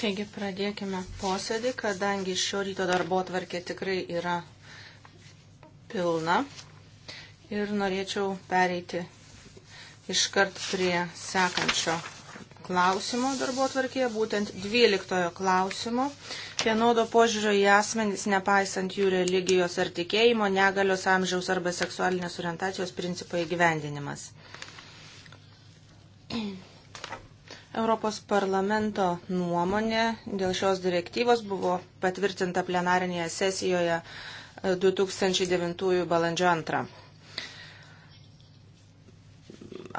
Taigi pradėkime posėdį, kadangi šio ryto darbo atvarkė tikrai yra pilna. Ir norėčiau pereiti iškart prie sekančio klausimo darbo atvarkėje, būtent 12 klausimo. Vienodo požiūrio į asmenys, nepaisant jų religijos ar tikėjimo, negalios amžiaus arba seksualinės orientacijos principai įgyvendinimas. Europos parlamento nuomonė dėl šios direktyvos buvo patvirtinta plenarinėje sesijoje 2009 e, balandžio 2.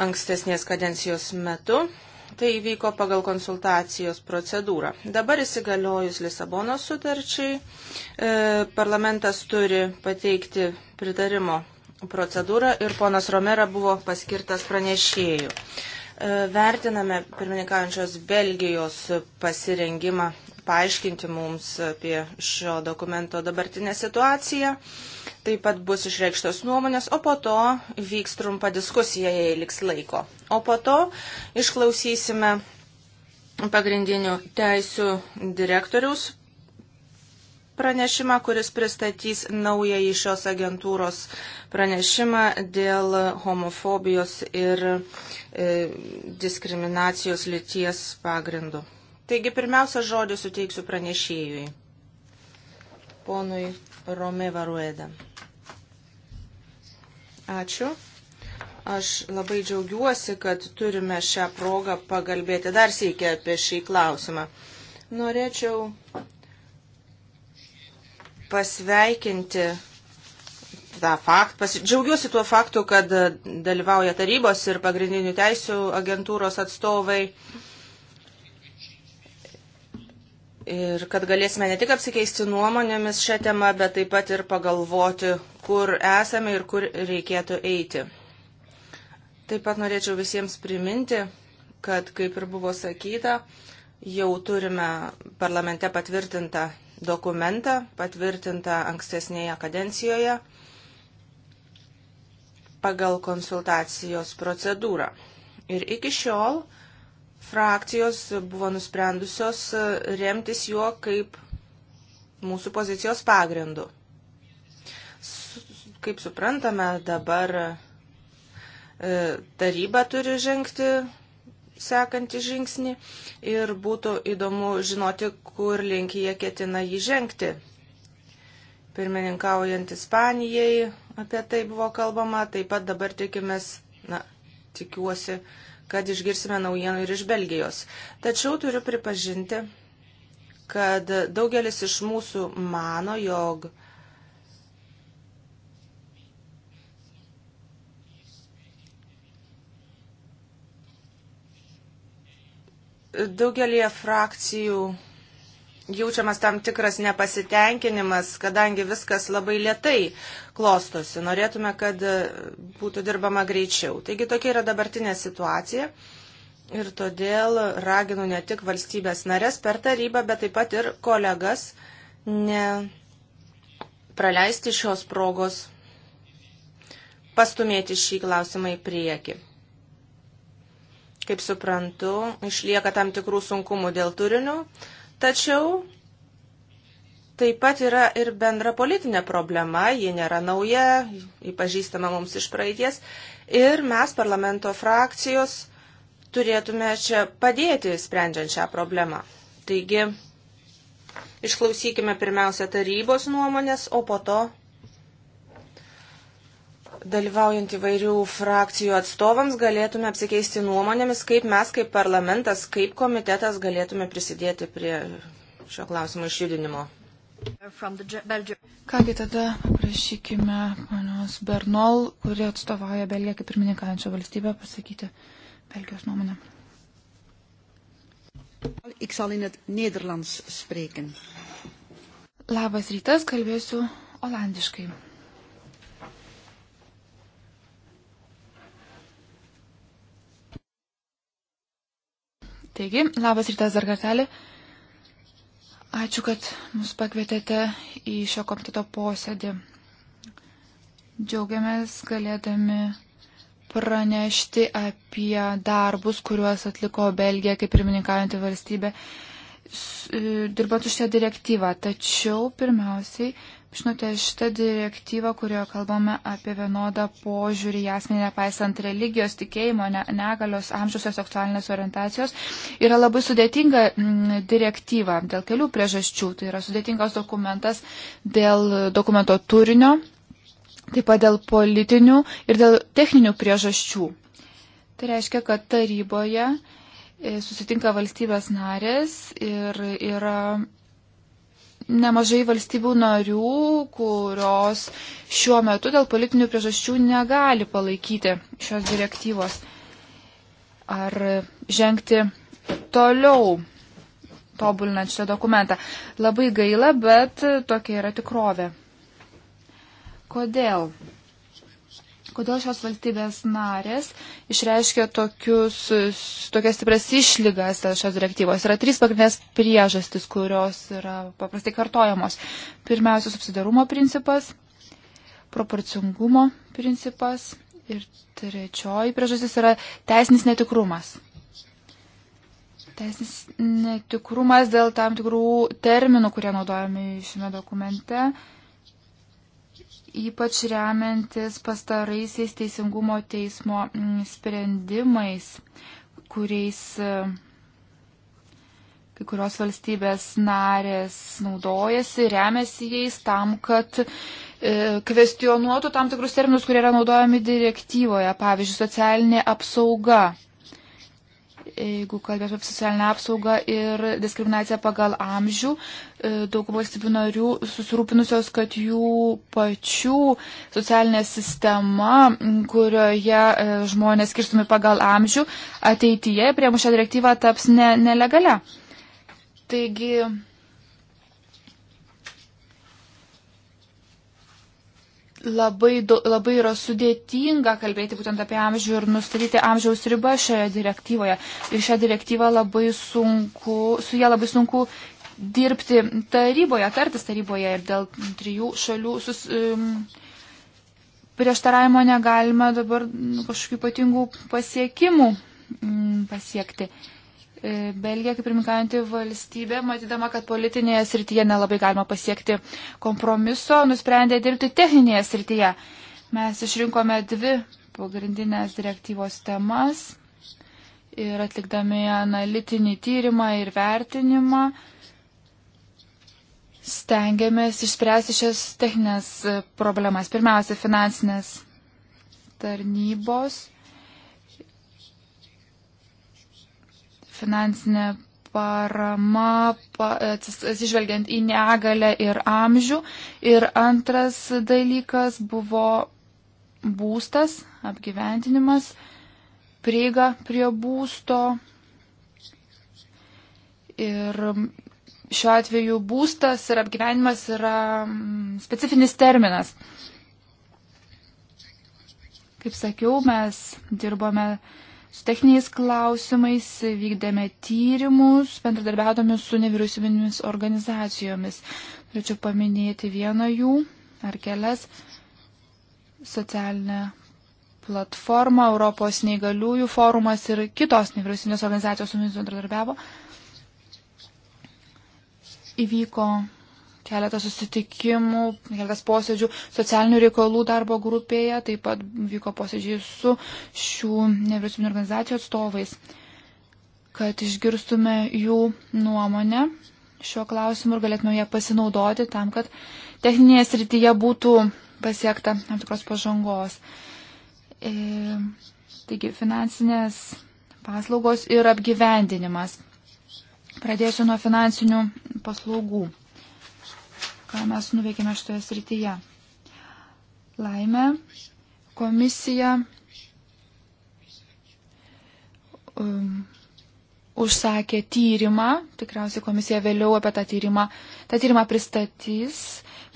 Ankstesnės kadencijos metu tai įvyko pagal konsultacijos procedūrą. Dabar įsigaliojus Lisabonos sutarčiai, e, parlamentas turi pateikti pritarimo procedūrą ir ponas Romera buvo paskirtas pranešėjų. E, E, vertiname pirmininkaujančios Belgijos pasirengimą paaiškinti mums apie šio dokumento dabartinę situaciją. Taip pat bus išreikštos nuomonės, o po to vyks trumpa diskusija, jei liks laiko. O po to išklausysime pagrindinių teisų direktoriaus pranešimą, kuris pristatys naują iš šios agentūros pranešimą dėl homofobijos ir e, diskriminacijos lyties pagrindų. Taigi pirmiausia žodį suteiksiu pranešėjui, ponui Rome Varueda. Ačiū. Aš labai džiaugiuosi, kad turime šią progą pagalbėti dar sėkia apie šį klausimą. Norėčiau pasveikinti tą faktą. Džiaugiuosi tuo faktu, kad dalyvauja tarybos ir pagrindinių teisų agentūros atstovai. Ir kad galėsime ne tik apsikeisti nuomonėmis šią temą, bet taip pat ir pagalvoti, kur esame ir kur reikėtų eiti. Taip pat norėčiau visiems priminti, kad, kaip ir buvo sakyta, jau turime parlamente patvirtintą dokumentą patvirtintą ankstesnėje kadencijoje pagal konsultacijos procedūrą. Ir iki šiol frakcijos buvo nusprendusios remtis juo kaip mūsų pozicijos pagrindu. Kaip suprantame, dabar e, taryba turi žengti sekantį žingsnį ir būtų įdomu žinoti, kur link jie ketina jį žengti. Pirmininkaujant Ispanijai apie tai buvo kalbama, taip pat dabar tikimės, na, tikiuosi, kad išgirsime naujienų ir iš Belgijos. Tačiau turiu pripažinti, kad daugelis iš mūsų mano, jog Daugelie frakcijų jaučiamas tam tikras nepasitenkinimas, kadangi viskas labai lietai klostosi. Norėtume, kad būtų dirbama greičiau. Taigi tokia yra dabartinė situacija. Ir todėl raginu ne tik valstybės narės per tarybą, bet taip pat ir kolegas ne praleisti šios progos pastumėti šį klausimą į priekį kaip suprantu, išlieka tam tikrų sunkumų dėl turinių, tačiau taip pat yra ir bendra politinė problema, ji nėra nauja, ji pažįstama mums iš praeities ir mes parlamento frakcijos turėtume čia padėti sprendžiant šią problemą. Taigi, išklausykime pirmiausia tarybos nuomonės, o po to dalyvaujant įvairių frakcijų atstovams, galėtume apsikeisti nuomonėmis, kaip mes kaip parlamentas, kaip komitetas galėtume prisidėti prie šio klausimo išjudinimo. Kągi tada paprašykime ponios Bernol, kuri atstovauja Belgiją kaip pirmininkaujančią valstybę, pasakyti Belgijos nuomonę. Ik zal in het Nederlands spreken. Labas rytas, kalbėsiu olandiškai. Taigi, labas rytas dar kartelį. Ačiū, kad mus pakvietėte į šio komiteto posėdį. Džiaugiamės galėdami pranešti apie darbus, kuriuos atliko Belgija kaip pirmininkaujanti valstybė, e, dirbant už šią direktyvą. Tačiau pirmiausiai Žinote, šitą direktyvą, kurioje kalbame apie vienodą požiūrį į asmenį, nepaisant religijos, tikėjimo, ne, negalios, amžiaus ir seksualinės orientacijos, yra labai sudėtinga mm, direktyva dėl kelių priežasčių. Tai yra sudėtingas dokumentas dėl dokumento turinio, taip pat dėl politinių ir dėl techninių priežasčių. Tai reiškia, kad taryboje e, susitinka valstybės narės ir yra nemažai valstybių narių, kurios šiuo metu dėl politinių priežasčių negali palaikyti šios direktyvos ar žengti toliau tobulinant šitą dokumentą. Labai gaila, bet tokia yra tikrovė. Kodėl? Kodėl šios valstybės narės išreiškia tokius, tokias stipras išlygas šios direktyvos? Yra trys pagrindinės priežastis, kurios yra paprastai kartojamos. Pirmiausia, subsidarumo principas, proporcingumo principas ir trečioji priežastis yra teisinis netikrumas. Teisinis netikrumas dėl tam tikrų terminų, kurie naudojami šiame dokumente ypač remiantis pastaraisiais teisingumo teismo mm, sprendimais, kuriais e, kai kurios valstybės narės naudojasi, remiasi jais tam, kad e, kvestionuotų tam tikrus terminus, kurie yra naudojami direktyvoje, pavyzdžiui, socialinė apsauga jeigu kalbėtume apie socialinę apsaugą ir diskriminaciją pagal amžių, e, dauguma valstybių narių susirūpinusios, kad jų pačių socialinė sistema, kurioje e, žmonės skirstumi pagal amžių, ateityje prie mūšio direktyvą taps ne, nelegalia. Taigi, labai, do, labai yra sudėtinga kalbėti būtent apie amžių ir nustatyti amžiaus ribą šioje direktyvoje. Ir šią direktyvą labai sunku, su ją labai sunku dirbti taryboje, tartis taryboje ir dėl trijų šalių sus, um, prieštaravimo negalima dabar nu, kažkokių ypatingų pasiekimų um, pasiekti. Uh, E, Belgija, kaip pirmininkaujanti valstybė, matydama, kad politinėje srityje nelabai galima pasiekti kompromiso, nusprendė dirbti techninėje srityje. Mes išrinkome dvi pagrindinės direktyvos temas ir atlikdami analitinį tyrimą ir vertinimą stengiamės išspręsti šias techninės problemas. Pirmiausia, finansinės tarnybos finansinė parama pa, atsižvelgiant į negalę ir amžių. Ir antras dalykas buvo būstas, apgyventinimas, prieiga prie būsto. Ir šiuo atveju būstas ir apgyvenimas yra mm, specifinis terminas. Kaip sakiau, mes dirbome Su techniniais klausimais vykdėme tyrimus, bendradarbiaudami su nevyriausybinėmis organizacijomis. Norėčiau paminėti vieną jų ar kelias socialinę platformą, Europos neįgaliųjų forumas ir kitos nevyriausybinės organizacijos su mumis bendradarbiavo. Įvyko keletą susitikimų, keletas posėdžių socialinių reikalų darbo grupėje, taip pat vyko posėdžiai su šių nevyriausybinio organizacijų atstovais, kad išgirstume jų nuomonę šiuo klausimu ir galėtume ją pasinaudoti tam, kad techninėje srityje būtų pasiekta tam tikros pažangos. E, taigi, finansinės paslaugos ir apgyvendinimas. Pradėsiu nuo finansinių paslaugų ką mes nuveikėme šitoje srityje. Laimė, komisija um, užsakė tyrimą, tikriausiai komisija vėliau apie tą tyrimą, tą tyrimą pristatys.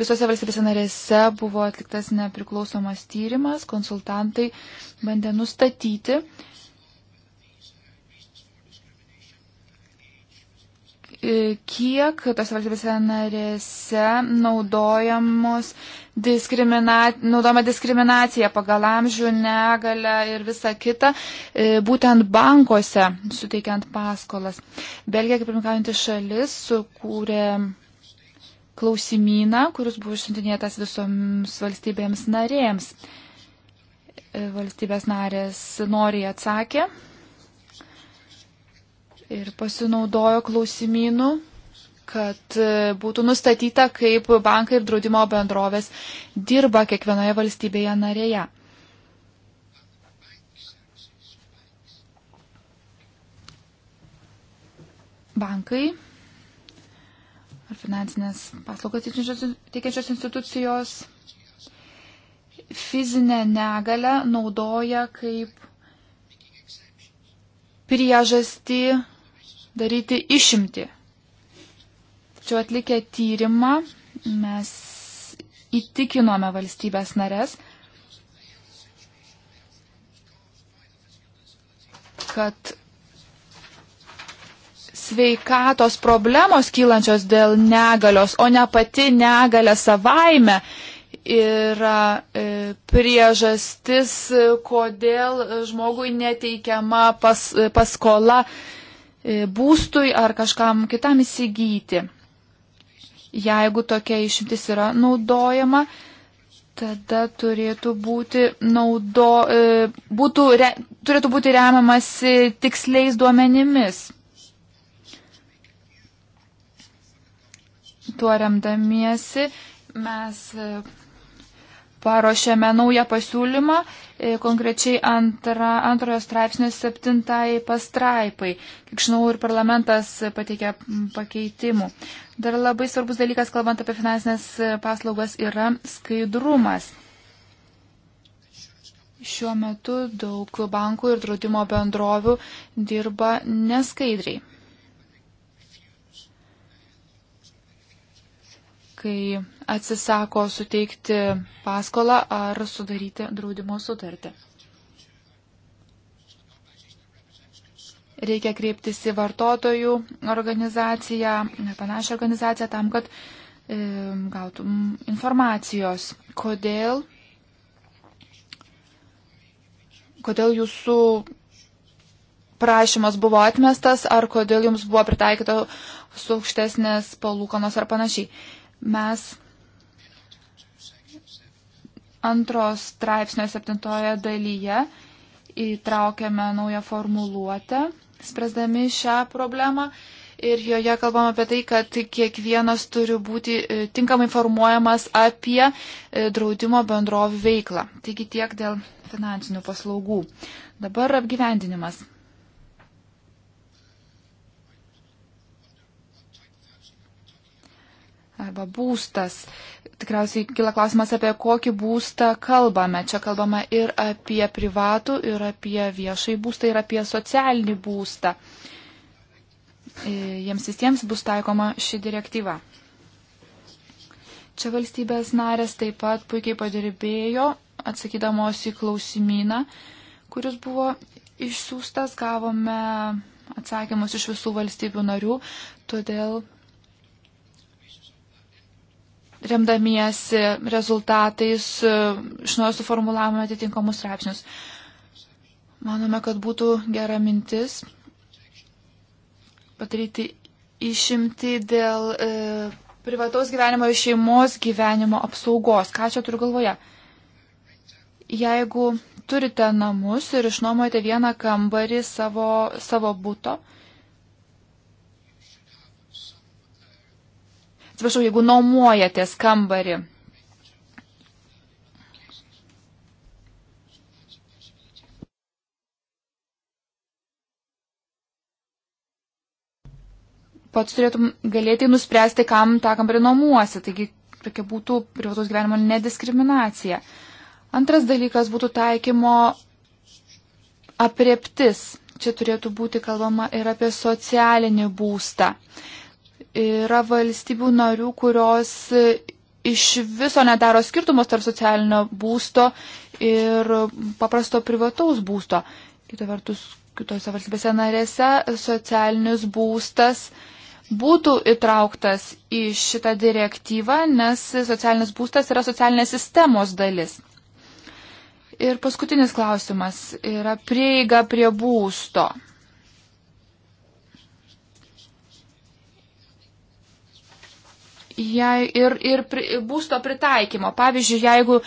Visose valstybėse narėse buvo atliktas nepriklausomas tyrimas, konsultantai bandė nustatyti, kiek tos valstybėse narėse naudojamos diskrimina, naudojama diskriminacija pagal amžių, negalę ir visa kita, e, būtent bankuose suteikiant paskolas. Belgija, kaip pirmininkaujanti šalis, sukūrė klausimyną, kuris buvo išsintinėtas visoms valstybėms narėms. E, valstybės narės noriai atsakė ir pasinaudojo klausimynu kad e, būtų nustatyta, kaip bankai ir draudimo bendrovės dirba kiekvienoje valstybėje narėje. Bankai ar finansinės paslaugas teikiančios institucijos fizinę negalę naudoja kaip priežastį daryti išimti. Tačiau atlikę tyrimą mes įtikinome valstybės narės, kad sveikatos problemos kylančios dėl negalios, o ne pati negalė savaime yra e, priežastis, kodėl žmogui neteikiama pas, e, paskola E, būstui ar kažkam kitam įsigyti. Jeigu tokia išimtis yra naudojama, tada turėtų būti, naudo, e, būtų, re, turėtų būti remiamas tiksliais duomenimis. Tuo remdamiesi mes e, paruošėme naują pasiūlymą, e, konkrečiai antra, antrojo straipsnio septintai pastraipai. Kiek žinau, ir parlamentas pateikė pakeitimų. Dar labai svarbus dalykas, kalbant apie finansinės paslaugas, yra skaidrumas. Šiuo metu daug bankų ir draudimo bendrovių dirba neskaidriai. kai atsisako suteikti paskolą ar sudaryti draudimo sutartį. Reikia kreiptis į vartotojų organizaciją, panašią organizaciją, tam, kad e, gautum informacijos, kodėl, kodėl jūsų prašymas buvo atmestas, ar kodėl jums buvo pritaikyta su aukštesnės palūkanos ar panašiai mes antros straipsnio septintoje dalyje įtraukėme naują formuluotę, spręsdami šią problemą. Ir joje kalbam apie tai, kad kiekvienas turi būti e, tinkamai informuojamas apie e, draudimo bendrovų veiklą. Taigi tiek dėl finansinių paslaugų. Dabar apgyvendinimas. arba būstas. Tikriausiai kila klausimas, apie kokį būstą kalbame. Čia kalbame ir apie privatų, ir apie viešai būstą, ir apie socialinį būstą. E, jiems visiems bus taikoma ši direktyva. Čia valstybės narės taip pat puikiai padirbėjo, atsakydamos į klausimyną, kuris buvo išsiųstas, gavome atsakymus iš visų valstybių narių, todėl remdamiesi rezultatais e, iš naujo suformulavome atitinkamus straipsnius. Manome, kad būtų gera mintis padaryti išimti dėl e, privataus gyvenimo ir šeimos gyvenimo apsaugos. Ką čia turiu galvoje? Jeigu turite namus ir išnuomojate vieną kambarį savo, savo būto, atsiprašau, jeigu nuomojatės kambarį. Pats turėtum galėti nuspręsti, kam tą kambarį nuomuosi. Taigi tokia būtų privataus gyvenimo nediskriminacija. Antras dalykas būtų taikymo apreptis. Čia turėtų būti kalbama ir apie socialinį būstą. Yra valstybių narių, kurios iš viso nedaro skirtumos tarp socialinio būsto ir paprasto privataus būsto. Kita vertus, kitose valstybėse narėse socialinis būstas būtų įtrauktas į šitą direktyvą, nes socialinis būstas yra socialinės sistemos dalis. Ir paskutinis klausimas yra prieiga prie būsto. jei, ir, ir pri, būsto pritaikymo. Pavyzdžiui, jeigu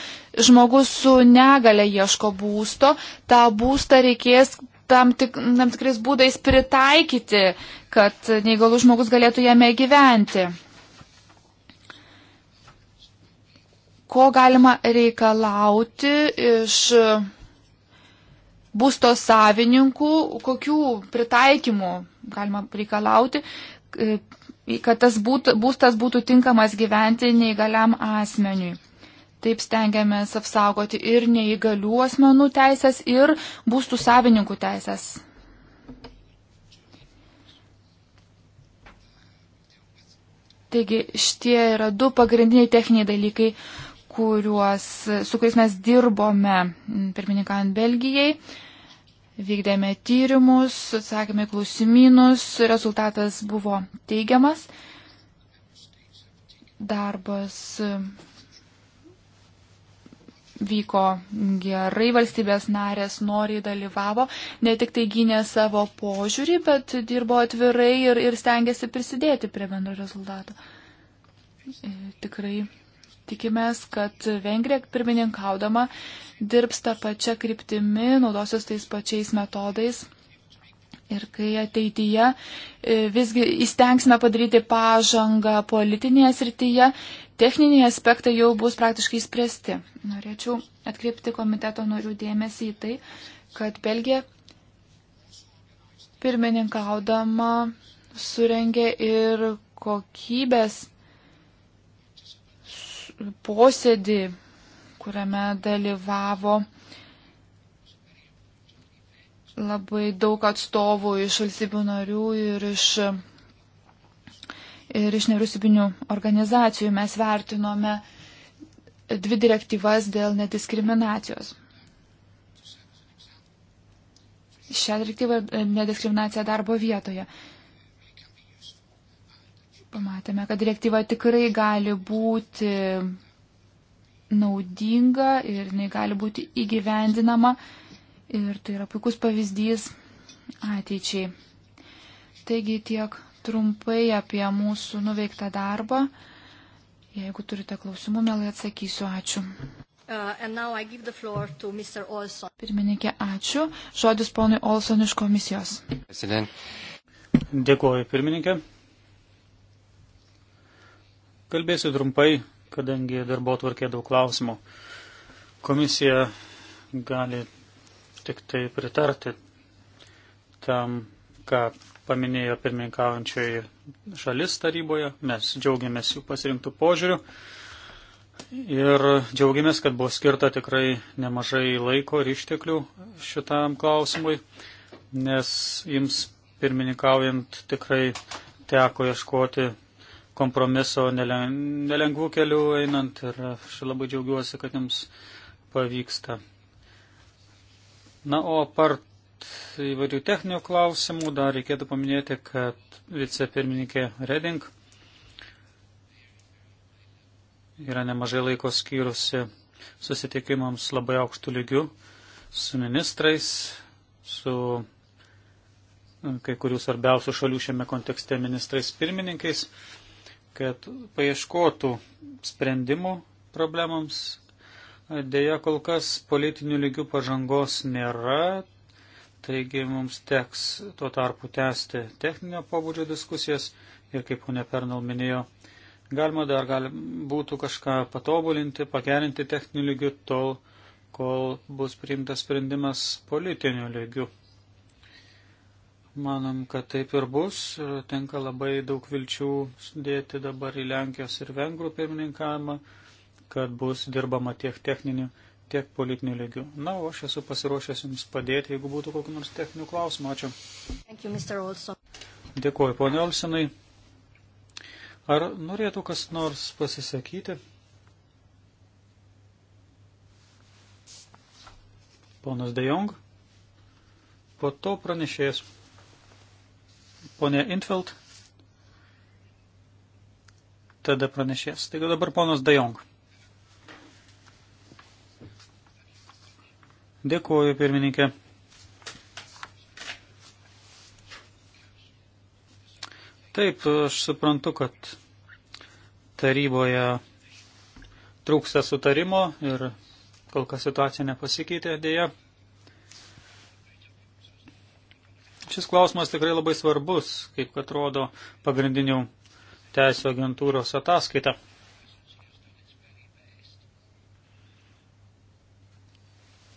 žmogus su negale ieško būsto, tą būstą reikės tam, tik, tam tikrais būdais pritaikyti, kad neįgalus žmogus galėtų jame gyventi. Ko galima reikalauti iš būsto savininkų, kokių pritaikymų galima reikalauti, kad tas būtų, būstas būtų tinkamas gyventi neįgaliam asmeniui. Taip stengiamės apsaugoti ir neįgalių asmenų teisės, ir būstų savininkų teisės. Taigi šitie yra du pagrindiniai techniniai dalykai, kuriuos, su kuriais mes dirbome pirmininkant Belgijai. Vykdėme tyrimus, atsakėme klausimynus, rezultatas buvo teigiamas. Darbas e, vyko gerai, valstybės narės noriai dalyvavo, ne tik tai gynė savo požiūrį, bet dirbo atvirai ir, ir stengiasi prisidėti prie bendro rezultato. E, tikrai Tikimės, kad Vengrija pirmininkaudama dirbs tą pačią kryptimį, naudosios tais pačiais metodais. Ir kai ateityje e, visgi įstengsime padaryti pažangą politinėje srityje, techniniai aspektai jau bus praktiškai spręsti. Norėčiau atkreipti komiteto norių dėmesį į tai, kad Belgija pirmininkaudama surengė ir kokybės posėdį, kuriame dalyvavo labai daug atstovų iš valstybių narių ir iš, ir iš nevyriausybinių organizacijų. Mes vertinome dvi direktyvas dėl nediskriminacijos. Šią direktyvą nediskriminacija darbo vietoje. Pamatėme, kad direktyva tikrai gali būti naudinga ir jinai gali būti įgyvendinama. Ir tai yra puikus pavyzdys ateičiai. Taigi tiek trumpai apie mūsų nuveiktą darbą. Jeigu turite klausimų, mielai atsakysiu. Ačiū. Uh, Pirmininkė, ačiū. Žodis ponui Olson iš komisijos. President. Dėkuoju, pirmininkė. Kalbėsiu trumpai, kadangi darbo tvarkė daug klausimų. Komisija gali tik tai pritarti tam, ką paminėjo pirmininkaujančioji šalis taryboje. Mes džiaugiamės jų pasirinktų požiūrių ir džiaugiamės, kad buvo skirta tikrai nemažai laiko ir išteklių šitam klausimui, nes jums pirmininkaujant tikrai teko ieškoti kompromiso nelengvų kelių einant ir aš labai džiaugiuosi, kad jums pavyksta. Na, o apart įvairių techninių klausimų dar reikėtų paminėti, kad vicepirmininkė Reding yra nemažai laiko skyrusi susitikimams labai aukštų lygių su ministrais, su kai kurių svarbiausių šalių šiame kontekste ministrais pirmininkais kad paieškotų sprendimų problemams. Deja, kol kas politinių lygių pažangos nėra, taigi mums teks tuo tarpu tęsti techninio pobūdžio diskusijas ir, kaip ponė Pernal minėjo, galima dar galim, būtų kažką patobulinti, pagerinti techninių lygių tol, kol bus priimtas sprendimas politinių lygių. Manom, kad taip ir bus. Tenka labai daug vilčių dėti dabar į Lenkijos ir Vengrų pirmininkavimą, kad bus dirbama tiek techniniu, tiek politiniu lygiu. Na, o aš esu pasiruošęs Jums padėti, jeigu būtų kokiu nors techniniu klausimu. Ačiū. You, Dėkuoju, ponio Olsenai. Ar norėtų kas nors pasisakyti? Ponas Dejong, po to pranešėjas. Pone Infeld, tada pranešės. Taigi dabar ponas Dajong. Dėkuoju, pirmininkė. Taip, aš suprantu, kad taryboje trūksta sutarimo ir kol kas situacija nepasikeitė dėja. Šis klausimas tikrai labai svarbus, kaip kad rodo pagrindinių teisų agentūros ataskaita.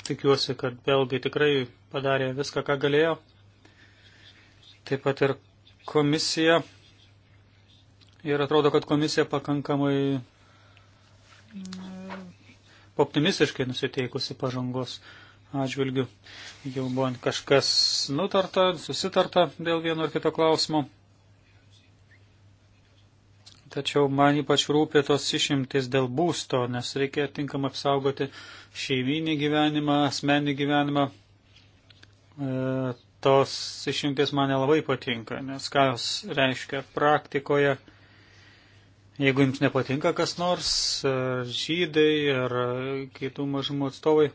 Tikiuosi, kad belgai tikrai padarė viską, ką galėjo. Taip pat ir komisija. Ir atrodo, kad komisija pakankamai mm, optimistiškai nusiteikusi pažangos atžvilgių. Jau buvo kažkas nutarta, susitarta dėl vieno ar kito klausimo. Tačiau man ypač rūpė tos išimtis dėl būsto, nes reikia tinkamai apsaugoti šeiminį gyvenimą, asmenį gyvenimą. E, tos išimtis man nelabai patinka, nes ką jos reiškia praktikoje. Jeigu jums nepatinka kas nors, e, žydai ar kitų mažumų atstovai,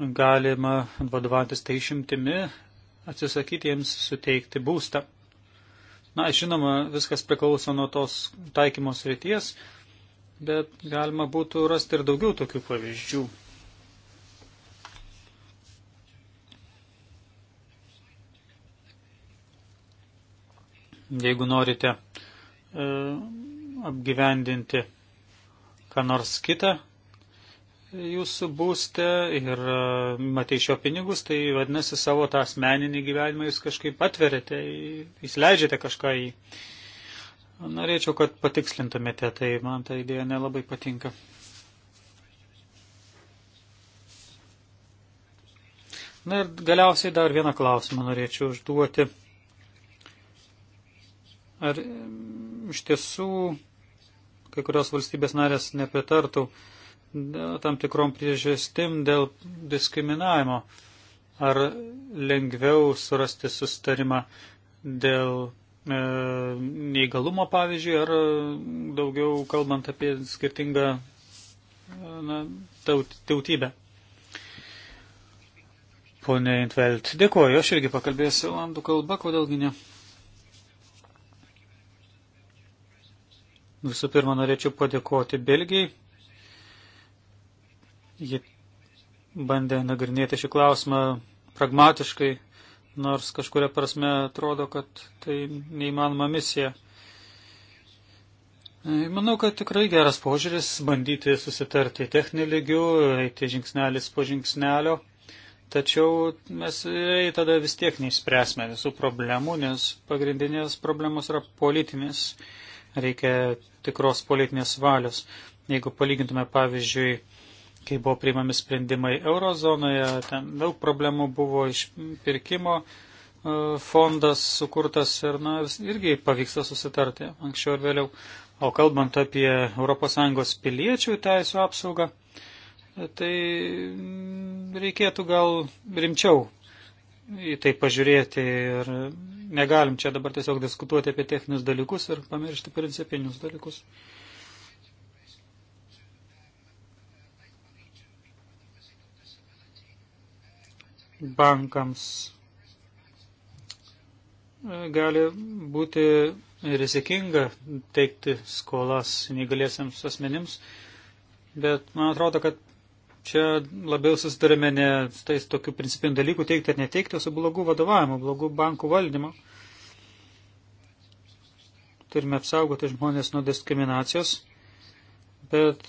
galima vadovantis tai išimtimi atsisakyti jiems suteikti būstą. Na, žinoma, viskas priklauso nuo tos taikymos ryties, bet galima būtų rasti ir daugiau tokių pavyzdžių. Jeigu norite e, apgyvendinti ką nors kitą, jūsų būste ir e, matai šio pinigus, tai vadinasi savo tą asmeninį gyvenimą jūs kažkaip atverėte, įsileidžiate kažką į. Norėčiau, kad patikslintumėte, tai man ta idėja nelabai patinka. Na ir galiausiai dar vieną klausimą norėčiau užduoti. Ar mm, iš tiesų kai kurios valstybės narės nepritartų uh, tam tikrom priežastim dėl diskriminavimo. Ar lengviau surasti sustarimą dėl e, neįgalumo, pavyzdžiui, ar daugiau kalbant apie skirtingą e, na, taut, tautybę. Pone Intvelt, dėkuoju, aš irgi pakalbėsiu olandų kalba, kodėlgi ne. Visų pirma, norėčiau padėkoti Belgijai Ji bandė nagrinėti šį klausimą pragmatiškai, nors kažkuria prasme atrodo, kad tai neįmanoma misija. Manau, kad tikrai geras požiūris bandyti susitarti techninį lygių, eiti žingsnelis po žingsnelio, tačiau mes tada vis tiek neišspręsime visų problemų, nes pagrindinės problemos yra politinės, reikia tikros politinės valios. Jeigu palygintume, pavyzdžiui, kai buvo priimami sprendimai eurozonoje, ten daug problemų buvo iš pirkimo e, fondas sukurtas ir, na, irgi pavyksta susitarti anksčiau ir vėliau. O kalbant apie ES piliečių teisų apsaugą, tai reikėtų gal rimčiau į tai pažiūrėti ir negalim čia dabar tiesiog diskutuoti apie techninius dalykus ir pamiršti principinius dalykus. Uh, bankams e, gali būti rizikinga teikti skolas neįgalėsiams asmenims, bet man atrodo, kad čia labiau susidarėme ne su tais tokių principinių dalykų teikti ar neteikti, o su blogu vadovavimu, blogu bankų valdymu. Turime apsaugoti žmonės nuo diskriminacijos, bet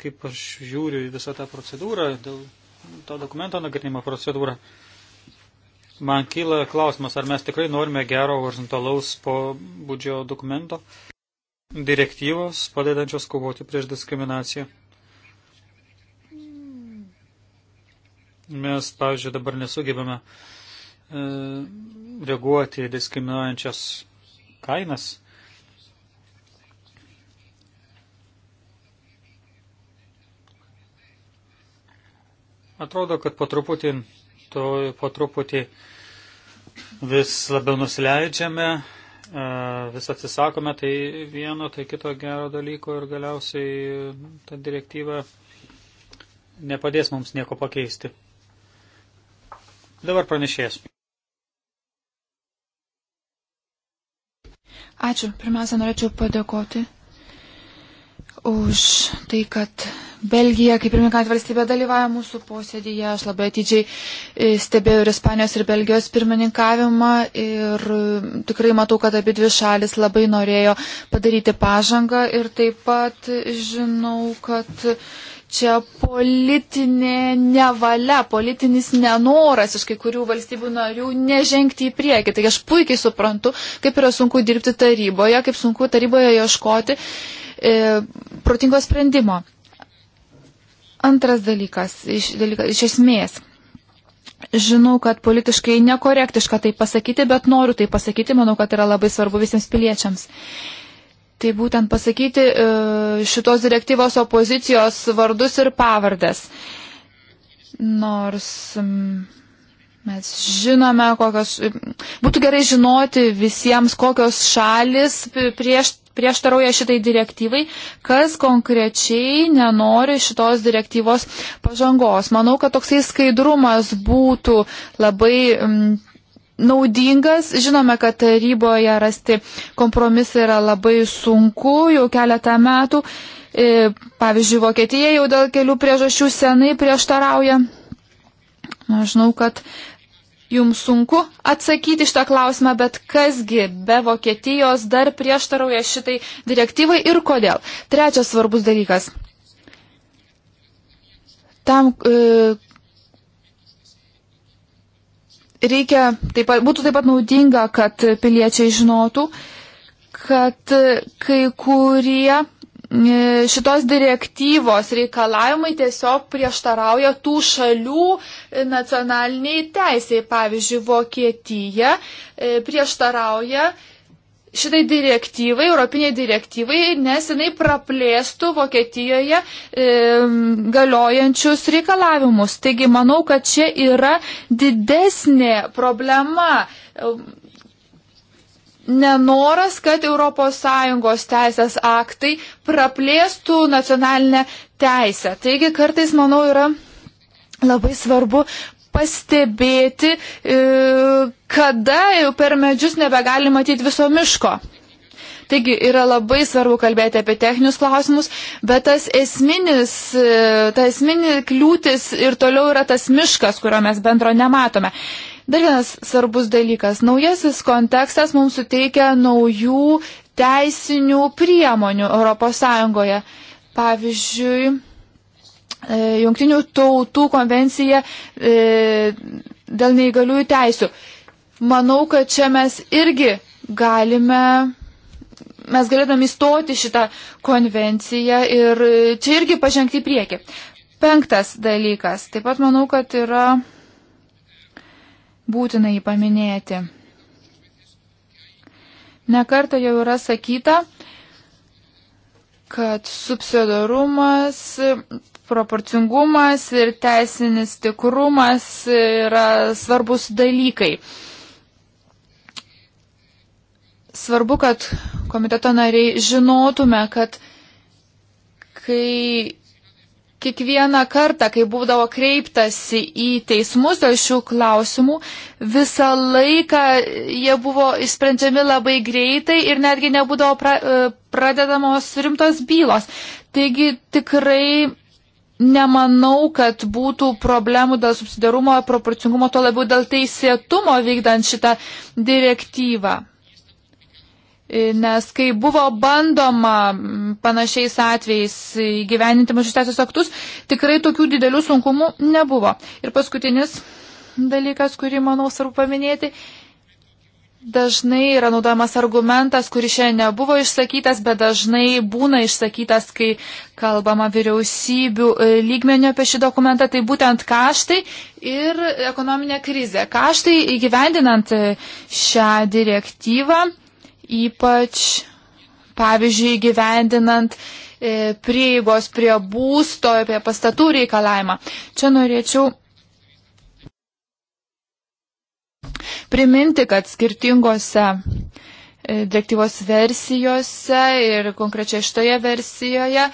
kaip aš žiūriu į visą tą procedūrą dėl to dokumento nagrinimo procedūrą. Man kyla klausimas, ar mes tikrai norime gero horizontalaus pobūdžio dokumento, direktyvos padedančios kovoti prieš diskriminaciją. Mes, pavyzdžiui, dabar nesugebame e, reaguoti diskriminuojančias kainas Atrodo, kad po truputį, to, po truputį vis labiau nusileidžiame, e, vis atsisakome tai vieno, tai kito gero dalyko ir galiausiai ta direktyva nepadės mums nieko pakeisti. Dabar pranešės. Ačiū. Pirmiausia, norėčiau padėkoti už tai, kad Belgija, kaip ir minkant valstybė, dalyvauja mūsų posėdėje. Aš labai atidžiai e, stebėjau ir Ispanijos, ir Belgijos pirmininkavimą ir e, tikrai matau, kad abi dvi šalis labai norėjo padaryti pažangą ir taip pat žinau, kad čia politinė nevalia, politinis nenoras iš kai kurių valstybių narių nežengti į priekį. Taigi aš puikiai suprantu, kaip yra sunku dirbti taryboje, kaip sunku taryboje ieškoti e, protingo sprendimo. Antras dalykas, iš, dalykas, iš esmės. Žinau, kad politiškai nekorektiška tai pasakyti, bet noriu tai pasakyti, manau, kad yra labai svarbu visiems piliečiams. Tai būtent pasakyti e, šitos direktyvos opozicijos vardus ir pavardės. Nors mes žinome, kokios. Būtų gerai žinoti visiems, kokios šalis prieš prieštarauja šitai direktyvai, kas konkrečiai nenori šitos direktyvos pažangos. Manau, kad toksai skaidrumas būtų labai. Mm, naudingas. Žinome, kad taryboje rasti kompromisą yra labai sunku jau keletą metų. E, pavyzdžiui, Vokietija jau dėl kelių priežasčių senai prieštarauja. Aš žinau, kad jums sunku atsakyti šitą klausimą, bet kasgi be Vokietijos dar prieštarauja šitai direktyvai ir kodėl. Trečias svarbus dalykas. Tam e, reikia, taip pat, būtų taip pat naudinga, kad piliečiai žinotų, kad kai kurie E, šitos direktyvos reikalavimai tiesiog prieštarauja tų šalių e, nacionaliniai teisiai. Pavyzdžiui, Vokietija e, prieštarauja šitai direktyvai, Europiniai direktyvai, nes jinai praplėstų Vokietijoje e, galiojančius reikalavimus. Taigi manau, kad čia yra didesnė problema nenoras, kad ES teisės aktai praplėstų nacionalinę teisę. Taigi kartais, manau, yra labai svarbu pastebėti, e, kada jau per medžius nebegali matyti viso miško. Taigi yra labai svarbu kalbėti apie techninius klausimus, bet tas esminis, e, ta esminė kliūtis ir toliau yra tas miškas, kurio mes bendro nematome. Dar vienas svarbus dalykas. Naujasis kontekstas mums suteikia naujų teisinių priemonių ES. Pavyzdžiui, e, Junktinių tautų konvencija e, dėl neįgaliųjų teisių. Manau, kad čia mes irgi galime mes galėtume įstoti šitą konvenciją ir e, čia irgi pažengti į priekį. Penktas dalykas. Taip pat manau, kad yra būtina jį paminėti. Nekarta jau yra sakyta, kad subsidarumas, proporcingumas ir teisinis tikrumas yra svarbus dalykai. Svarbu, kad komiteto nariai žinotume, kad kai kiekvieną kartą, kai būdavo kreiptasi į teismus dėl šių klausimų, visą laiką jie buvo išsprendžiami labai greitai ir netgi nebūdavo pra, e, pradedamos rimtos bylos. Taigi tikrai nemanau, kad būtų problemų dėl subsidarumo, proporcingumo, to labiau dėl teisėtumo vykdant šitą direktyvą. Nes kai buvo bandoma panašiais atvejais gyveninti mažus teisės aktus, tikrai tokių didelių sunkumų nebuvo. Ir paskutinis dalykas, kurį, manau, svarbu paminėti, Dažnai yra naudojamas argumentas, kuris šiandien nebuvo išsakytas, bet dažnai būna išsakytas, kai kalbama vyriausybių e, lygmenio apie šį dokumentą, tai būtent kaštai ir ekonominė krizė. Kaštai įgyvendinant e, šią direktyvą ypač, pavyzdžiui, gyvendinant e, prieigos prie būsto, prie pastatų reikalavimą. Čia norėčiau priminti, kad skirtingose e, direktyvos versijose ir konkrečiai šitoje versijoje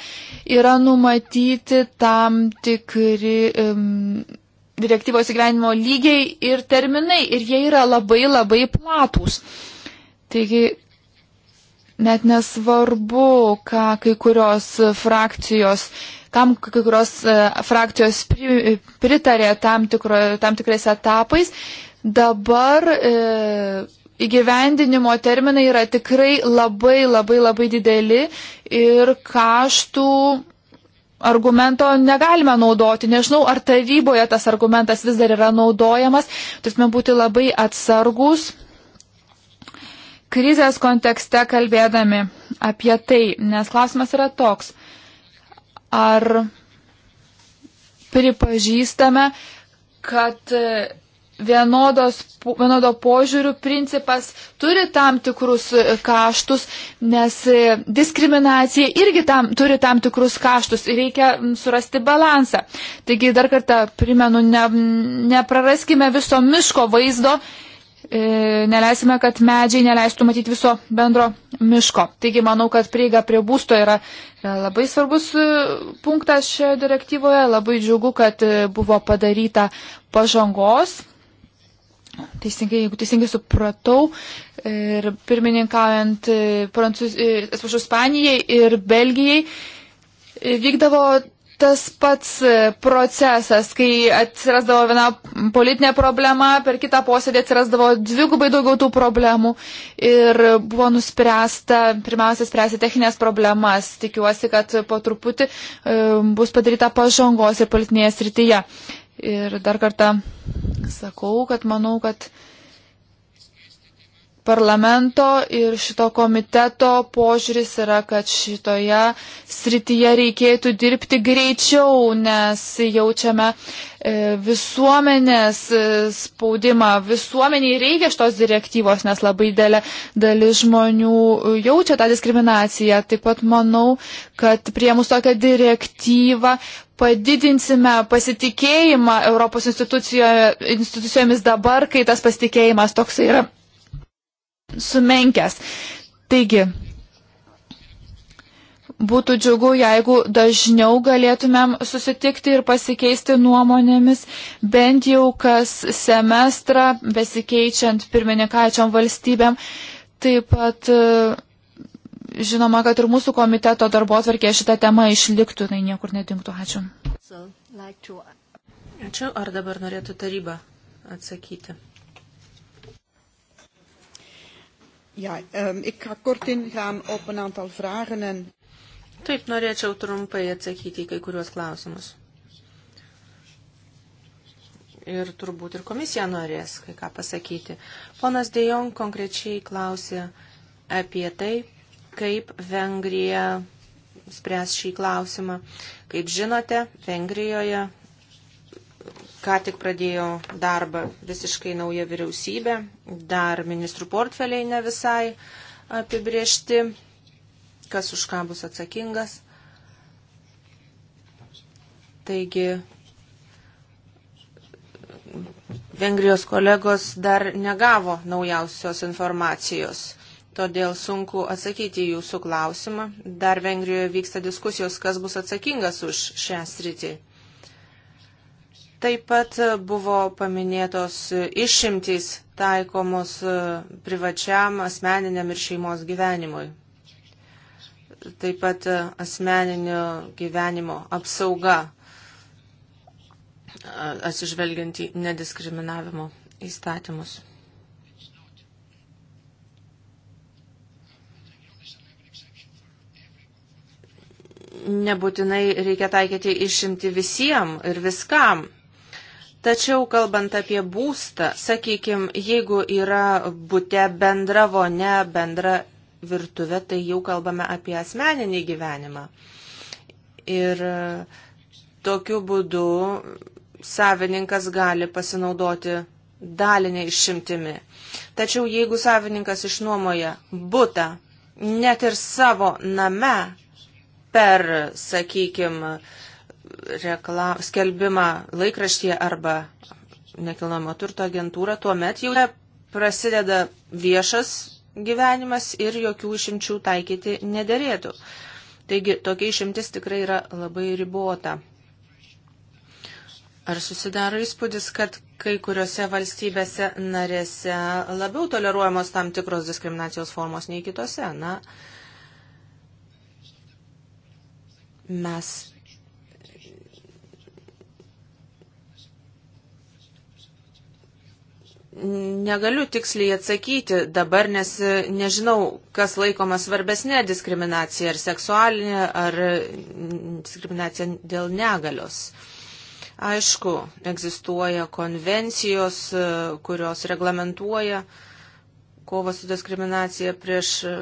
yra numatyti tam tikri um, direktyvos įgyvenimo lygiai ir terminai ir jie yra labai labai platūs. Taigi net nesvarbu, ką kai kurios frakcijos, tam kai kurios e, frakcijos pri, pritarė tam, tikro, tam tikrais etapais, dabar e, įgyvendinimo terminai yra tikrai labai labai labai dideli ir kaštų argumento negalime naudoti. Nežinau, ar taryboje tas argumentas vis dar yra naudojamas. Turime būti labai atsargus krizės kontekste kalbėdami apie tai, nes klausimas yra toks, ar pripažįstame, kad e, vienodos, vienodo požiūrių principas turi tam tikrus e, kaštus, nes e, diskriminacija irgi tam, turi tam tikrus kaštus ir reikia surasti balansą. Taigi dar kartą primenu, ne, nepraraskime viso miško vaizdo E, neleisime, kad medžiai neleistų matyti viso bendro miško. Taigi manau, kad prieiga prie būsto yra, yra labai svarbus e, punktas šioje direktyvoje. Labai džiugu, kad e, buvo padaryta pažangos. Teisingai, jeigu teisingai supratau, ir pirmininkaujant Prancūz... Ispanijai ir Belgijai vykdavo tas pats e, procesas, kai atsirasdavo viena politinė problema, per kitą posėdį atsirasdavo dvigubai daugiau tų problemų ir buvo nuspręsta pirmiausia spręsti techninės problemas. Tikiuosi, kad po truputį e, bus padaryta pažangos ir politinėje srityje. Ir dar kartą sakau, kad manau, kad parlamento ir šito komiteto požiūris yra, kad šitoje srityje reikėtų dirbti greičiau, nes jaučiame e, visuomenės e, spaudimą. Visuomeniai reikia šitos direktyvos, nes labai dėlė dalis žmonių jaučia tą diskriminaciją. Taip pat manau, kad prie mūsų tokią direktyvą padidinsime pasitikėjimą Europos institucijomis dabar, kai tas pasitikėjimas toks yra sumenkęs. Taigi, būtų džiugu, jeigu dažniau galėtumėm susitikti ir pasikeisti nuomonėmis, bent jau kas semestrą, besikeičiant pirmininkaičiam valstybėm. Taip pat e, žinoma, kad ir mūsų komiteto darbo atvarkė šitą temą išliktų, tai niekur nedingtų. Ačiū. Ačiū. Ar dabar norėtų taryba atsakyti? Ja, um, ik ga kort ingaan op een aantal vragen. En... Taip, norėčiau trumpai atsakyti į kai kuriuos klausimus. Ir turbūt ir komisija norės kai ką pasakyti. Ponas Dejon konkrečiai klausė apie tai, kaip Vengrija spręs šį klausimą. Kaip žinote, Vengrijoje ką tik pradėjo darbą visiškai nauja vyriausybė, dar ministrų portfeliai ne visai apibriešti, kas už ką bus atsakingas. Taigi, Vengrijos kolegos dar negavo naujausios informacijos, todėl sunku atsakyti jūsų klausimą. Dar Vengrijoje vyksta diskusijos, kas bus atsakingas už šią sritį. Taip pat buvo paminėtos išimtys taikomos e, privačiam asmeniniam ir šeimos gyvenimui. Taip pat e, asmeninio gyvenimo apsauga, e, atsižvelgiant į nediskriminavimo įstatymus. nebūtinai reikia taikyti išimti visiems ir viskam. Tačiau, kalbant apie būstą, sakykime, jeigu yra būte bendra vonia, bendra virtuvė, tai jau kalbame apie asmeninį gyvenimą. Ir e, tokiu būdu savininkas gali pasinaudoti dalinė išimtimi. Tačiau jeigu savininkas išnuomoja būtą, net ir savo name per, sakykime, reklam, skelbimą laikraštyje arba nekilnojamo turto agentūrą, tuomet jau prasideda viešas gyvenimas ir jokių išimčių taikyti nederėtų. Taigi tokia išimtis tikrai yra labai ribota. Ar susidaro įspūdis, kad kai kuriuose valstybėse narėse labiau toleruojamos tam tikros diskriminacijos formos nei kitose? Na, mes Negaliu tiksliai atsakyti dabar, nes e, nežinau, kas laikoma svarbesnė diskriminacija, ar seksualinė, ar diskriminacija dėl negalios. Aišku, egzistuoja konvencijos, e, kurios reglamentuoja kovą su diskriminacija prieš e,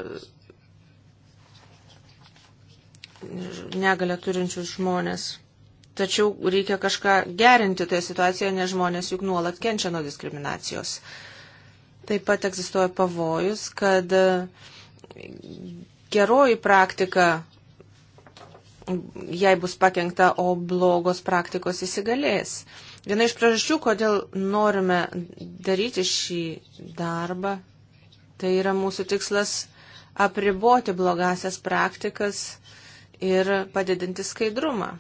negalę turinčius žmonės. Tačiau reikia kažką gerinti toje situacijoje, nes žmonės juk nuolat kenčia nuo diskriminacijos. Taip pat egzistuoja pavojus, kad e, geroji praktika, jai bus pakengta, o blogos praktikos įsigalės. Viena iš priežasčių, kodėl norime daryti šį darbą, tai yra mūsų tikslas apriboti blogasias praktikas ir padidinti skaidrumą.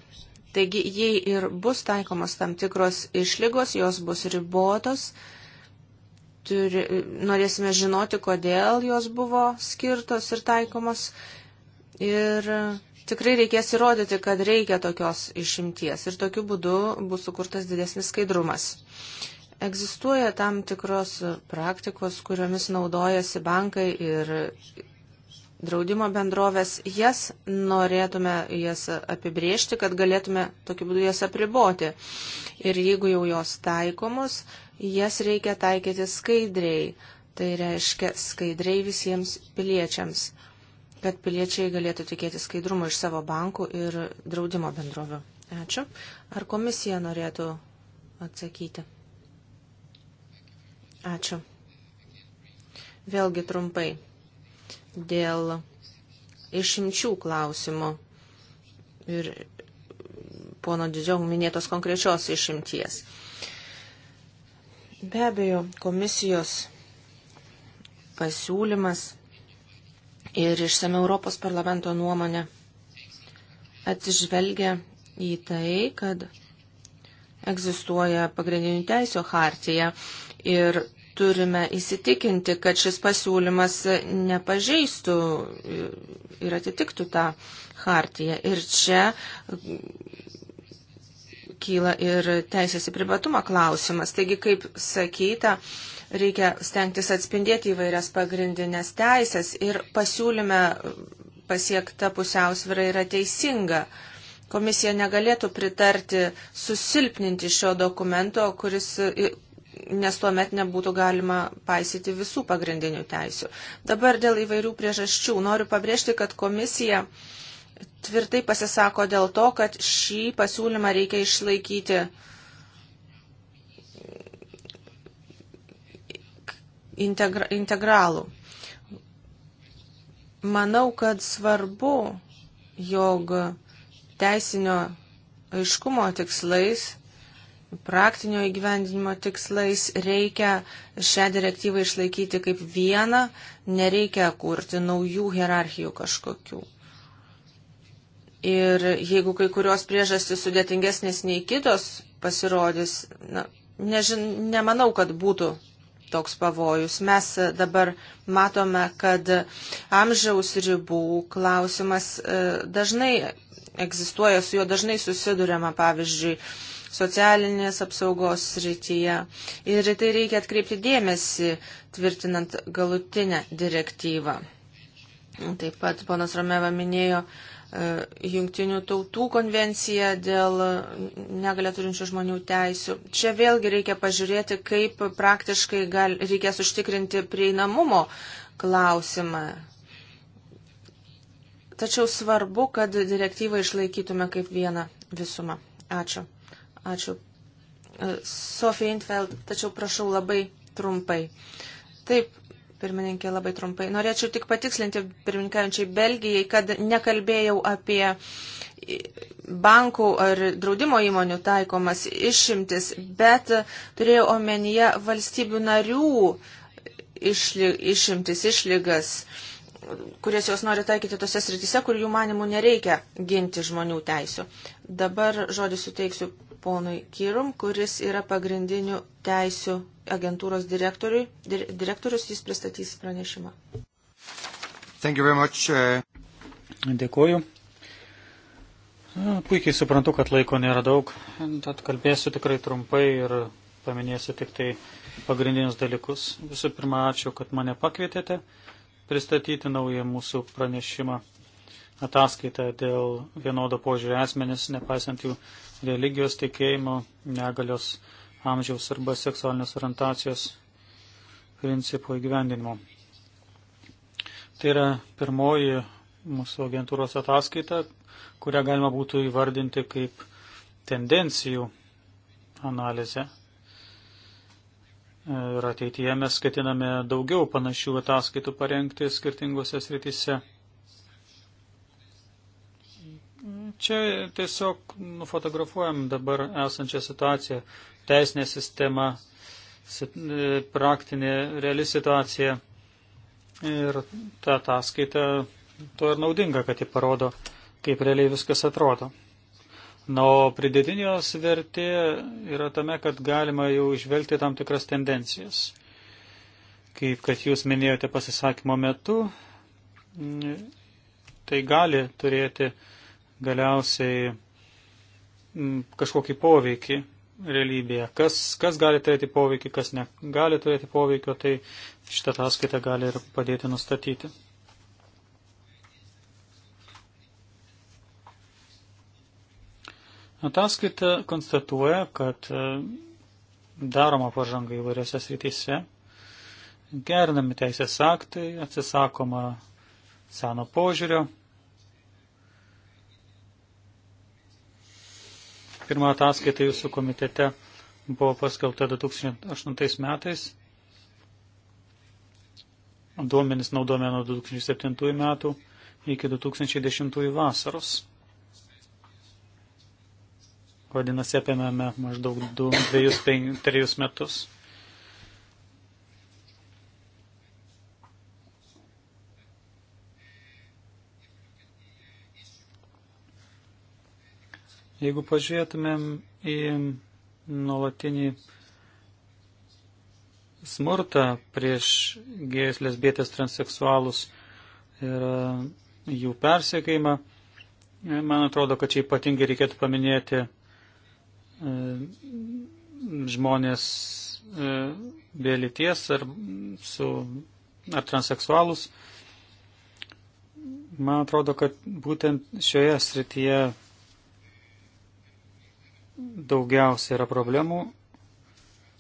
Taigi, jei ir bus taikomos tam tikros išlygos, jos bus ribotos, turi, norėsime žinoti, kodėl jos buvo skirtos ir taikomos. Ir tikrai reikės įrodyti, kad reikia tokios išimties ir tokiu būdu bus sukurtas didesnis skaidrumas. Egzistuoja tam tikros praktikos, kuriomis naudojasi bankai ir draudimo bendrovės, jas norėtume jas apibriežti, kad galėtume tokiu būdu jas apriboti. Ir jeigu jau jos taikomus, jas reikia taikyti skaidriai. Tai reiškia skaidriai visiems piliečiams, kad piliečiai galėtų tikėti skaidrumo iš savo bankų ir draudimo bendrovių. Ačiū. Ar komisija norėtų atsakyti? Ačiū. Vėlgi trumpai dėl išimčių klausimo ir pono Didžiog minėtos konkrečios išimties. Be abejo, komisijos pasiūlymas ir išsame Europos parlamento nuomonė atsižvelgia į tai, kad egzistuoja pagrindinių teisio hartija ir turime įsitikinti, kad šis pasiūlymas nepažeistų ir atitiktų tą hartiją. Ir čia kyla ir teisės į privatumą klausimas. Taigi, kaip sakyta, reikia stengtis atspindėti įvairias pagrindinės teisės ir pasiūlyme pasiekta pusiausvyra yra teisinga. Komisija negalėtų pritarti susilpninti šio dokumento, kuris nes tuomet nebūtų galima paisyti visų pagrindinių teisių. Dabar dėl įvairių priežasčių noriu pabrėžti, kad komisija tvirtai pasisako dėl to, kad šį pasiūlymą reikia išlaikyti integra integralų. Manau, kad svarbu, jog teisinio aiškumo tikslais praktinio įgyvendinimo tikslais reikia šią direktyvą išlaikyti kaip vieną, nereikia kurti naujų hierarchijų kažkokių. Ir jeigu kai kurios priežastys sudėtingesnės nei kitos pasirodys, na, nežin, nemanau, kad būtų toks pavojus. Mes dabar matome, kad amžiaus ribų klausimas e, dažnai egzistuoja, su juo dažnai susidurėma, pavyzdžiui, socialinės apsaugos srityje. Ir tai reikia atkreipti dėmesį, tvirtinant galutinę direktyvą. Taip pat ponas Romeva minėjo e, Junktinių tautų konvenciją dėl negalė turinčių žmonių teisių. Čia vėlgi reikia pažiūrėti, kaip praktiškai gal, reikės užtikrinti prieinamumo klausimą. Tačiau svarbu, kad direktyvą išlaikytume kaip vieną visumą. Ačiū. Ačiū. E, Sofija Infeld, tačiau prašau labai trumpai. Taip, pirmininkė, labai trumpai. Norėčiau tik patikslinti pirmininkaujančiai Belgijai, kad nekalbėjau apie bankų ar draudimo įmonių taikomas išimtis, bet turėjau omenyje valstybių narių išly, išimtis, išlygas, kurias jos nori taikyti tose srityse, kur jų manimų nereikia ginti žmonių teisų. Dabar žodį suteiksiu ponui Kirum, kuris yra pagrindinių teisių agentūros direktoriui. Dir, direktorius jis pristatys pranešimą. Much, uh... Dėkuoju. Puikiai suprantu, kad laiko nėra daug, tad kalbėsiu tikrai trumpai ir paminėsiu tik tai pagrindinius dalykus. Visų pirma, ačiū, kad mane pakvietėte pristatyti naują mūsų pranešimą ataskaitą dėl vienodo požiūrį asmenis, nepaisant jų religijos, tikėjimo, negalios, amžiaus arba seksualinės orientacijos principų įgyvendinimo. Tai yra pirmoji mūsų agentūros ataskaita, kurią galima būtų įvardinti kaip tendencijų analizę. Ir ateityje mes ketiname daugiau panašių ataskaitų parengti skirtingose srityse. Čia tiesiog nufotografuojam dabar esančią situaciją, teisinė sistema, e, praktinė, reali situacija. Ir ta ataskaita to ir naudinga, kad ji parodo, kaip realiai viskas atrodo. Na, o pridėtinės vertė yra tame, kad galima jau išvelgti tam tikras tendencijas. Kaip kad jūs minėjote pasisakymo metu, tai gali turėti uh, galiausiai mm, kažkokį poveikį realybėje. Kas, kas gali turėti poveikį, kas negali turėti poveikio, tai šitą ataskaitą gali ir padėti nustatyti. Ataskaita konstatuoja, kad mm, daroma pažanga įvairiose srityse, gerinami teisės aktai, atsisakoma seno požiūrio, Pirma ataskaita jūsų komitete buvo paskelbta 2008 metais. Duomenis naudojame nuo 2007 metų iki 2010 vasaros. Vadinasi, apėmėme maždaug 2-3 metus. Jeigu pažiūrėtumėm į nuolatinį smurtą prieš gėjus, lesbietės, transseksualus ir e, jų persiekėjimą, e, man atrodo, kad čia ypatingai reikėtų paminėti e, žmonės be lyties ar, su, ar transseksualus. Man atrodo, kad būtent šioje srityje daugiausia yra problemų.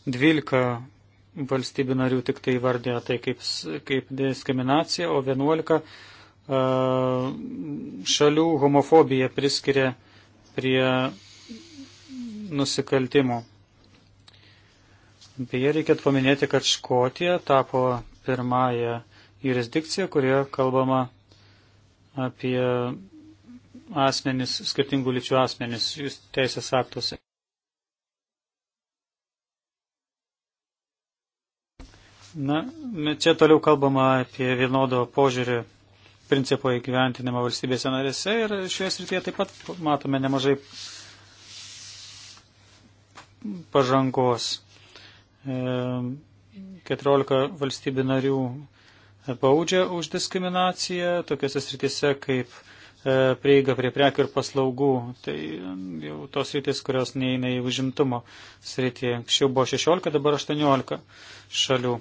12 valstybių narių tik tai vardė tai kaip, kaip diskriminacija, o 11 šalių homofobiją priskiria prie nusikaltimų. Beje, reikėtų paminėti, kad Škotija tapo pirmąją jurisdikciją, kurioje kalbama apie asmenis, skirtingų lyčių asmenis jūs teisės aktuose. Na, čia toliau kalbama apie vienodo požiūrį principo įgyventinimą valstybėse narėse ir šioje srityje taip pat matome nemažai pažangos. 14 e, valstybių narių baudžia už diskriminaciją tokiuose srityse kaip E, prieiga prie prekių ir paslaugų. Tai jau tos rytis, kurios neįeina į užimtumo sritį. Anksčiau buvo 16, dabar 18 šalių.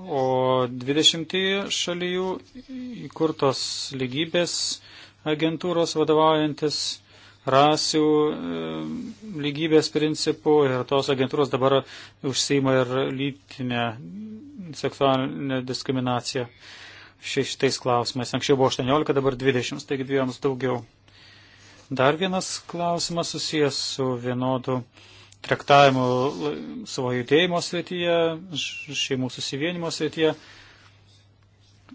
O 20 šalių įkurtos lygybės agentūros vadovaujantis rasių lygybės principų ir tos agentūros dabar užsima ir lytinę seksualinę diskriminaciją šitais klausimais. Anksčiau buvo 18, dabar 20, taigi dviejoms daugiau. Dar vienas klausimas susijęs su vienodu traktavimu savo judėjimo srityje, šeimų susivienimo srityje.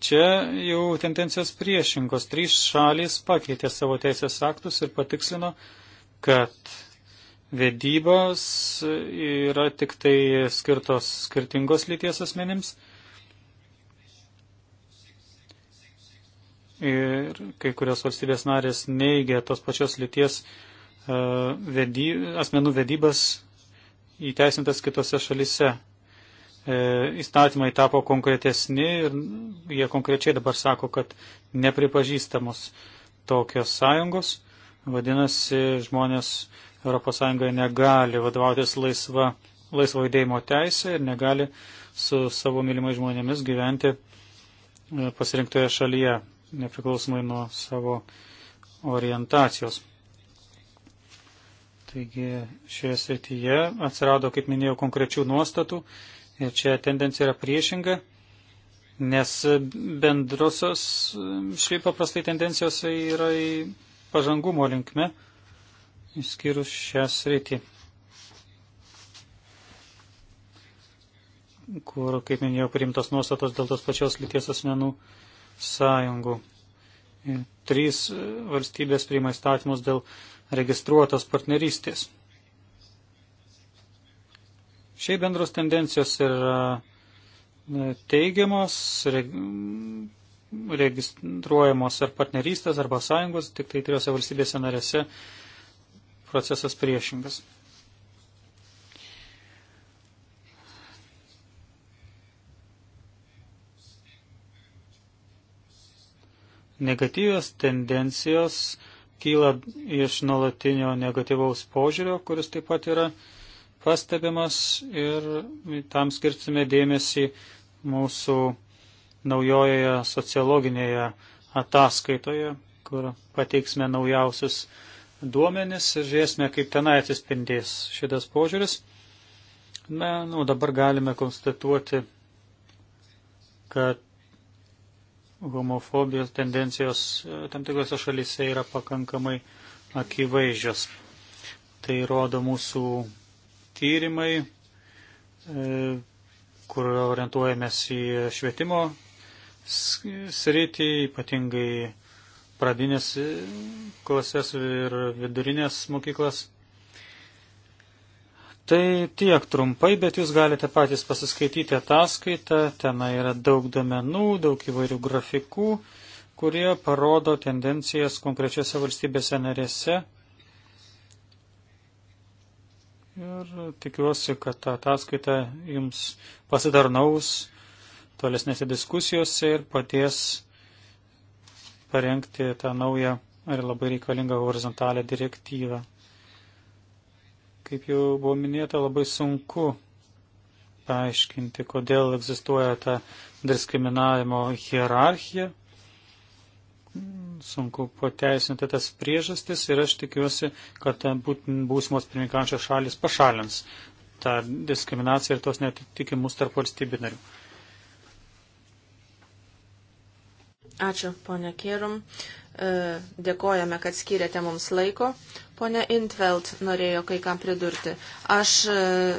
Čia jau tendencijos priešingos. Trys šalys pakeitė savo teisės aktus ir patikslino, kad vedybos yra tik tai skirtos skirtingos lyties asmenims ir kai kurios valstybės narės neigia tos pačios lyties e, vedy, asmenų vedybas įteisintas kitose šalise. E, įstatymai tapo konkretesni ir jie konkrečiai dabar sako, kad nepripažįstamos tokios sąjungos. Vadinasi, žmonės ES negali vadovautis laisva, laisvo judėjimo teisė ir negali su savo mylimais žmonėmis gyventi e, pasirinktoje šalyje nepriklausomai nuo savo orientacijos. Taigi šioje srityje atsirado, kaip minėjau, konkrečių nuostatų ir čia tendencija yra priešinga, nes bendrosios šiaip paprastai tendencijos yra į pažangumo linkme, išskyrus šią sritį. kur, kaip minėjau, priimtos nuostatos dėl tos pačios lyties asmenų sąjungų. Trys valstybės priima įstatymus dėl registruotos partnerystės. Šiaip bendros tendencijos yra e, teigiamos, registruojamos ar partnerystės, arba sąjungos, tik tai trijose valstybėse narėse procesas priešingas. Negatyvios tendencijos kyla iš nuolatinio negatyvaus požiūrio, kuris taip pat yra pastebimas ir tam skirsime dėmesį mūsų naujojoje sociologinėje ataskaitoje, kur pateiksime naujausius duomenis ir žiūrėsime, kaip tenai atsispindės šitas požiūris. Na, nu, dabar galime konstatuoti, kad homofobijos tendencijos e, tam tikrose šalyse yra pakankamai akivaizdžios. Tai rodo mūsų tyrimai, e, kur orientuojamės į švietimo sritį, ypatingai pradinės e, klasės ir vidurinės mokyklas. Tai tiek trumpai, bet jūs galite patys pasiskaityti ataskaitą, ten yra daug domenų, daug įvairių grafikų, kurie parodo tendencijas konkrečiose valstybėse narėse. Ir tikiuosi, kad ta ataskaita jums pasidarnaus tolesnėse diskusijose ir padės parengti tą naują ir labai reikalingą horizontalę direktyvą. Kaip jau buvo minėta, labai sunku paaiškinti, kodėl egzistuoja ta diskriminavimo hierarchija. Sunku pateisinti tas priežastis ir aš tikiuosi, kad būsimos pirmininkančios šalis pašalins tą diskriminaciją ir tos netitikimus tarp valstybių narių. Ačiū, ponė Kierum. E, dėkojame, kad skiriate mums laiko. Pone Intveld norėjo kai kam pridurti. Aš e,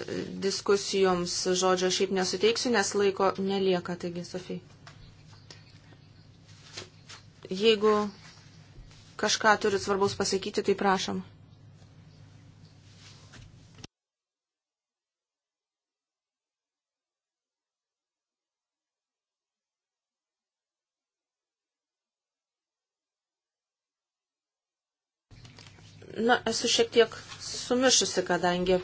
diskusijoms žodžio šiaip nesuteiksiu, nes laiko nelieka, taigi, Sofija. Jeigu kažką turit svarbaus pasakyti, tai prašom. Na, esu šiek tiek sumišusi, kadangi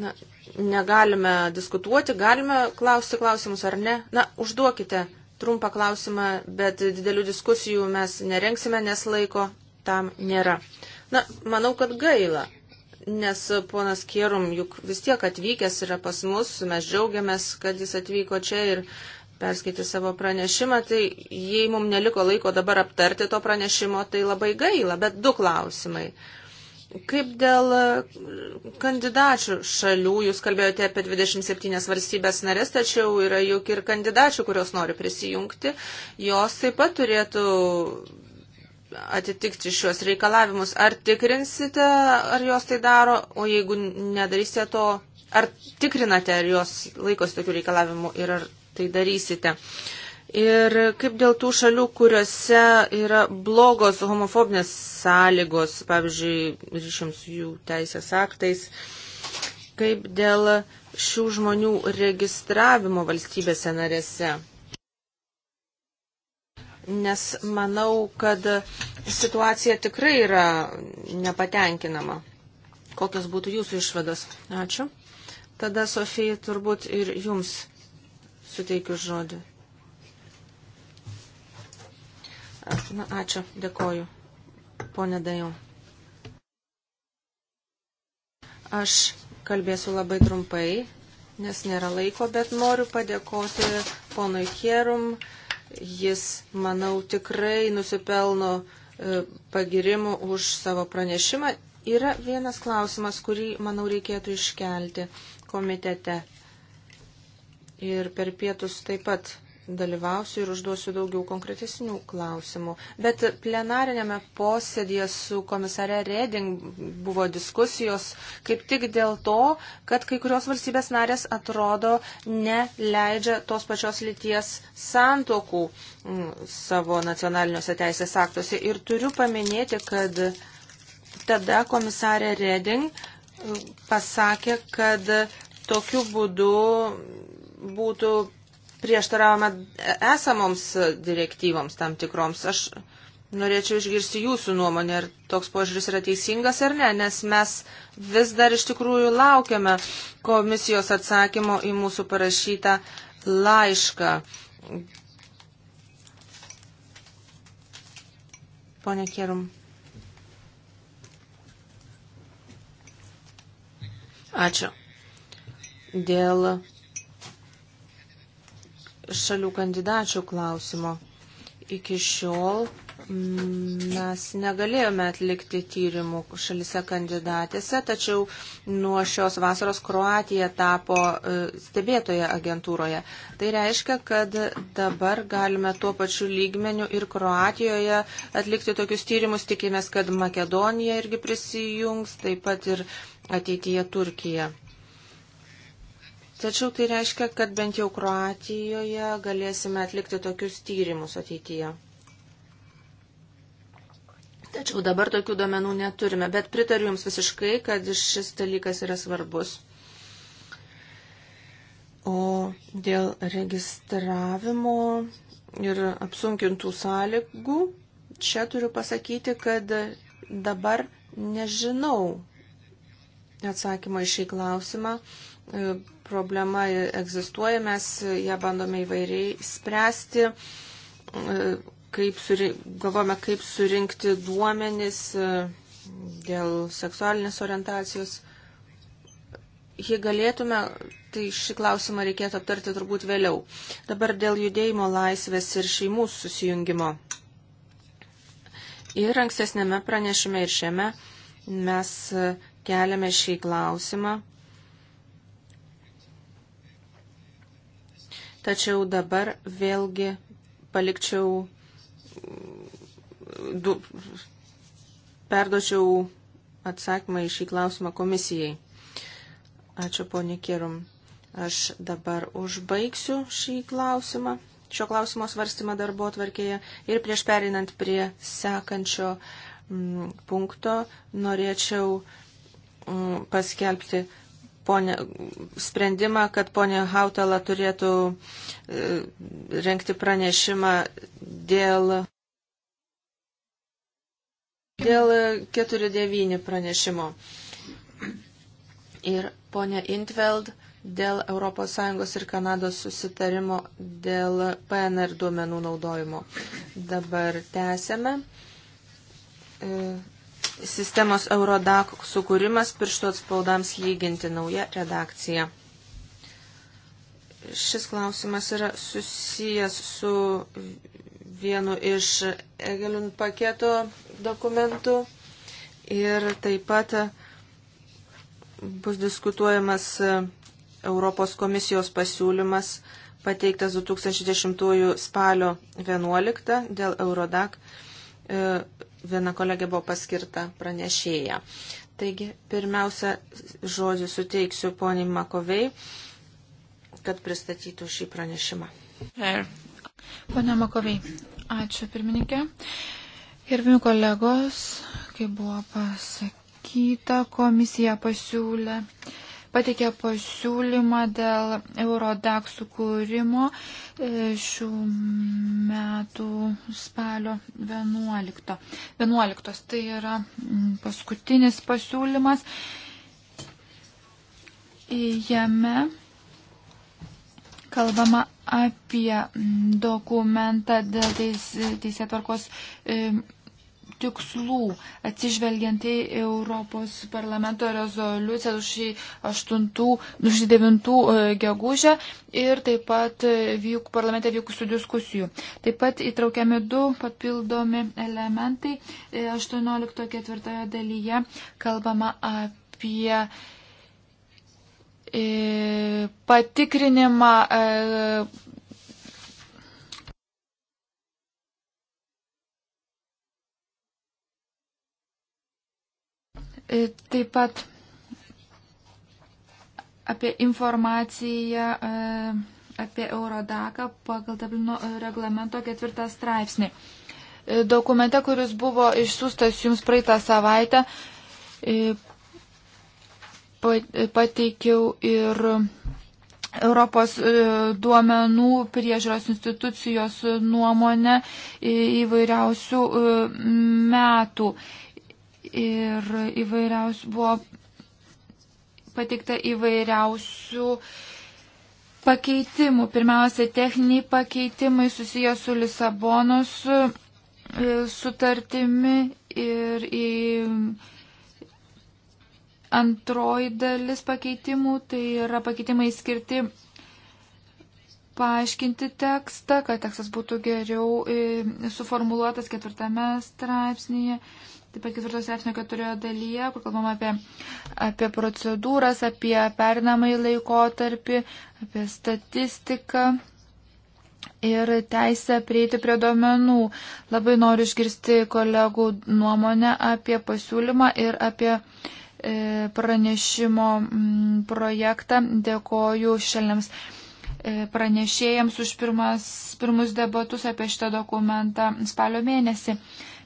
na, negalime diskutuoti, galime klausti klausimus ar ne. Na, užduokite trumpą klausimą, bet didelių diskusijų mes nerenksime, nes laiko tam nėra. Na, manau, kad gaila, nes ponas Kierum juk vis tiek atvykęs yra pas mus, mes džiaugiamės, kad jis atvyko čia ir perskaitė savo pranešimą, tai jei mums neliko laiko dabar aptarti to pranešimo, tai labai gaila, bet du klausimai. Kaip dėl e, kandidačių šalių, jūs kalbėjote apie 27 valstybės narės, tačiau yra juk ir kandidačių, kurios nori prisijungti, jos taip pat turėtų atitikti šios reikalavimus. Ar tikrinsite, ar jos tai daro, o jeigu nedarysite to, ar tikrinate, ar jos laikosi tokių reikalavimų ir ar tai darysite. Ir kaip dėl tų šalių, kuriuose yra blogos homofobinės sąlygos, pavyzdžiui, ryšiams jų teisės aktais, kaip dėl šių žmonių registravimo valstybėse narėse. Nes manau, kad situacija tikrai yra nepatenkinama. Kokios būtų jūsų išvados? Ačiū. Tada, Sofija, turbūt ir jums suteikiu žodį. Na, ačiū, dėkoju, ponė Dajau. Aš kalbėsiu labai trumpai, nes nėra laiko, bet noriu padėkoti ponui Kierum. Jis, manau, tikrai nusipelno e, pagirimų už savo pranešimą. Yra vienas klausimas, kurį, manau, reikėtų iškelti komitete ir per pietus taip pat dalyvausiu ir užduosiu daugiau konkretesnių klausimų. Bet plenarinėme posėdėje su komisare Reding buvo diskusijos kaip tik dėl to, kad kai kurios valstybės narės atrodo neleidžia tos pačios lyties santokų mm, savo nacionaliniuose teisės aktuose. Ir turiu paminėti, kad tada komisarė Reding mm, pasakė, kad tokiu būdu būtų prieštaravome esamoms direktyvoms tam tikroms. Aš norėčiau išgirsti jūsų nuomonę, ar toks požiūris yra teisingas ar ne, nes mes vis dar iš tikrųjų laukiame komisijos atsakymo į mūsų parašytą laišką. Pone Kierum. Ačiū. Dėl šalių kandidačių klausimo. Iki šiol mes negalėjome atlikti tyrimų šalise kandidatėse, tačiau nuo šios vasaros Kroatija tapo e, stebėtoje agentūroje. Tai reiškia, kad dabar galime tuo pačiu lygmeniu ir Kroatijoje atlikti tokius tyrimus. Tikimės, kad Makedonija irgi prisijungs, taip pat ir ateityje Turkija. Tačiau tai reiškia, kad bent jau Kroatijoje galėsime atlikti tokius tyrimus ateityje. Tačiau dabar tokių duomenų neturime, bet pritariu Jums visiškai, kad šis dalykas yra svarbus. O dėl registravimo ir apsunkintų sąlygų, čia turiu pasakyti, kad dabar nežinau atsakymą į šį klausimą problema egzistuoja, mes ją bandome įvairiai spręsti, kaip suri, galvome, kaip surinkti duomenis e, dėl seksualinės orientacijos. Jei galėtume, tai šį klausimą reikėtų aptarti turbūt vėliau. Dabar dėl judėjimo laisvės ir šeimų susijungimo. Ir ankstesnėme pranešime ir šiame mes e, keliame šį klausimą tačiau dabar vėlgi palikčiau, du, perdočiau atsakymą į šį klausimą komisijai. Ačiū, ponė Kirum. Aš dabar užbaigsiu šį klausimą, šio klausimo svarstymą darbo atvarkėje ir prieš perinant prie sekančio m, mm, punkto norėčiau m, mm, paskelbti ponė, sprendimą, kad ponė Hautala turėtų e, renkti pranešimą dėl, dėl 49 pranešimo. Ir ponė Intveld dėl ES ir Kanados susitarimo dėl PNR duomenų naudojimo. Dabar tęsėme. E, sistemos Eurodak sukūrimas pirštų atspaudams lyginti nauja redakcija. Šis klausimas yra susijęs su vienu iš Egelin paketo dokumentų ir taip pat bus diskutuojamas Europos komisijos pasiūlymas pateiktas 2010 spalio 11 dėl Eurodak. E, viena kolegė buvo paskirta pranešėja. Taigi, pirmiausia, žodžiu suteiksiu poniai Makovei, kad pristatytų šį pranešimą. Pone Makovei, ačiū pirmininkė. Gerbimi kolegos, kaip buvo pasakyta, komisija pasiūlė uh, pateikė pasiūlymą dėl Eurodax sukūrimo e, šių metų spalio 11. 11. Tai yra mm, paskutinis pasiūlymas. Jame kalbama apie mm, dokumentą dėl teisėtvarkos. Teis, tikslų, atsižvelgiant į Europos parlamento rezoliuciją 2009 e, gegužę ir taip pat vyk, parlamente vykusių diskusijų. Taip pat įtraukiami du papildomi elementai. 18.4 e, dalyje kalbama apie e, patikrinimą E, taip pat apie informaciją e, apie Eurodaką pagal Dublino e, reglamento ketvirtą straipsnį. Dokumente, kuris buvo išsiųstas jums praeitą savaitę, pateikiau ir Europos duomenų priežiūros institucijos nuomonę įvairiausių metų ir įvairiausių buvo pateikta įvairiausių pakeitimų. Pirmiausia, techniniai pakeitimai susijęs su Lisabonos e, sutartimi ir į antroji dalis pakeitimų, tai yra pakeitimai skirti paaiškinti tekstą, kad tekstas būtų geriau e, suformuluotas ketvirtame straipsnėje. Taip pat ketvirtos straipsnio keturioje dalyje, kur kalbam apie, apie procedūras, apie pernamąjį laikotarpį, apie statistiką ir teisę prieiti prie domenų. Labai noriu išgirsti kolegų nuomonę apie pasiūlymą ir apie e, pranešimo mm, projektą. Dėkoju šiandiems e, pranešėjams už pirmas, pirmus debatus apie šitą dokumentą spalio mėnesį.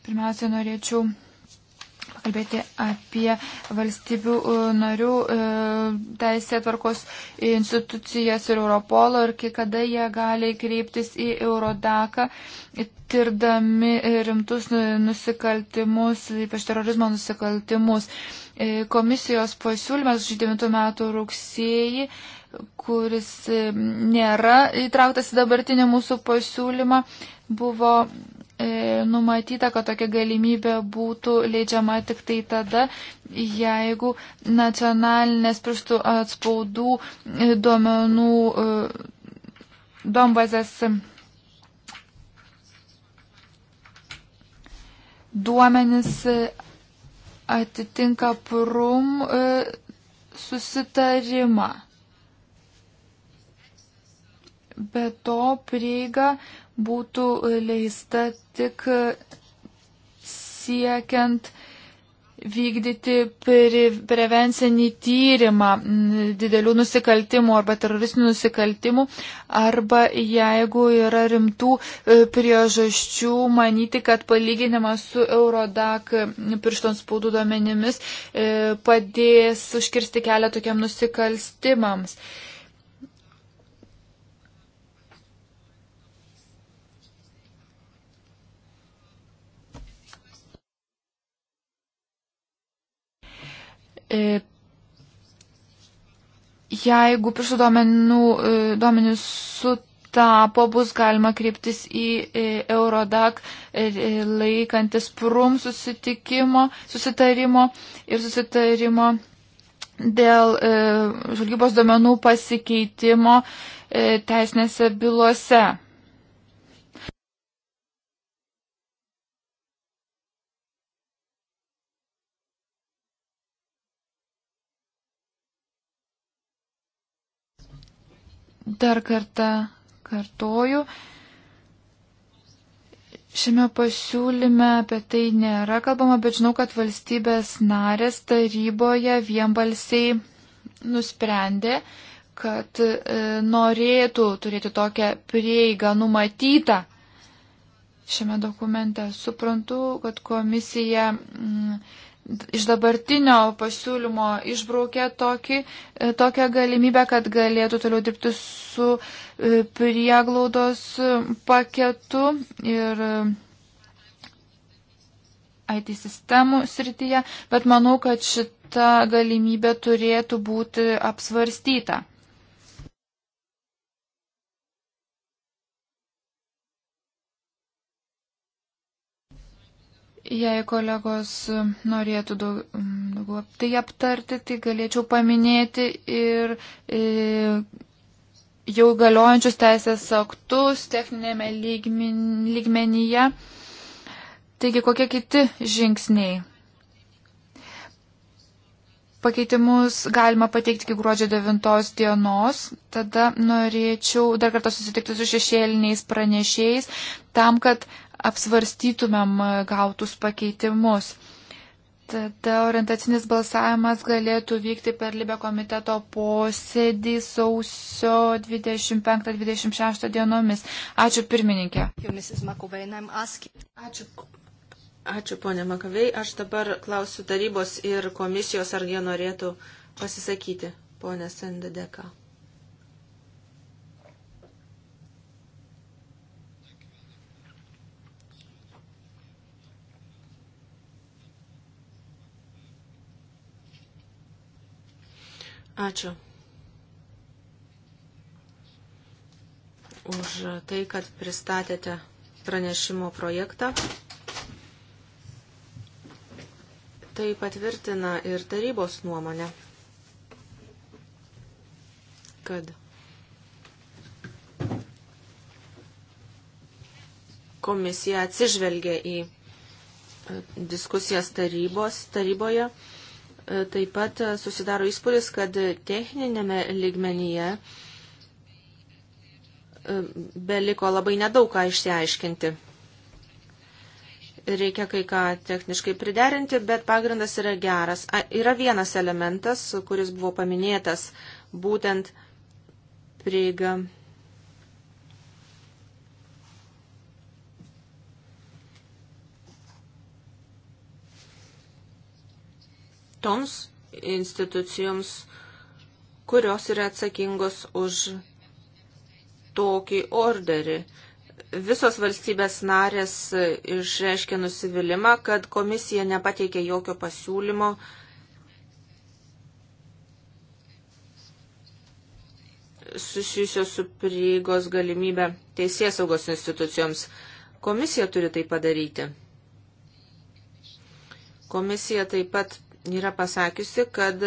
Pirmiausia, norėčiau kalbėti apie valstybių e, narių e, teisė tvarkos institucijas ir Europolo ir kai kada jie gali kreiptis į Eurodaką, tirdami rimtus nu- nusikaltimus, ypač terorizmo nusikaltimus. E, komisijos pasiūlymas 9 metų rugsėjį kuris nėra įtrauktas į dabartinį mūsų pasiūlymą, buvo E, numatyta, kad tokia galimybė būtų leidžiama tik tai tada, jeigu nacionalinės pirštų atspaudų e, duomenų e, dombazės duomenis atitinka prum susitarimą. Be to prieiga būtų leista tik siekiant vykdyti prevencinį tyrimą didelių nusikaltimų arba teroristinių nusikaltimų, arba jeigu yra rimtų e, priežasčių manyti, kad palyginimas su Eurodak pirštons spaudų duomenimis e, padės užkirsti kelią tokiam nusikalstimams. E, jeigu pirštų duomenų, e, duomenys sutapo, bus galima kryptis į e, Eurodac laikantis prum susitikimo, susitarimo ir susitarimo dėl žvalgybos duomenų pasikeitimo teisinėse bylose. Dar kartą kartoju, šiame pasiūlyme apie tai nėra kalbama, bet žinau, kad valstybės narės taryboje vienbalsiai nusprendė, kad e, norėtų turėti tokią prieigą numatytą šiame dokumente. Suprantu, kad komisija. Mm, iš dabartinio pasiūlymo išbraukė tokį, e, tokią galimybę, kad galėtų toliau dirbti su e, prieglaudos paketu ir e, IT sistemų srityje, bet manau, kad šita galimybė turėtų būti apsvarstyta. Jei kolegos norėtų daug, mm, daugiau tai aptarti, tai galėčiau paminėti ir e, jau galiojančius teisės aktus techninėme lygmin, lygmenyje. Taigi, kokie kiti žingsniai? Pakeitimus galima pateikti iki gruodžio 9 dienos. Tada norėčiau dar kartą susitikti su šešėliniais pranešėjais tam, kad apsvarstytumėm gautus pakeitimus. Tada orientacinis balsavimas galėtų vykti per Libę komiteto posėdį sausio 25-26 dienomis. Ačiū pirmininkė. Ačiū. Ačiū ponė Makavei. Aš dabar klausiu tarybos ir komisijos, ar jie norėtų pasisakyti. Ponė Sendedeka. Ačiū. Už tai, kad pristatėte pranešimo projektą. Tai patvirtina ir tarybos nuomonė, kad komisija atsižvelgia į diskusijas tarybos, taryboje E, taip pat e, susidaro įspūdis, kad techninėme ligmenyje e, beliko labai nedaug ką išsiaiškinti. Reikia kai ką techniškai priderinti, bet pagrindas yra geras. A, yra vienas elementas, kuris buvo paminėtas, būtent prieiga toms institucijoms, kurios yra atsakingos už tokį orderį. Visos valstybės narės išreiškė nusivylimą, kad komisija nepateikė jokio pasiūlymo susijusio su prieigos galimybė teisėsaugos institucijoms. Komisija turi tai padaryti. Komisija taip pat yra pasakiusi, kad,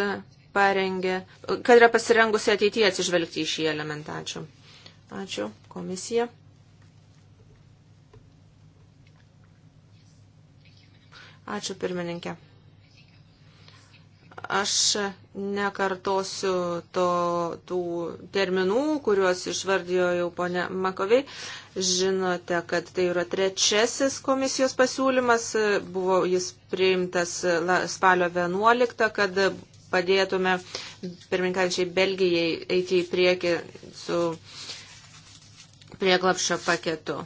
parengė, kad yra pasirengusi ateityje atsižvelgti į šį elementą. Ačiū. Ačiū. Komisija. Ačiū pirmininkė. Aš nekartosiu to, tų terminų, kuriuos išvardijo jau ponė Makovei. Žinote, kad tai yra trečiasis komisijos pasiūlymas, buvo jis priimtas spalio 11, kad padėtume pirminkančiai Belgijai eiti į priekį su prieglapšio paketu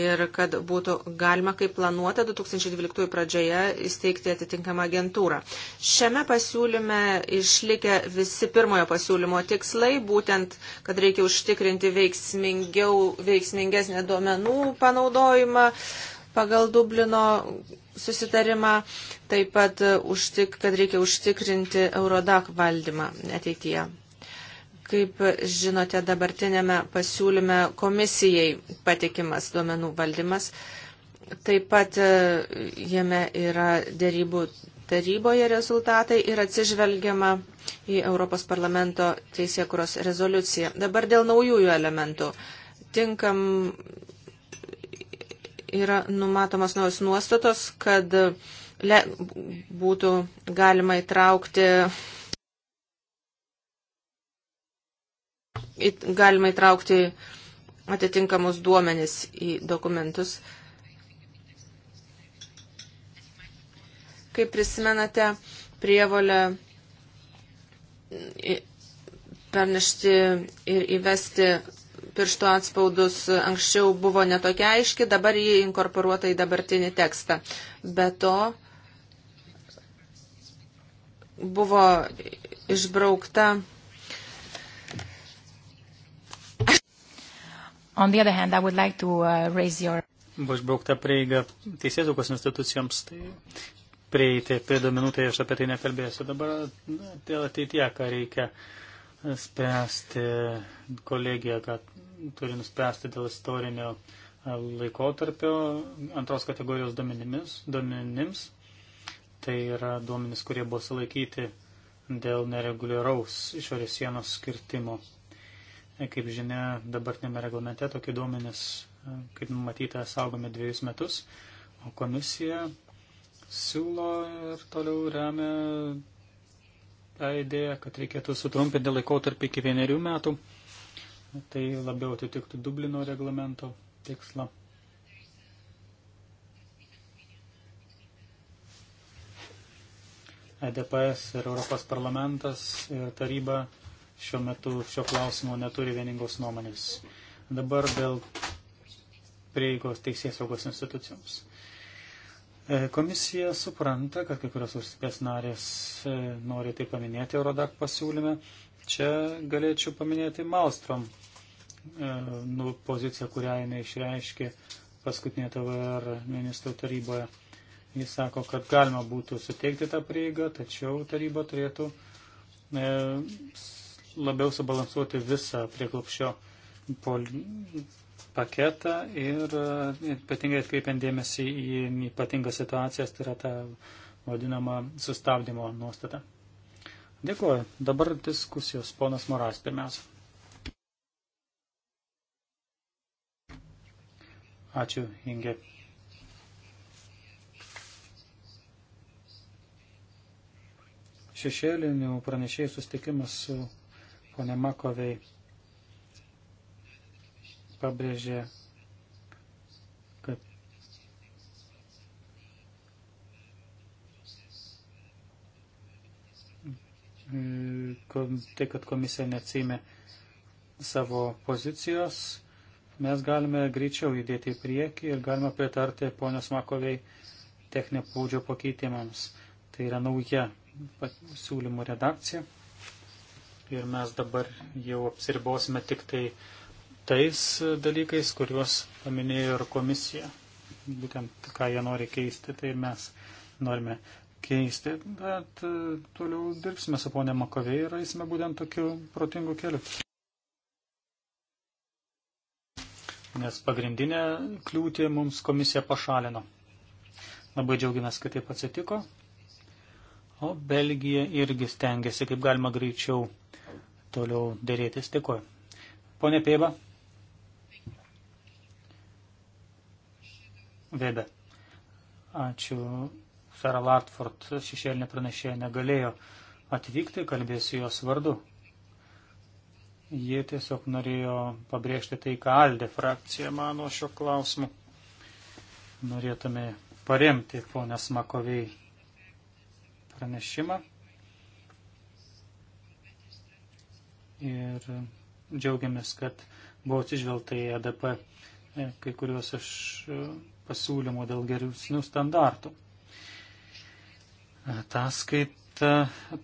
ir kad būtų galima, kaip planuota, 2012 pradžioje įsteigti atitinkamą agentūrą. Šiame pasiūlyme išlikę visi pirmojo pasiūlymo tikslai, būtent, kad reikia užtikrinti veiksmingesnę duomenų panaudojimą pagal Dublino susitarimą, taip pat, uh, kad reikia užtikrinti Eurodak valdymą ateityje. Kaip žinote, dabartinėme pasiūlyme komisijai patikimas duomenų valdymas. Taip pat e, jame yra dėrybų taryboje rezultatai ir atsižvelgiama į Europos parlamento teisėkuros rezoliuciją. Dabar dėl naujųjų elementų. Tinkam yra numatomas naujos nuostatos, kad le, būtų galima įtraukti Galima įtraukti atitinkamus duomenis į dokumentus. Kaip prisimenate, prievolę pernešti ir įvesti piršto atspaudus anksčiau buvo netokia aiški, dabar jį inkorporuota į dabartinį tekstą. Be to buvo išbraukta On the other hand, I would like to uh, raise your... Buvo išbraukta prieiga teisėsaugos institucijoms, tai prieiti prie domenų, tai aš apie tai nekalbėsiu. Dabar dėl ateitie, ką reikia spręsti kolegija, ką turi nuspręsti dėl istorinio laikotarpio antros kategorijos duomenimis, duomenims. Tai yra duomenys, kurie buvo sulaikyti dėl nereguliaraus išorės sienos skirtimo Kaip žinia, dabartinėme reglamente tokie duomenys, e, kaip numatyta, saugomi dviejus metus, o komisija siūlo ir toliau remia tą idėją, kad reikėtų sutrumpinti laikotarpį iki vienerių metų. Tai labiau atitiktų Dublino reglamento tikslą. EDPS ir Europos parlamentas ir taryba šiuo metu šio klausimo neturi vieningos nuomonės. Dabar dėl prieigos teisės saugos institucijoms. E, komisija supranta, kad kai kurios valstybės narės e, nori tai paminėti Eurodak pasiūlyme. Čia galėčiau paminėti Malstrom e, nu, poziciją, kurią jinai išreiškė paskutinė TVR ministrų taryboje. Jis sako, kad galima būtų suteikti tą prieigą, tačiau taryba turėtų e, labiau subalansuoti visą prieglopšio paketą ir e, ypatingai atkreipiant dėmesį į ypatingas situacijas, tai yra ta vadinama sustabdymo nuostata. Dėkuoju. Dabar diskusijos. Ponas Moras pirmiausia. Ačiū, Inge. Šešėlinių pranešėjų sustikimas su Pone Makovei pabrėžė, kad tai, kad komisija neatsime savo pozicijos, mes galime greičiau judėti į priekį ir galime pritarti ponios Makoviai techninio pūdžio pakeitimams. Tai yra nauja siūlymo redakcija ir mes dabar jau apsiribosime tik tai tais dalykais, kuriuos paminėjo ir komisija. Būtent ką jie nori keisti, tai mes norime keisti, bet e, toliau dirbsime su ponė Makovė ir eisime būtent tokiu protingu keliu. nes pagrindinę kliūtį mums komisija pašalino. Labai džiaugiamės, kad taip atsitiko. O Belgija irgi stengiasi kaip galima greičiau toliau dėrėtis. Dėkuoju. Pone Pėba. Vėbe. Ačiū. Fera Lartford šešėlinė pranešėja negalėjo atvykti, kalbėsiu jos vardu. Jie tiesiog norėjo pabrėžti tai, ką Alde frakcija mano šio klausimu. Norėtume paremti ponės Makoviai pranešimą ir džiaugiamės, kad buvo atsižvelgta į ADP e e, kai kuriuos iš e, pasiūlymų dėl geresnių standartų. Ataskaita,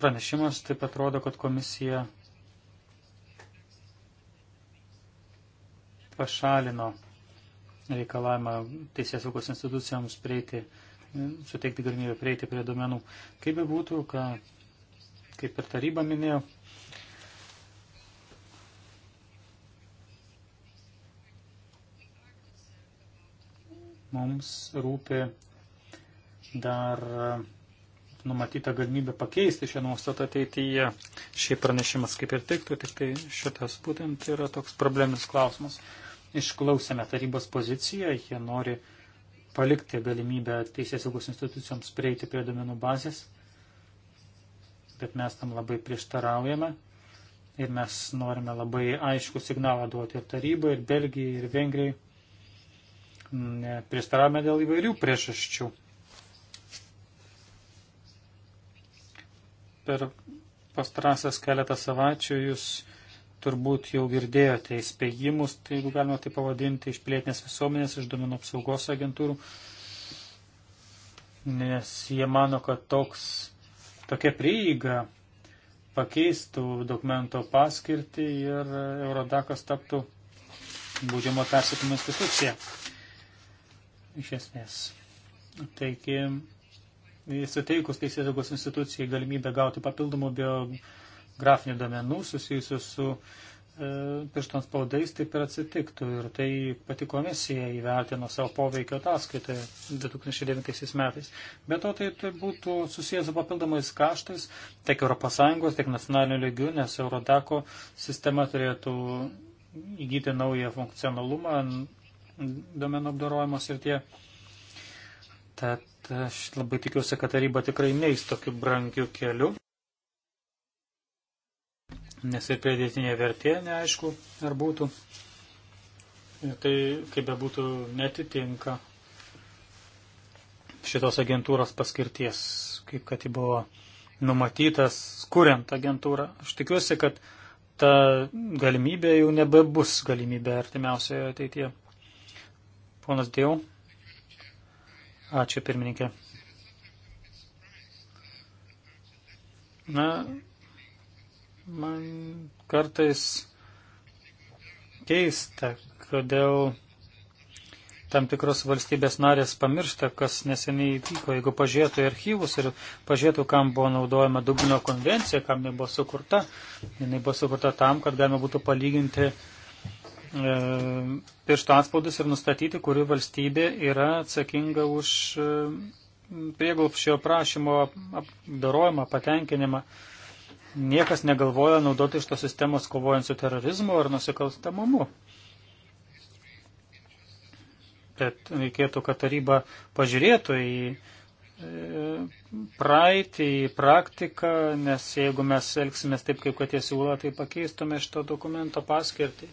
pranešimas taip pat rodo, kad komisija pašalino reikalavimą teisės saugos institucijoms prieiti, suteikti galimybę prieiti prie domenų. Kaip be būtų, ką, kaip ir taryba minėjo, mums rūpi dar e, numatyta galimybė pakeisti šią nuostatą ateityje. Šiaip pranešimas kaip ir tiktų, tik tai šitas būtent yra toks probleminis klausimas. Išklausėme tarybos poziciją, jie nori palikti galimybę teisės saugos institucijoms prieiti prie domenų bazės, bet mes tam labai prieštaraujame ir mes norime labai aišku signalą duoti ir tarybai, ir Belgijai, ir Vengrijai pristaravome dėl įvairių priešaščių. Per pastarąsias keletą savaičių jūs turbūt jau girdėjote įspėjimus, tai jeigu galima tai pavadinti, iš pilietinės visuomenės, iš domenų apsaugos agentūrų, nes jie mano, kad toks, tokia prieiga pakeistų dokumento paskirtį ir Eurodakas taptų būdžiamo persikimo institucija iš esmės. Taigi, suteikus teisėsaugos institucijai galimybę gauti papildomų biografinių domenų susijusių su e, pirštams spaudais taip ir atsitiktų. Ir tai pati komisija įvertino savo poveikio ataskaitoje 2009 metais. Be to, tai, tai būtų susijęs su papildomais kaštais tiek ES, tiek nacionaliniu lygiu, nes Eurodako sistema turėtų įgyti naują funkcionalumą, domenų apdorojimo srityje. Tad aš labai tikiuosi, kad taryba tikrai neįs tokiu brangiu keliu, nes ir pridėtinė vertė neaišku, ar būtų. Ir tai, kaip be būtų, netitinka šitos agentūros paskirties, kaip kad ji buvo numatytas, kuriant agentūrą. Aš tikiuosi, kad ta galimybė jau nebebus galimybė artimiausioje ateityje. Ponas Dievu. Ačiū pirmininkė. Na, man kartais keista, kodėl tam tikros valstybės narės pamiršta, kas neseniai įvyko. Jeigu pažiūrėtų į archyvus ir pažiūrėtų, kam buvo naudojama Dublino konvencija, kam ji buvo sukurta, jinai buvo sukurta tam, kad galima būtų palyginti E, piršto atspaudus ir nustatyti, kuri valstybė yra atsakinga už e, prieglupščio prašymo apdarojimą, patenkinimą. Niekas negalvoja naudoti iš tos sistemos kovojant su terorizmu ar nusikalstamumu. Bet reikėtų, kad taryba pažiūrėtų į e, praeitį, į praktiką, nes jeigu mes elgsimės taip, kaip kad jie siūlo, tai pakeistume šito dokumento paskirtį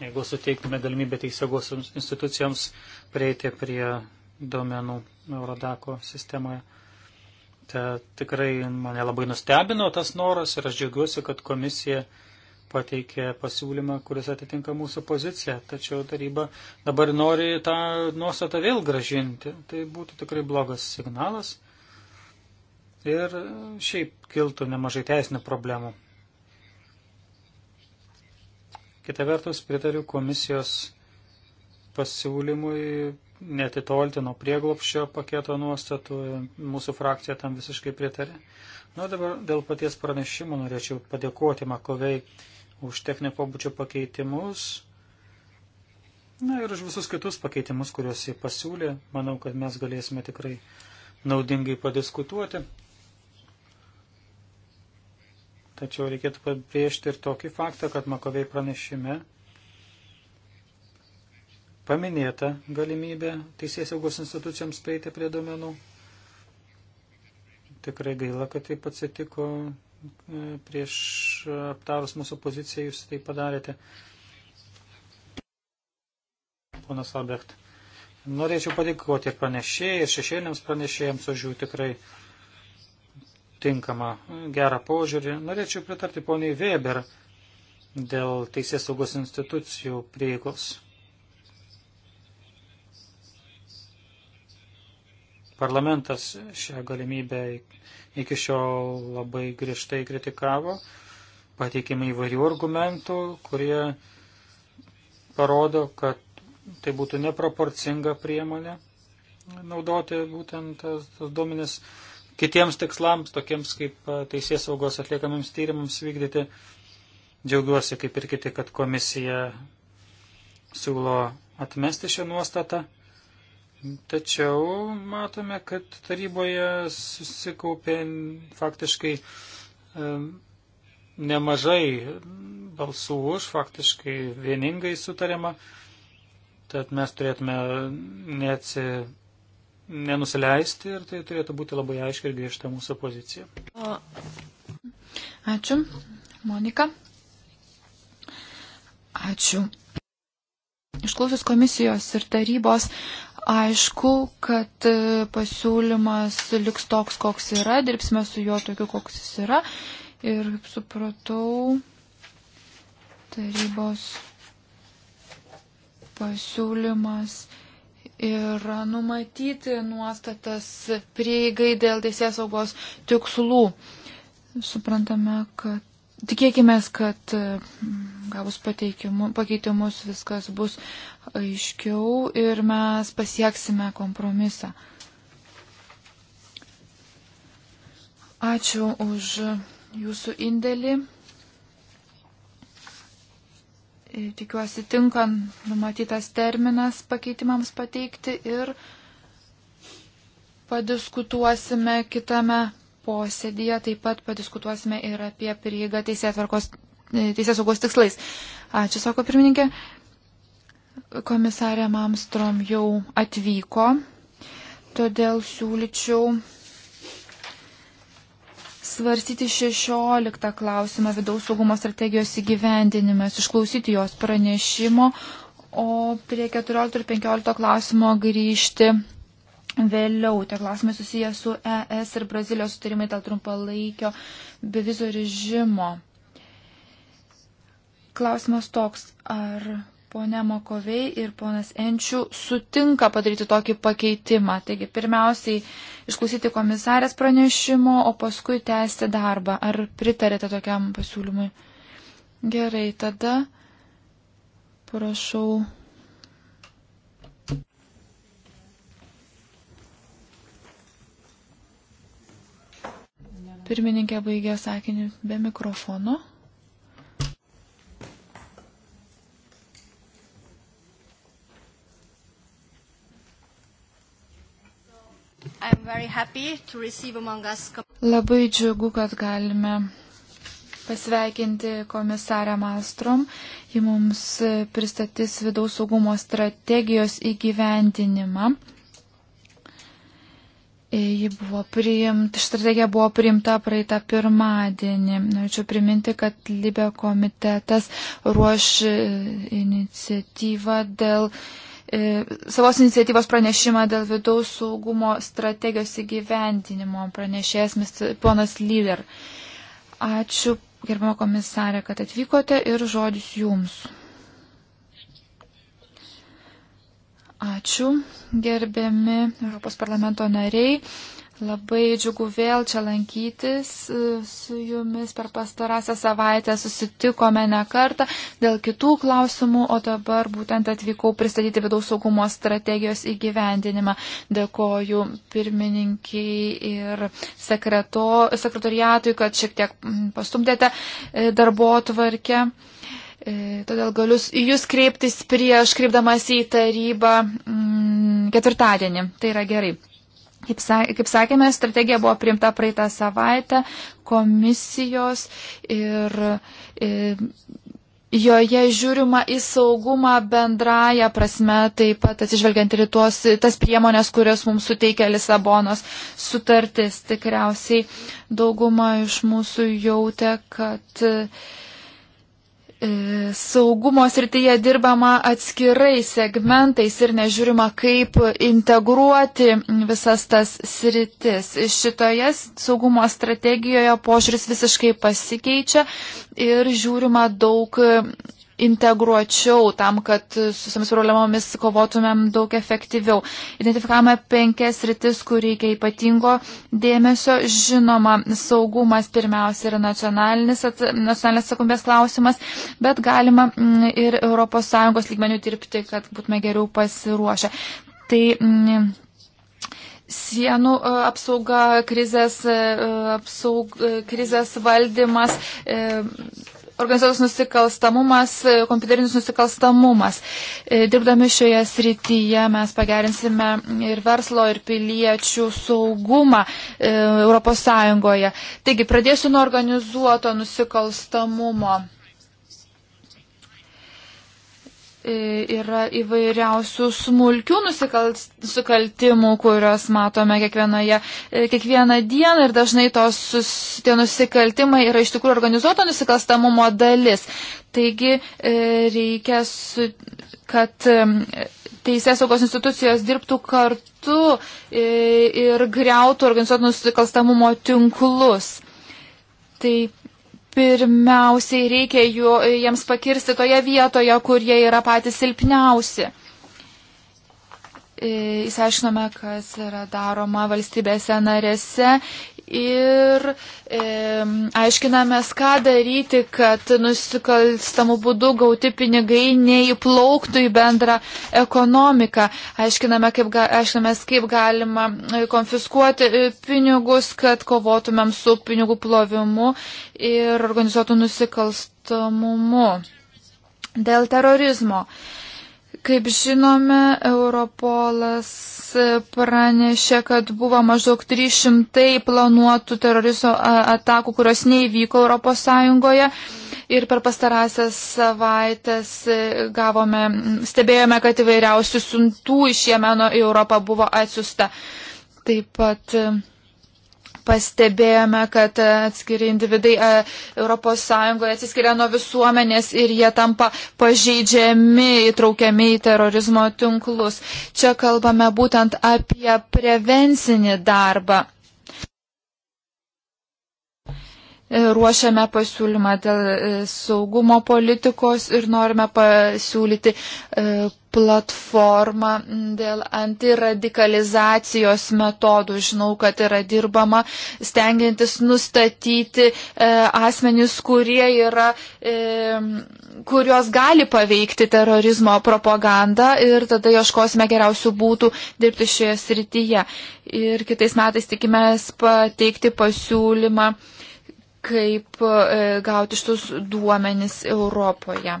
jeigu suteiktume galimybę teisėgos institucijoms prieiti prie duomenų Eurodako sistemoje. Ta, tikrai mane labai nustebino tas noras ir aš džiaugiuosi, kad komisija pateikė pasiūlymą, kuris atitinka mūsų poziciją, tačiau taryba dabar nori tą nuostatą vėl gražinti. Tai būtų tikrai blogas signalas ir šiaip kiltų nemažai teisinių problemų. Kita vertus, pritariu komisijos pasiūlymui netitolti nuo prieglopščio paketo nuostatų. Mūsų frakcija tam visiškai pritarė. Na, nu, dabar dėl paties pranešimo norėčiau padėkoti Makovei už techninio pobūdžio pakeitimus. Na ir už visus kitus pakeitimus, kuriuos jie pasiūlė. Manau, kad mes galėsime tikrai naudingai padiskutuoti. Tačiau reikėtų pabrėžti ir tokį faktą, kad Makovei pranešime paminėta galimybė teisės saugos institucijoms prieiti prie domenų. Tikrai gaila, kad taip atsitiko e, prieš aptarus mūsų poziciją, jūs tai padarėte. Ponas Albrecht. Norėčiau padėkoti ir pranešėjai, ir šešėliniams pranešėjams už jų tikrai tinkamą gerą požiūrį. Norėčiau pritarti poniai Weber dėl teisės saugos institucijų prieigos. Parlamentas šią galimybę iki šiol labai griežtai kritikavo, pateikėme įvairių argumentų, kurie parodo, kad tai būtų neproporcinga priemonė naudoti būtent tas, tas duomenis kitiems tikslams, tokiems kaip teisės saugos atliekamiems tyrimams vykdyti. Džiaugiuosi, kaip ir kiti, kad komisija siūlo atmesti šią nuostatą. Tačiau matome, kad taryboje susikaupė faktiškai nemažai balsų už, faktiškai vieningai sutariama. Tad mes turėtume neatsitikti nenusileisti ir tai turėtų būti labai aiškiai ir griežta mūsų pozicija. Ačiū, Monika. Ačiū. Išklausus komisijos ir tarybos, aišku, kad e, pasiūlymas liks toks, koks yra, dirbsime su juo tokiu, koks jis yra. Ir kaip supratau, tarybos pasiūlymas ir numatyti nuostatas prieigai dėl teisės saugos tikslų. Suprantame, kad tikėkime, kad mm, gavus pakeitimus viskas bus aiškiau ir mes pasieksime kompromisą. Ačiū už jūsų indėlį. E, tikiuosi tinkam numatytas terminas pakeitimams pateikti ir padiskutuosime kitame posėdėje, taip pat padiskutuosime ir apie prieigą teisės, e, teisės saugos tikslais. Ačiū, sako pirmininkė. Komisarė Mamstrom jau atvyko, todėl siūlyčiau svarstyti 16 klausimą vidaus saugumo strategijos įgyvendinimas, išklausyti jos pranešimo, o prie 14 ir 15 klausimo grįžti vėliau. Tie klausimai susiję su ES ir Brazilijos sutarimai dėl trumpalaikio bevizų režimo. Klausimas toks, ar Pone Mokovei ir ponas Enčių sutinka padaryti tokį pakeitimą. Taigi, pirmiausiai išklausyti komisarės pranešimo, o paskui tęsti darbą. Ar pritarėte tokiam pasiūlymui? Gerai, tada prašau. Pirmininkė baigė sakinį be mikrofono. Us... Labai džiugu, kad galime pasveikinti komisarę Malstrom. Ji mums pristatys vidaus saugumo strategijos įgyvendinimą. Ji buvo priimta, strategija buvo priimta praeitą pirmadienį. Norėčiau priminti, kad Libė komitetas ruoš e, iniciatyvą dėl E, savos iniciatyvos pranešimą dėl vidaus saugumo strategijos įgyvendinimo pranešėjas ponas Lyder. Ačiū, gerbama komisarė, kad atvykote ir žodis jums. Ačiū, gerbiami Europos parlamento nariai. Labai džiugu vėl čia lankytis e, su jumis per pastarąsią savaitę, susitikome ne kartą dėl kitų klausimų, o dabar būtent atvykau pristatyti vidaus saugumo strategijos įgyvendinimą. Dėkoju pirmininkiai ir sekreto, sekretoriatui, kad šiek tiek pastumdėte e, darbo tvarkę. E, todėl galiu į jūs kreiptis prieš kreipdamas į tarybą ketvirtadienį. Tai yra gerai. Kaip sakėme, strategija buvo priimta praeitą savaitę komisijos ir, ir e, joje žiūrima į saugumą bendrają prasme, taip pat atsižvelgiant ir tuos, tas priemonės, kurias mums suteikia Lisabonos sutartis. Tikriausiai dauguma iš mūsų jautė, kad. E, E, saugumo srityje dirbama atskirai segmentais ir nežiūrima, kaip integruoti visas tas sritis. Šitoje saugumo strategijoje požiūris visiškai pasikeičia ir žiūrima daug integruočiau tam, kad su visomis problemomis kovotumėm daug efektyviau. Identifikavome penkias rytis, kur reikia ypatingo dėmesio. Žinoma, saugumas pirmiausia yra nacionalinis, nacionalinės atsakomybės klausimas, bet galima mm, ir ES lygmenių dirbti, kad būtume geriau pasiruošę. Tai, mm, sienų e, apsauga, krizės, e, apsaug, e, krizės valdymas, organizuotas nusikalstamumas, e, kompiuterinis nusikalstamumas. E, dirbdami šioje srityje mes pagerinsime ir verslo, ir piliečių saugumą ES. Taigi, pradėsiu nuo organizuoto nusikalstamumo. E, yra įvairiausių smulkių nusikaltimų, kuriuos matome e, kiekvieną dieną ir dažnai tos, tie nusikaltimai yra iš tikrųjų organizuoto nusikalstamumo dalis. Taigi e, reikia, su, kad teisės saugos institucijos dirbtų kartu ir greutų organizuoto nusikalstamumo tinklus. Tai pirmiausiai reikia jų, jiems pakirsti toje vietoje, kur jie yra patys silpniausi. E, įsiaiškinome, kas yra daroma valstybėse narėse ir e, aiškinamės, ką daryti, kad nusikalstamų būdų gauti pinigai neįplauktų į bendrą ekonomiką. Aiškiname, kaip, ga, aiškinamės, kaip galima e, konfiskuoti e, pinigus, kad kovotumėm su pinigų plovimu ir organizuotų nusikalstamumu. Dėl terorizmo. E, Kaip žinome, Europolas pranešė, kad buvo maždaug 300 planuotų terorizmo atakų, kurios neįvyko ES. Ir per pastarąsias savaitės e, gavome, stebėjome, kad įvairiausių siuntų iš Jemeno į Europą buvo atsiusta. Taip pat. Uh, pastebėjome, kad atskiri individai ES atsiskiria nuo visuomenės ir jie tampa pažeidžiami, įtraukiami į terorizmo tinklus. Čia kalbame būtent apie prevencinį darbą. E, ruošiame pasiūlymą dėl e, saugumo politikos ir norime pasiūlyti e, platformą dėl antiradikalizacijos metodų. Žinau, kad yra dirbama stengiantis nustatyti asmenys, kurie yra, kurios gali paveikti terorizmo propagandą ir tada ieškosime geriausių būtų dirbti šioje srityje. Ir kitais metais tikimės pateikti pasiūlymą kaip e, gauti šitus duomenis Europoje.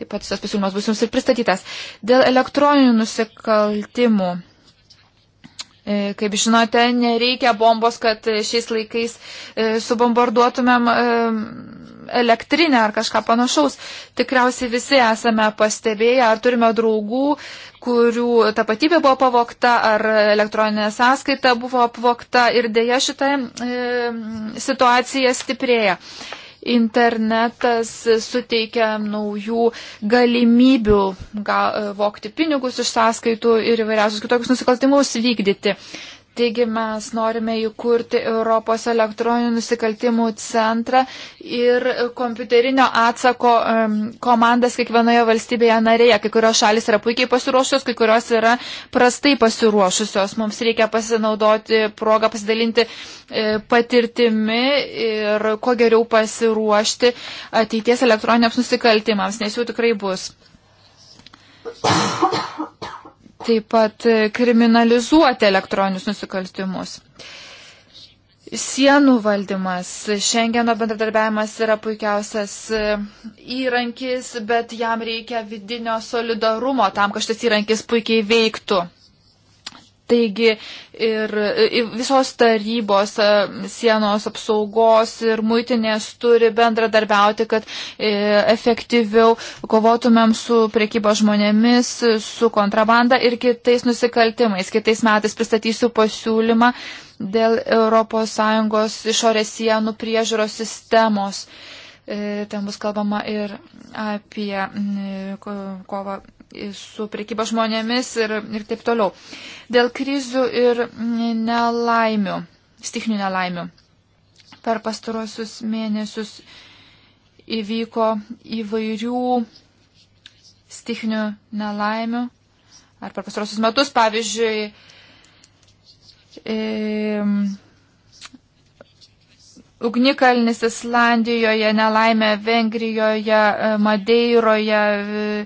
Taip pat šitas pasiūlymas bus jums ir pristatytas. Dėl elektroninių nusikaltimų. E, kaip žinote, nereikia bombos, kad šiais laikais e, subombarduotumėm elektrinę ar kažką panašaus. Tikriausiai visi esame pastebėję, ar turime draugų, kurių tapatybė buvo pavokta ar elektroninė sąskaita buvo pavokta ir dėja šitą e, situaciją stiprėja. Internetas suteikia naujų galimybių ga, e, vokti pinigus iš sąskaitų ir įvairiausius kitokius nusikaltimus vykdyti. Taigi mes norime įkurti Europos elektroninių nusikaltimų centrą ir kompiuterinio atsako komandas kiekvienoje valstybėje narėje. Kai kurios šalis yra puikiai pasiruošusios, kai kurios yra prastai pasiruošusios. Mums reikia pasinaudoti progą pasidalinti e, patirtimi ir kuo geriau pasiruošti ateities elektroniniams nusikaltimams, nes jų tikrai bus taip pat e, kriminalizuoti elektroninius nusikaltimus. Sienų valdymas, Šengeno bendradarbiavimas yra puikiausias e, įrankis, bet jam reikia vidinio solidarumo tam, kad šis įrankis puikiai veiktų. Taigi ir visos tarybos sienos apsaugos ir muitinės turi bendradarbiauti, kad efektyviau kovotumėm su priekyba žmonėmis, su kontrabanda ir kitais nusikaltimais. Kitais metais pristatysiu pasiūlymą dėl ES išorės sienų priežiūros sistemos. E, ten bus kalbama ir apie kovą. Ko su priekyba žmonėmis ir, ir taip toliau. Dėl krizių ir nelaimių, stichinių nelaimių. Per pastarosius mėnesius įvyko įvairių stichinių nelaimių. Ar per pastarosius metus, pavyzdžiui, e, ugnikalnis Islandijoje, nelaimė Vengrijoje, Madeiroje. E,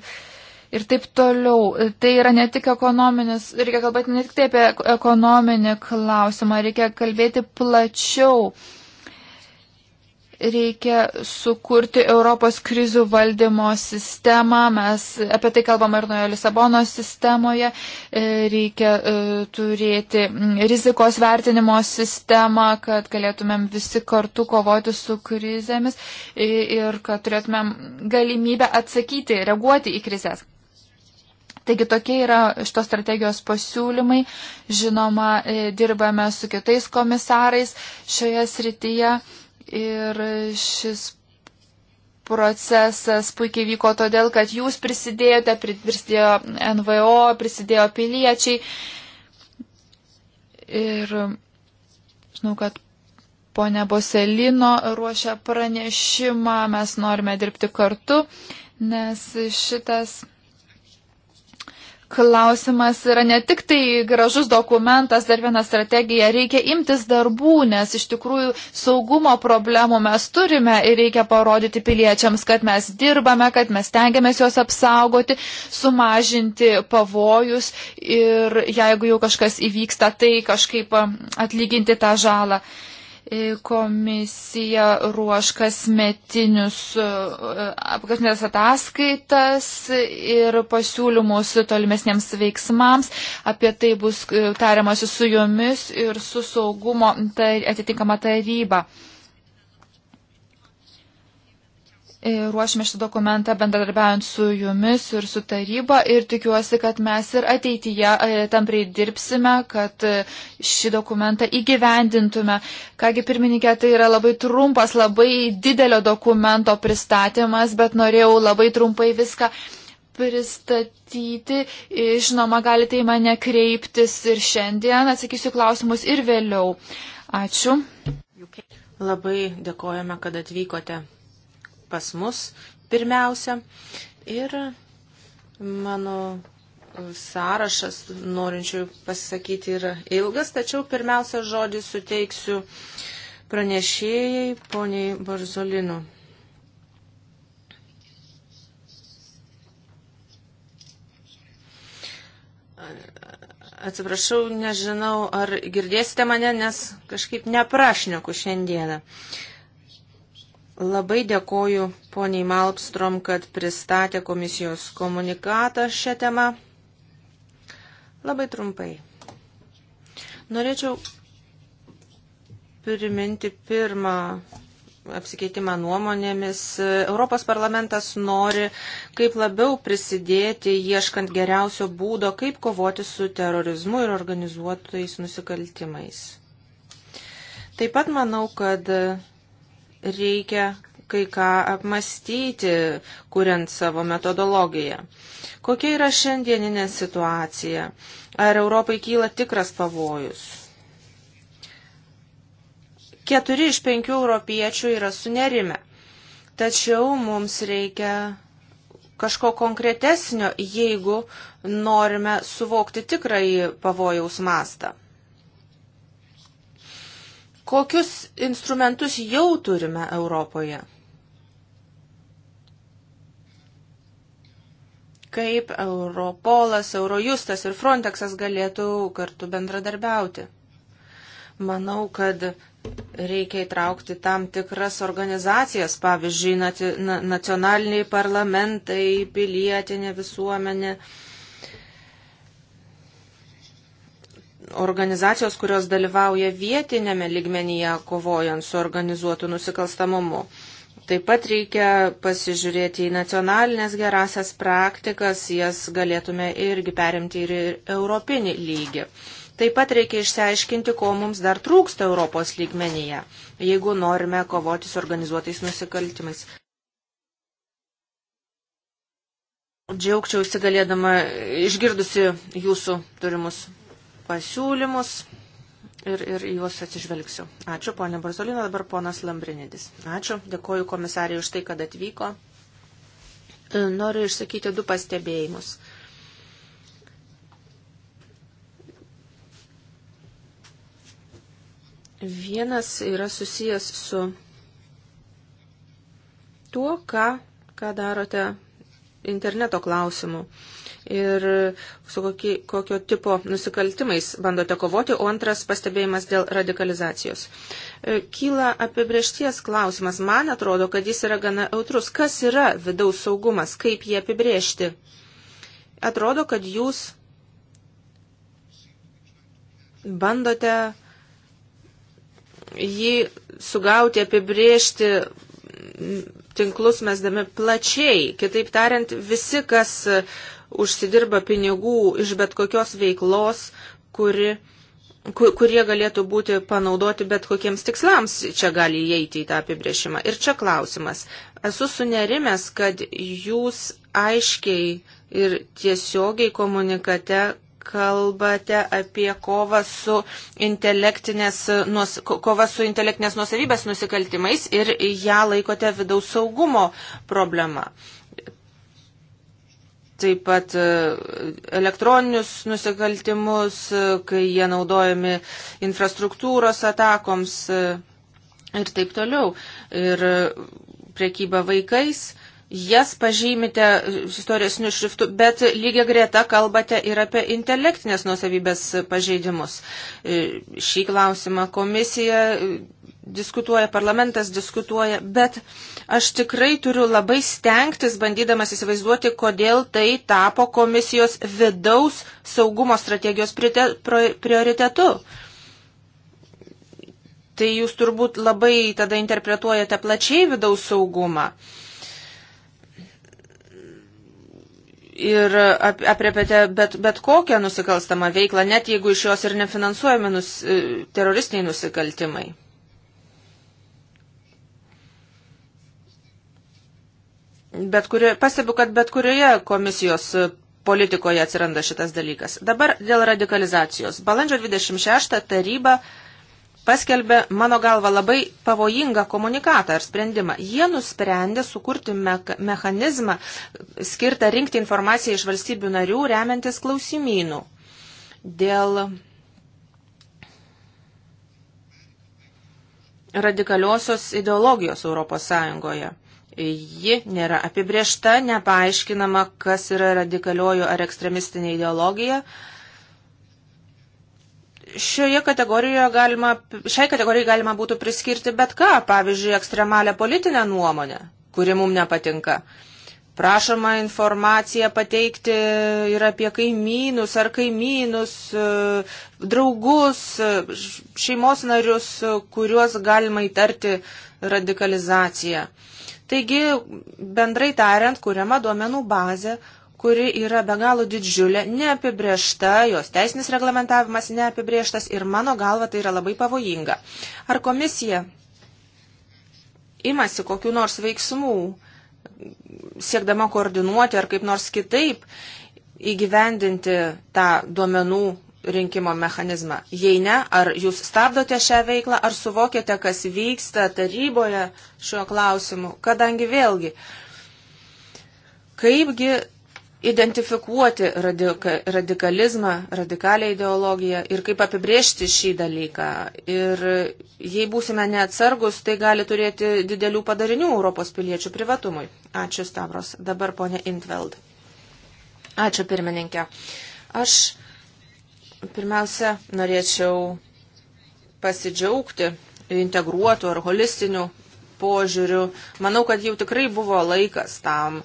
ir taip toliau. Tai yra ne tik ekonominis, reikia kalbėti ne tik tai apie ekonominį klausimą, reikia kalbėti plačiau. Reikia sukurti Europos krizių valdymo sistemą, mes apie tai kalbame ir nuojo Lisabono sistemoje, e, reikia e, turėti rizikos vertinimo sistemą, kad galėtumėm visi kartu kovoti su krizėmis e, ir kad turėtumėm galimybę atsakyti, reaguoti į krizės. Taigi tokie yra šitos strategijos pasiūlymai. Žinoma, e, dirbame su kitais komisarais šioje srityje ir šis procesas puikiai vyko todėl, kad jūs prisidėjote, prisidėjo NVO, prisidėjo piliečiai. Ir žinau, kad ponia Boselino ruošia pranešimą, mes norime dirbti kartu, nes šitas klausimas yra ne tik tai gražus dokumentas, dar viena strategija, reikia imtis darbų, nes iš tikrųjų saugumo problemų mes turime ir reikia parodyti piliečiams, kad mes dirbame, kad mes tengiamės juos apsaugoti, sumažinti pavojus ir jeigu jau kažkas įvyksta, tai kažkaip um, atlyginti tą žalą. E, komisija ruoš kasmetinius e, apkasmetinės ataskaitas ir pasiūlymus tolimesniems veiksmams. Apie tai bus e, tariamasi su jomis ir su saugumo tar, atitinkama taryba. ruošime šitą dokumentą bendradarbiaujant su jumis ir su taryba ir tikiuosi, kad mes ir ateityje e, tampriai dirbsime, kad e, šį dokumentą įgyvendintume. Kągi pirmininkė, tai yra labai trumpas, labai didelio dokumento pristatymas, bet norėjau labai trumpai viską pristatyti. E, žinoma, galite į mane kreiptis ir šiandien, atsakysiu klausimus ir vėliau. Ačiū. Labai dėkojame, kad atvykote pas mus pirmiausia. Ir mano sąrašas norinčių pasisakyti yra ilgas, tačiau pirmiausia žodį suteiksiu pranešėjai poniai Barzolinu. Atsiprašau, nežinau, ar girdėsite mane, nes kažkaip neprašneku šiandieną. Uh, Labai dėkoju poniai Malpstrom, kad pristatė komisijos komunikatą šią temą. Labai trumpai. Norėčiau priminti pirmą apsikeitimą nuomonėmis. Europos parlamentas nori kaip labiau prisidėti, ieškant geriausio būdo, kaip kovoti su terorizmu ir organizuotais nusikaltimais. Taip pat manau, kad reikia kai ką apmastyti, kuriant savo metodologiją. Kokia yra šiandieninė situacija? Ar Europai kyla tikras pavojus? Keturi iš penkių europiečių yra sunerime. Tačiau mums reikia kažko konkretesnio, jeigu norime suvokti tikrąjį pavojaus mastą. Kokius instrumentus jau turime Europoje? Kaip Europolas, Eurojustas ir Frontexas galėtų kartu bendradarbiauti? Manau, kad reikia įtraukti tam tikras organizacijas, pavyzdžiui, nacionaliniai parlamentai, pilietinė visuomenė. Uh, organizacijos, kurios dalyvauja vietinėme ligmenyje kovojant su organizuotu nusikalstamumu. Taip pat reikia pasižiūrėti į nacionalinės gerasias praktikas, jas galėtume irgi perimti ir į europinį lygį. Taip pat reikia išsiaiškinti, ko mums dar trūksta Europos lygmenyje, jeigu norime kovoti su organizuotais nusikaltimais. Džiaugčiausi galėdama išgirdusi jūsų turimus pasiūlymus ir, ir juos atsižvelgsiu. Ačiū, ponė Barzolino, dabar ponas Lambrinidis. Ačiū, dėkoju komisarijai už tai, kad atvyko. Noriu išsakyti du pastebėjimus. Vienas yra susijęs su tuo, ką, ką darote interneto klausimu. Uh, ir su kokie, kokio tipo nusikaltimais bandote kovoti, o antras pastebėjimas dėl radikalizacijos. E, kyla apibriešties klausimas. Man atrodo, kad jis yra gana eutrus. Kas yra vidaus saugumas? Kaip jį apibriežti? Atrodo, kad jūs bandote jį sugauti, apibriežti tinklus mesdami plačiai. Kitaip tariant, visi, kas užsidirba pinigų iš bet kokios veiklos, kuri, kur, kurie galėtų būti panaudoti bet kokiems tikslams, čia gali įeiti į tą apibrėžimą. Ir čia klausimas. Esu sunerimęs, kad jūs aiškiai ir tiesiogiai komunikate kalbate apie kovą su intelektinės, nuos, kova su intelektinės nuosavybės nusikaltimais ir ją laikote vidaus saugumo problema taip pat e, elektroninius nusikaltimus, e, kai jie naudojami infrastruktūros atakoms e, ir taip toliau. Ir priekyba vaikais, jas pažymite istoresnių šriftų, bet lygiai greta kalbate ir apie intelektinės nusavybės pažeidimus. Šį klausimą komisija diskutuoja, parlamentas diskutuoja, bet aš tikrai turiu labai stengtis, bandydamas įsivaizduoti, kodėl tai tapo komisijos vidaus saugumo strategijos prioritetu. Tai jūs turbūt labai tada interpretuojate plačiai vidaus saugumą. ir ap, apriepėte bet, bet kokią nusikalstamą veiklą, net jeigu iš jos ir nefinansuojami nus, e, teroristiniai nusikaltimai. Bet kurio, pastebiu, kad bet kurioje komisijos e, politikoje atsiranda šitas dalykas. Dabar dėl radikalizacijos. Balandžio 26 taryba paskelbė, mano galva, labai pavojingą komunikatą ar sprendimą. Jie nusprendė sukurti me mechanizmą skirtą rinkti informaciją iš valstybių narių remiantis klausimynų. Dėl radikaliosios ideologijos Europos Sąjungoje. Ji nėra apibriešta, nepaaiškinama, kas yra radikalioji ar ekstremistinė ideologija. Šioje kategorijoje galima, šiai kategorijai galima būtų priskirti bet ką, pavyzdžiui, ekstremalią politinę nuomonę, kuri mums nepatinka. Prašoma informaciją pateikti ir apie kaimynus ar kaimynus, e, draugus, e, šeimos narius, kuriuos galima įtarti radikalizaciją. Taigi, bendrai tariant, kuriama duomenų bazė, kuri yra be galo didžiulė, neapibriešta, jos teisinis reglamentavimas neapibrieštas ir mano galva tai yra labai pavojinga. Ar komisija imasi kokiu nors veiksmų, siekdama koordinuoti ar kaip nors kitaip įgyvendinti tą duomenų rinkimo mechanizmą? Jei ne, ar jūs stabdote šią veiklą, ar suvokėte, kas vyksta taryboje šiuo klausimu? Kadangi vėlgi, kaipgi identifikuoti radika, radikalizmą, radikalią ideologiją ir kaip apibriežti šį dalyką. Ir jei būsime neatsargus, tai gali turėti didelių padarinių Europos piliečių privatumui. Ačiū Stavros. Dabar ponė Intveld. Ačiū pirmininkė. Aš Pirmiausia, norėčiau pasidžiaugti integruotų ar holistinių požiūrių. Manau, kad jau tikrai buvo laikas tam.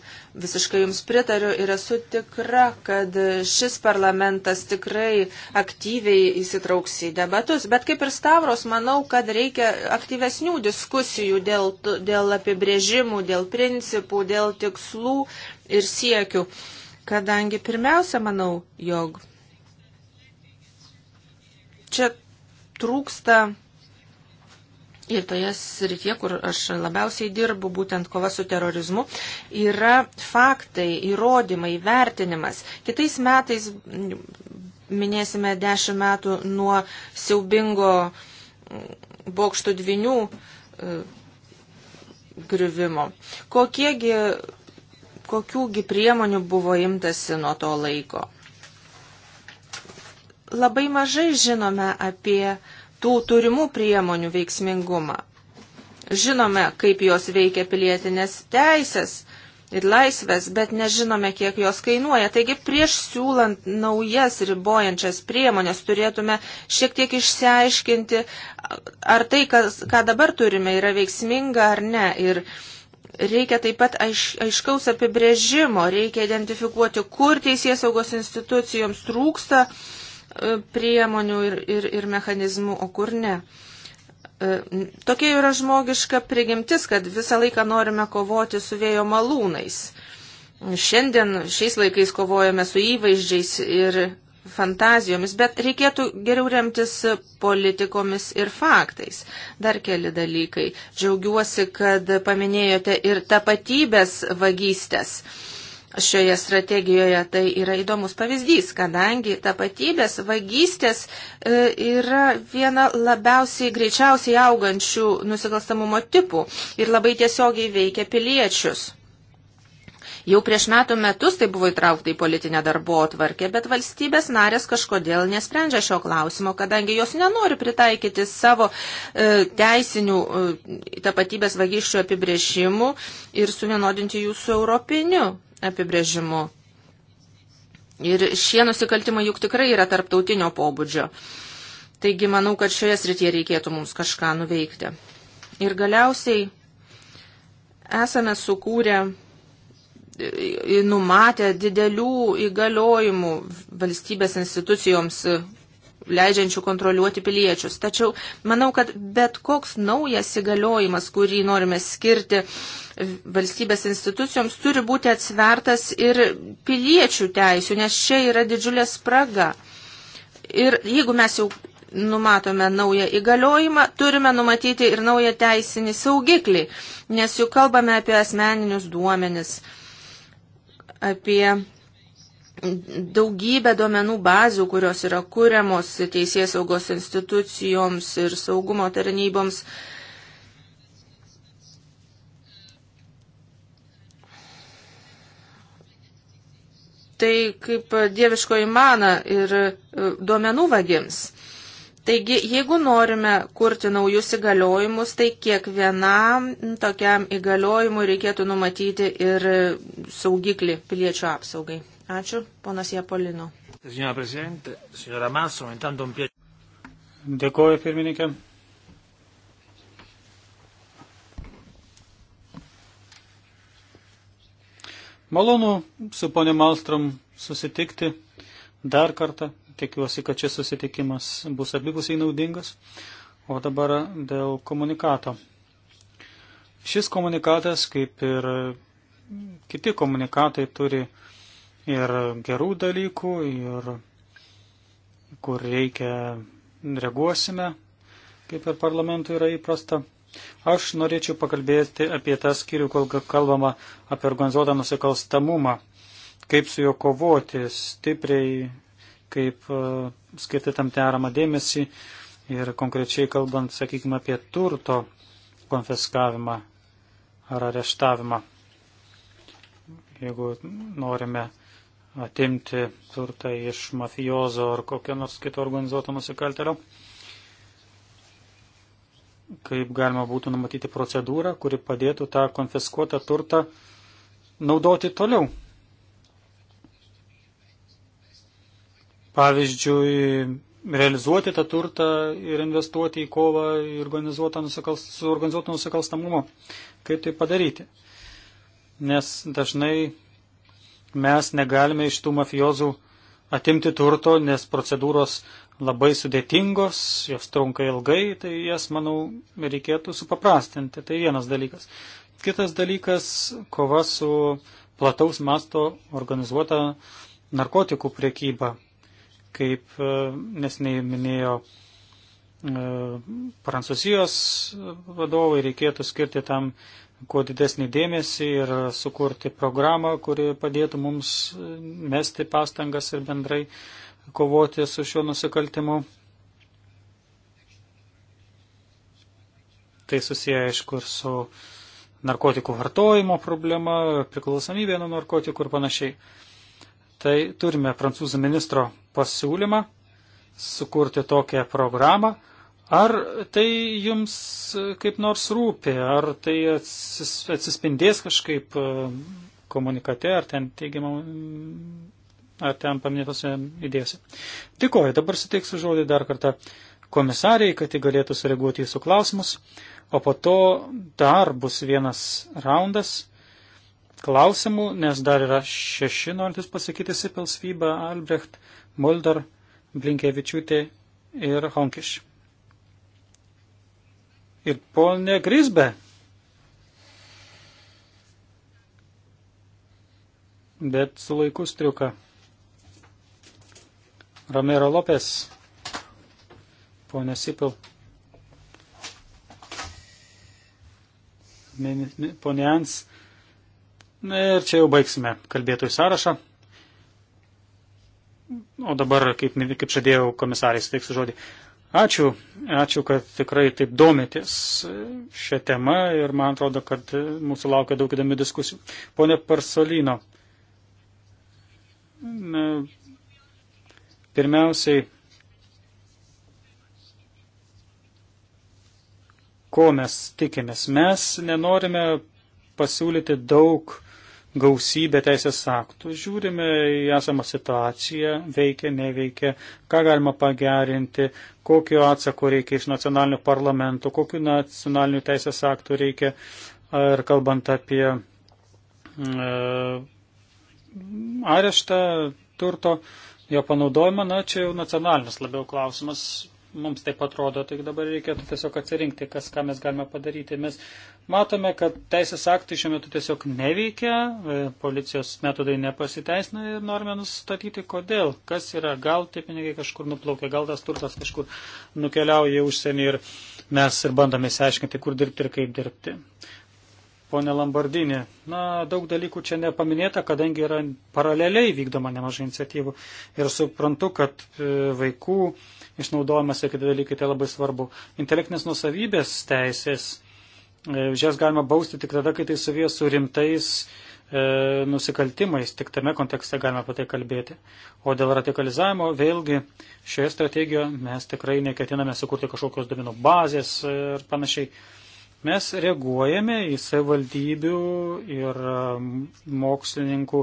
Visiškai jums pritariu ir esu tikra, kad šis parlamentas tikrai aktyviai įsitrauks į debatus. Bet kaip ir Stavros, manau, kad reikia aktyvesnių diskusijų dėl, dėl apibrėžimų, dėl principų, dėl tikslų ir siekių. Kadangi pirmiausia, manau, jog čia trūksta ir toje srityje, kur aš labiausiai dirbu, būtent kova su terorizmu, yra faktai, įrodymai, vertinimas. Kitais metais minėsime dešimt metų nuo siaubingo bokšto dvinių e, griuvimo. Kokiegi, kokiųgi priemonių buvo imtasi nuo to laiko? labai mažai žinome apie tų turimų priemonių veiksmingumą. Žinome, kaip jos veikia pilietinės teisės ir laisvės, bet nežinome, kiek jos kainuoja. Taigi prieš siūlant naujas ribojančias priemonės turėtume šiek tiek išsiaiškinti, ar tai, kas, ką dabar turime, yra veiksminga ar ne. Ir reikia taip pat aiš, aiškaus apibrėžimo, reikia identifikuoti, kur teisės saugos institucijoms trūksta E, priemonių ir, ir, ir mechanizmų, o kur ne. E, tokia yra žmogiška prigimtis, kad visą laiką norime kovoti su vėjo malūnais. Šiandien šiais laikais kovojame su įvaizdžiais ir fantazijomis, bet reikėtų geriau remtis politikomis ir faktais. Dar keli dalykai. Džiaugiuosi, kad paminėjote ir tapatybės vagystės. Uh, šioje strategijoje. Tai yra įdomus pavyzdys, kadangi tapatybės vagystės e, yra viena labiausiai greičiausiai augančių nusikalstamumo tipų ir labai tiesiogiai veikia piliečius. Jau prieš metų metus tai buvo įtraukta į politinę darbo atvarkę, bet valstybės narės kažkodėl nesprendžia šio klausimo, kadangi jos nenori pritaikyti savo e, teisinių e, tapatybės vagysčių apibrėžimų ir suvienodinti jų su europiniu apibrėžimu. Ir šie nusikaltimai juk tikrai yra tarptautinio pobūdžio. Taigi manau, kad šioje srityje reikėtų mums kažką nuveikti. Ir galiausiai esame sukūrę, numatę didelių įgaliojimų valstybės institucijoms leidžiančių kontroliuoti piliečius. Tačiau manau, kad bet koks naujas įgaliojimas, kurį norime skirti valstybės institucijoms, turi būti atsvertas ir piliečių teisų, nes čia yra didžiulė spraga. Ir jeigu mes jau numatome naują įgaliojimą, turime numatyti ir naują teisinį saugiklį, nes juk kalbame apie asmeninius duomenis, apie daugybę duomenų bazių, kurios yra kuriamos teisės saugos institucijoms ir saugumo tarnyboms. Tai kaip dieviško įmana ir e, duomenų vagims. Taigi, jeigu norime kurti naujus įgaliojimus, tai kiekvienam tokiam įgaliojimui reikėtų numatyti ir saugiklį piliečių apsaugai. Ačiū, ponas Japolino. Dėkuoju, pirmininkė. Malonu su ponė Malstrom susitikti dar kartą. Tikiuosi, kad šis susitikimas bus abipusiai naudingas. O dabar dėl komunikato. Šis komunikatas, kaip ir kiti komunikatai, turi ir gerų dalykų, ir kur reikia reaguosime, kaip ir parlamentui yra įprasta. Aš norėčiau pakalbėti apie tą skyrių, kol kalbama apie organizuotą nusikalstamumą, kaip su juo kovoti stipriai, kaip e, skirti tam teramą dėmesį ir konkrečiai kalbant, sakykime, apie turto konfiskavimą ar areštavimą. Jeigu norime atimti turtą iš mafijozo ar kokio nors kito organizuoto nusikaltelio. Kaip galima būtų numatyti procedūrą, kuri padėtų tą konfiskuotą turtą naudoti toliau. Pavyzdžiui, realizuoti tą turtą ir investuoti į kovą nusikalst, su organizuotu nusikalstamumu. Kaip tai padaryti? Nes dažnai mes negalime iš tų mafijozų atimti turto, nes procedūros labai sudėtingos, jos trunka ilgai, tai jas, manau, reikėtų supaprastinti. Tai vienas dalykas. Kitas dalykas - kova su plataus masto organizuota narkotikų priekyba. Kaip e, nesnei minėjo e, Prancūzijos vadovai, reikėtų skirti tam kuo didesnį dėmesį ir sukurti programą, kuri padėtų mums mesti pastangas ir bendrai kovoti su šiuo nusikaltimu. Tai susiję, aišku, ir su narkotikų vartojimo problema, priklausomybė nuo narkotikų ir panašiai. Tai turime prancūzų ministro pasiūlymą sukurti tokią programą, Ar tai jums kaip nors rūpi, ar tai atsispindės kažkaip e, komunikate, ar ten teigiamą, ar ten paminėtose idėjose. Tikoju, dabar suteiksiu žodį dar kartą komisariai, kad ji galėtų sureaguoti jūsų klausimus, o po to dar bus vienas raundas klausimų, nes dar yra šeši norintys pasakyti Sipelsvyba, Albrecht, Mulder, Blinkevičiūtė ir Honkiš ir ponė Grisbe. Bet su laiku striuka. Romero Lopes, ponė Sipil, ponė Ans. Ir čia jau baigsime kalbėtojų sąrašą. O dabar, kaip, kaip žadėjau, komisarai suteiksiu žodį. Ačiū, ačiū, kad tikrai taip domitės šią temą ir man atrodo, kad mūsų laukia daug įdomių diskusijų. Pone Parsolino, na, pirmiausiai, ko mes tikimės? Mes nenorime pasiūlyti daug gausybę teisės aktų, žiūrime į esamą situaciją, veikia, neveikia, ką galima pagerinti, kokio atsako reikia iš nacionalinių parlamentų, kokiu nacionaliniu teisės aktų reikia, ar kalbant apie e, areštą turto, jo panaudojimą, na, čia jau nacionalinis labiau klausimas mums taip atrodo, tai dabar reikėtų tiesiog atsirinkti, kas ką mes galime padaryti. Mes matome, kad teisės aktai šiuo metu tiesiog neveikia, e, policijos metodai nepasiteisina ir norime nustatyti, kodėl, kas yra, gal tie pinigai kažkur nuplaukia, gal tas turtas kažkur nukeliauja į užsienį ir mes ir bandome įsiaiškinti, kur dirbti ir kaip dirbti. Pone Lambardinė, na, daug dalykų čia nepaminėta, kadangi yra paraleliai vykdoma nemažai iniciatyvų. Ir suprantu, kad e, vaikų išnaudojimas ir kiti dalykai tai labai svarbu. Intelektinės nusavybės teisės, už e, jas galima bausti tik tada, kai tai suviję su rimtais e, nusikaltimais, tik tame kontekste galima apie tai kalbėti. O dėl radikalizavimo, vėlgi, šioje strategijoje mes tikrai neketiname sukurti kažkokios domenų bazės ir panašiai. Mes reaguojame į savivaldybių ir mokslininkų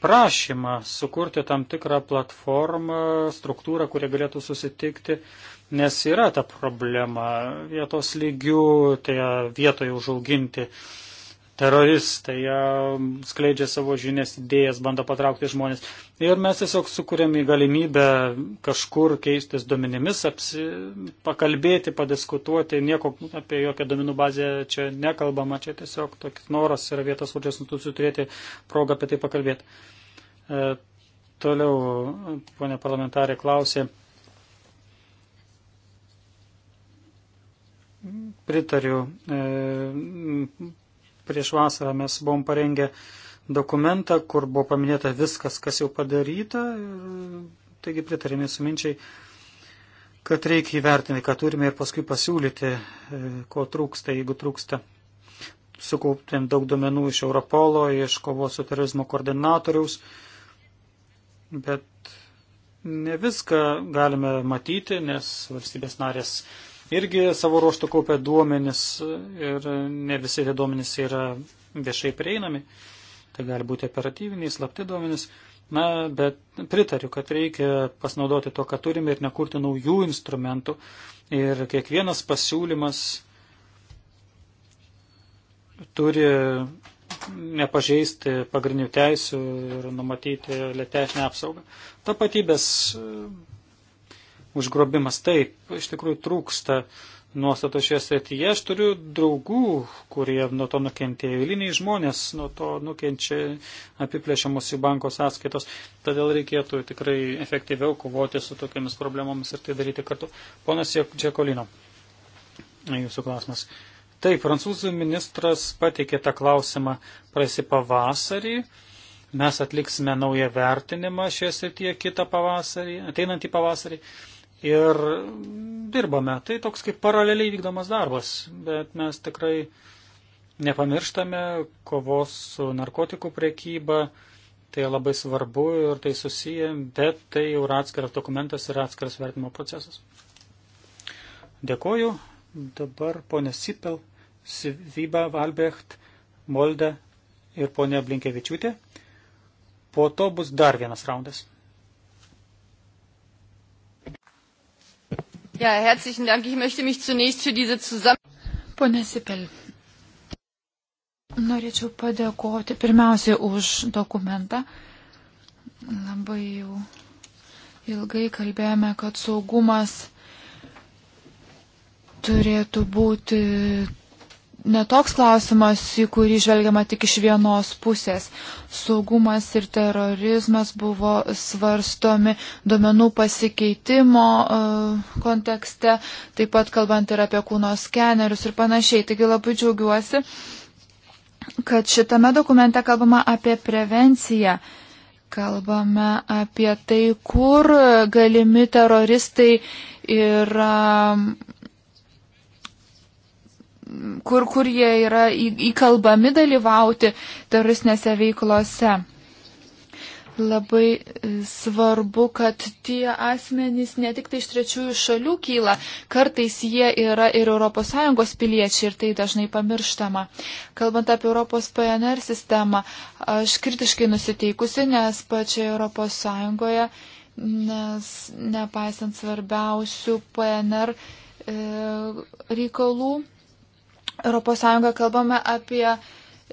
prašymą sukurti tam tikrą platformą, struktūrą, kurie galėtų susitikti, nes yra ta problema vietos lygių, tai vietoje užauginti uh, teroristai, skleidžia savo žinias, idėjas, bando patraukti žmonės. Ir mes tiesiog sukūrėme galimybę kažkur keistis duomenimis, apsi, pakalbėti, padiskutuoti, nieko apie jokią duomenų bazę čia nekalbama, čia tiesiog toks noras yra vietos valdžios institucijų turėti progą apie tai pakalbėti. E, toliau, ponė parlamentarė klausė. Pritariu. E, prieš vasarą mes buvom parengę dokumentą, kur buvo paminėta viskas, kas jau padaryta. Ir, taigi pritarėme su minčiai, kad reikia įvertinti, ką turime ir paskui pasiūlyti, e, ko trūksta, jeigu trūksta. Sukauptėm daug duomenų iš Europolo, iš kovos su terorizmo koordinatoriaus, bet ne viską galime matyti, nes valstybės narės irgi savo ruoštų kaupia duomenis ir ne visi tie duomenys yra viešai prieinami. Tai gali būti operatyviniai, slapti duomenys. Na, bet pritariu, kad reikia pasinaudoti to, ką turime ir nekurti naujų instrumentų. Ir kiekvienas pasiūlymas turi nepažeisti pagrindinių teisių ir numatyti lėtesnę apsaugą. Tapatybės užgrobimas. Taip, iš tikrųjų trūksta nuostato šioje srityje. Aš turiu draugų, kurie nuo to nukentėjo. Eiliniai žmonės nuo to nukenčia apiplėšiamus į banko sąskaitos. Todėl reikėtų tikrai efektyviau kovoti su tokiamis problemomis ir tai daryti kartu. Ponas Džekolino, jūsų klausimas. Taip, prancūzų ministras pateikė tą klausimą praeisį pavasarį. Mes atliksime naują vertinimą šioje srityje kitą pavasarį, ateinantį pavasarį. pavasarį ir dirbame. Tai toks kaip paraleliai vykdomas darbas, bet mes tikrai nepamirštame kovos su narkotikų priekyba, tai labai svarbu ir tai susiję, bet tai jau yra atskiras dokumentas ir atskiras vertimo procesas. Dėkoju. Dabar ponė Sipel, Svyba, Valbrecht, Molde ir ponė Blinkevičiūtė. Po to bus dar vienas raundas. Ja, herzlichen Dank. Ich möchte mich zunächst für diese zusammen. Pone Sipel, norėčiau padėkoti pirmiausiai už dokumentą. Labai jau ilgai kalbėjome, kad saugumas turėtų būti netoks klausimas, į kurį žvelgiama tik iš vienos pusės. Saugumas ir terorizmas buvo svarstomi duomenų pasikeitimo uh, kontekste, taip pat kalbant ir apie kūno skenerius ir panašiai. Taigi labai džiaugiuosi, kad šitame dokumente kalbama apie prevenciją. Kalbame apie tai, kur galimi teroristai yra. Um, kur, kur jie yra įkalbami dalyvauti teroristinėse veiklose. Labai svarbu, kad tie asmenys ne tik tai iš trečiųjų šalių kyla, kartais jie yra ir ES piliečiai ir tai dažnai pamirštama. Kalbant apie Europos PNR sistemą, aš kritiškai nusiteikusi, nes pačioje ES, nes nepaisant svarbiausių PNR e, reikalų, ES kalbame apie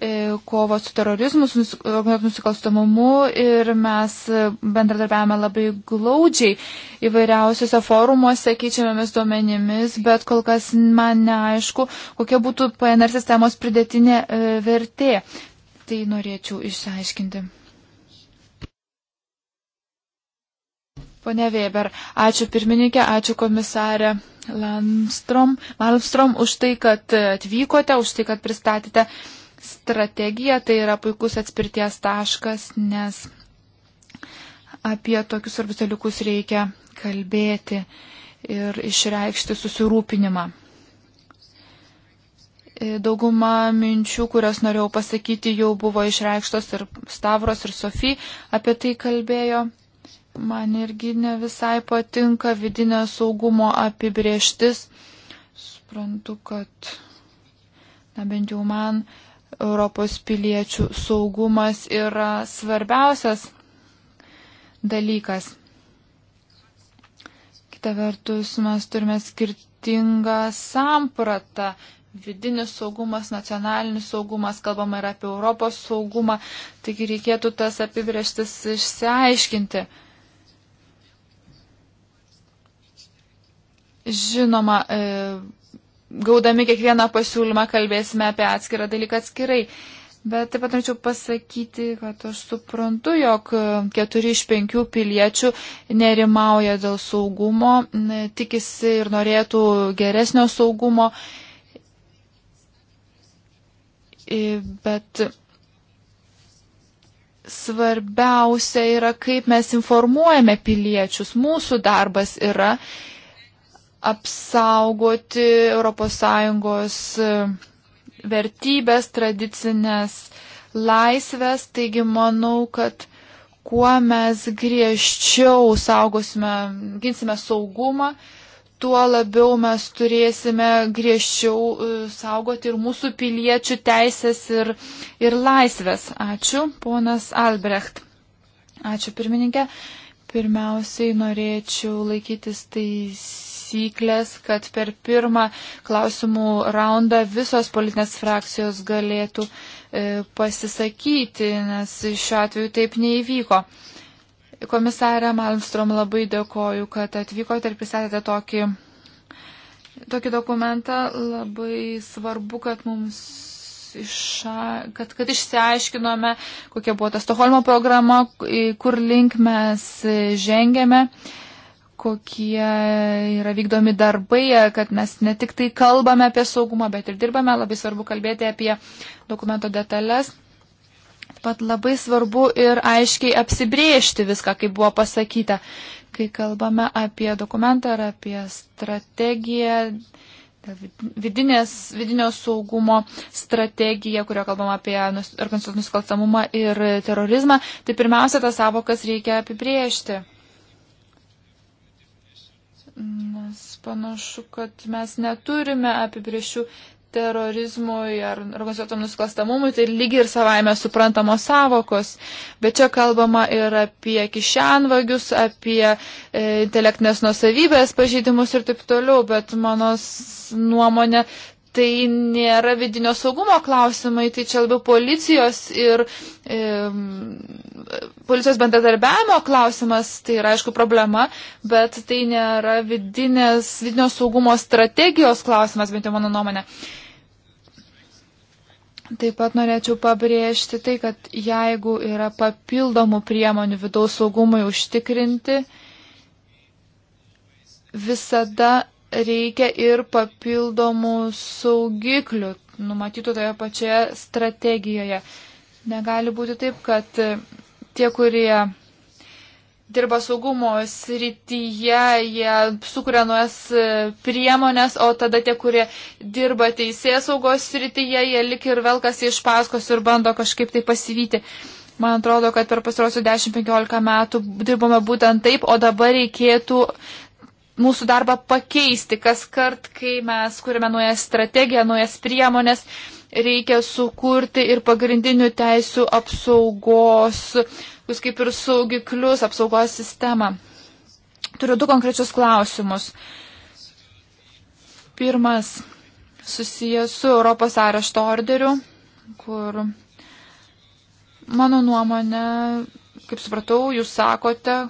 e, kovą su terorizmu, su nusikalstamumu ir mes e, bendradarbiavame labai glaudžiai įvairiausiose forumuose, keičiamėmis duomenimis, bet kol kas man neaišku, kokia būtų PNR sistemos pridėtinė e, vertė. Tai norėčiau išsiaiškinti. Pone Weber, ačiū pirmininkė, ačiū komisarė Landstrom, Malmstrom už tai, kad atvykote, už tai, kad pristatėte strategiją. Tai yra puikus atspirties taškas, nes apie tokius svarbius dalykus reikia kalbėti ir išreikšti susirūpinimą. Dauguma minčių, kurias norėjau pasakyti, jau buvo išreikštos ir Stavros, ir Sofija apie tai kalbėjo. Man irgi ne visai patinka vidinio saugumo apibrieštis. Suprantu, kad, na bent jau man, Europos piliečių saugumas yra svarbiausias dalykas. Kita vertus, mes turime skirtingą sampratą. Vidinis saugumas, nacionalinis saugumas, kalbama ir apie Europos saugumą, taigi reikėtų tas apibrieštis išsiaiškinti. Žinoma, e, gaudami kiekvieną pasiūlymą kalbėsime apie atskirą dalyką atskirai. Bet taip pat norėčiau pasakyti, kad aš suprantu, jog keturi iš penkių piliečių nerimauja dėl saugumo, tikisi ir norėtų geresnio saugumo. Bet svarbiausia yra, kaip mes informuojame piliečius. Mūsų darbas yra apsaugoti ES e, vertybės, tradicinės laisvės. Taigi manau, kad kuo mes griežčiau saugosime, ginsime saugumą, tuo labiau mes turėsime griežčiau e, saugoti ir mūsų piliečių teisės ir, ir laisvės. Ačiū, ponas Albrecht. Ačiū, pirmininkė. Pirmiausiai norėčiau laikytis tais taisyklės, kad per pirmą klausimų raundą visos politinės frakcijos galėtų e, pasisakyti, nes šiuo atveju taip neįvyko. Komisarė Malmstrom labai dėkoju, kad atvykote ir pristatėte tokį, tokį dokumentą. Labai svarbu, kad mums iša, kad, kad išsiaiškinome, kokia buvo ta Stoholmo programa, kur link mes žengėme. Uh, kokie yra vykdomi darbai, kad mes ne tik tai kalbame apie saugumą, bet ir dirbame. Labai svarbu kalbėti apie dokumento detalės. Taip pat labai svarbu ir aiškiai apsibriežti viską, kaip buvo pasakyta. Kai kalbame apie dokumentą ar apie strategiją, vidinės, vidinio saugumo strategiją, kurio kalbam apie organizuotų nusikalstamumą ir terorizmą, tai pirmiausia, tas savokas reikia apibriežti. Nes panašu, kad mes neturime apibriešių terorizmui ar organizuotam nusikalstamumui, tai lygiai ir savaime suprantamos savokos. Bet čia kalbama ir apie kišenvagius, apie e, intelektinės nusavybės pažeidimus ir taip toliau. Bet mano nuomonė, tai nėra vidinio saugumo klausimai, tai čia labiau policijos ir e, policijos bendradarbiavimo klausimas, tai yra aišku problema, bet tai nėra vidinės, vidinio saugumo strategijos klausimas, bent jau mano nuomonė. Taip pat norėčiau pabrėžti tai, kad jeigu yra papildomų priemonių vidaus saugumui užtikrinti, visada reikia ir papildomų saugiklių numatytų toje pačioje strategijoje. Negali būti taip, kad tie, kurie dirba saugumo srityje, jie sukuria nuos priemonės, o tada tie, kurie dirba teisės saugos srityje, jie lik ir velkasi iš paskos ir bando kažkaip tai pasivyti. Man atrodo, kad per pastarosius 10-15 metų dirbome būtent taip, o dabar reikėtų mūsų darbą pakeisti. Kas kart, kai mes kuriame naują strategiją, naujas priemonės, reikia sukurti ir pagrindinių teisų apsaugos, jūs kaip ir saugiklius, apsaugos sistemą. Turiu du konkrečius klausimus. Pirmas susijęs su Europos arešto orderiu, kur mano nuomonė, kaip supratau, jūs sakote,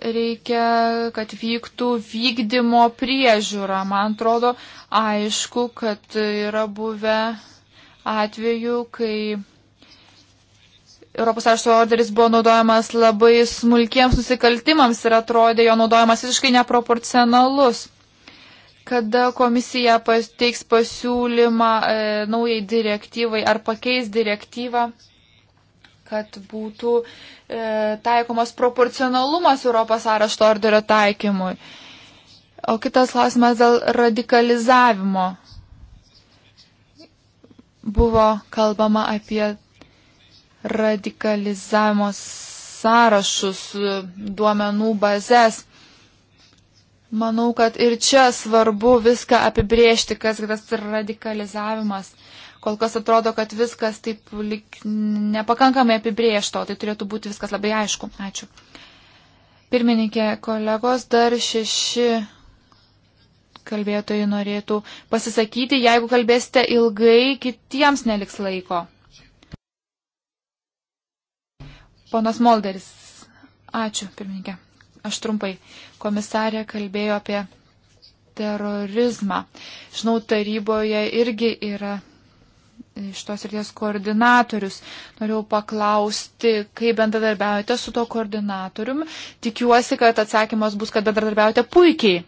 reikia, kad vyktų vykdymo priežiūra. Man atrodo, aišku, kad yra buvę atveju, kai Europos arešto orderis buvo naudojamas labai smulkiems nusikaltimams ir atrodė jo naudojamas visiškai neproporcionalus. Kada komisija pateiks pasiūlymą e, naujai direktyvai ar pakeis direktyvą? kad būtų e, taikomas proporcionalumas Europos arešto orderio taikymui. O kitas klausimas dėl radikalizavimo. Buvo kalbama apie radikalizavimo sąrašus, e, duomenų bazės. Manau, kad ir čia svarbu viską apibriežti, kas tas radikalizavimas kol kas atrodo, kad viskas taip lik, nepakankamai apibriešto, tai turėtų būti viskas labai aišku. Ačiū. Pirmininkė, kolegos, dar šeši kalbėtojai norėtų pasisakyti. Jeigu kalbėsite ilgai, kitiems neliks laiko. Ponas Molderis. Ačiū, pirmininkė. Aš trumpai. Komisarė kalbėjo apie terorizmą. Žinau, taryboje irgi yra šitos ryties koordinatorius. Norėjau paklausti, kaip bendradarbiaujate su to koordinatorium. Tikiuosi, kad atsakymas bus, kad bendradarbiaujate puikiai.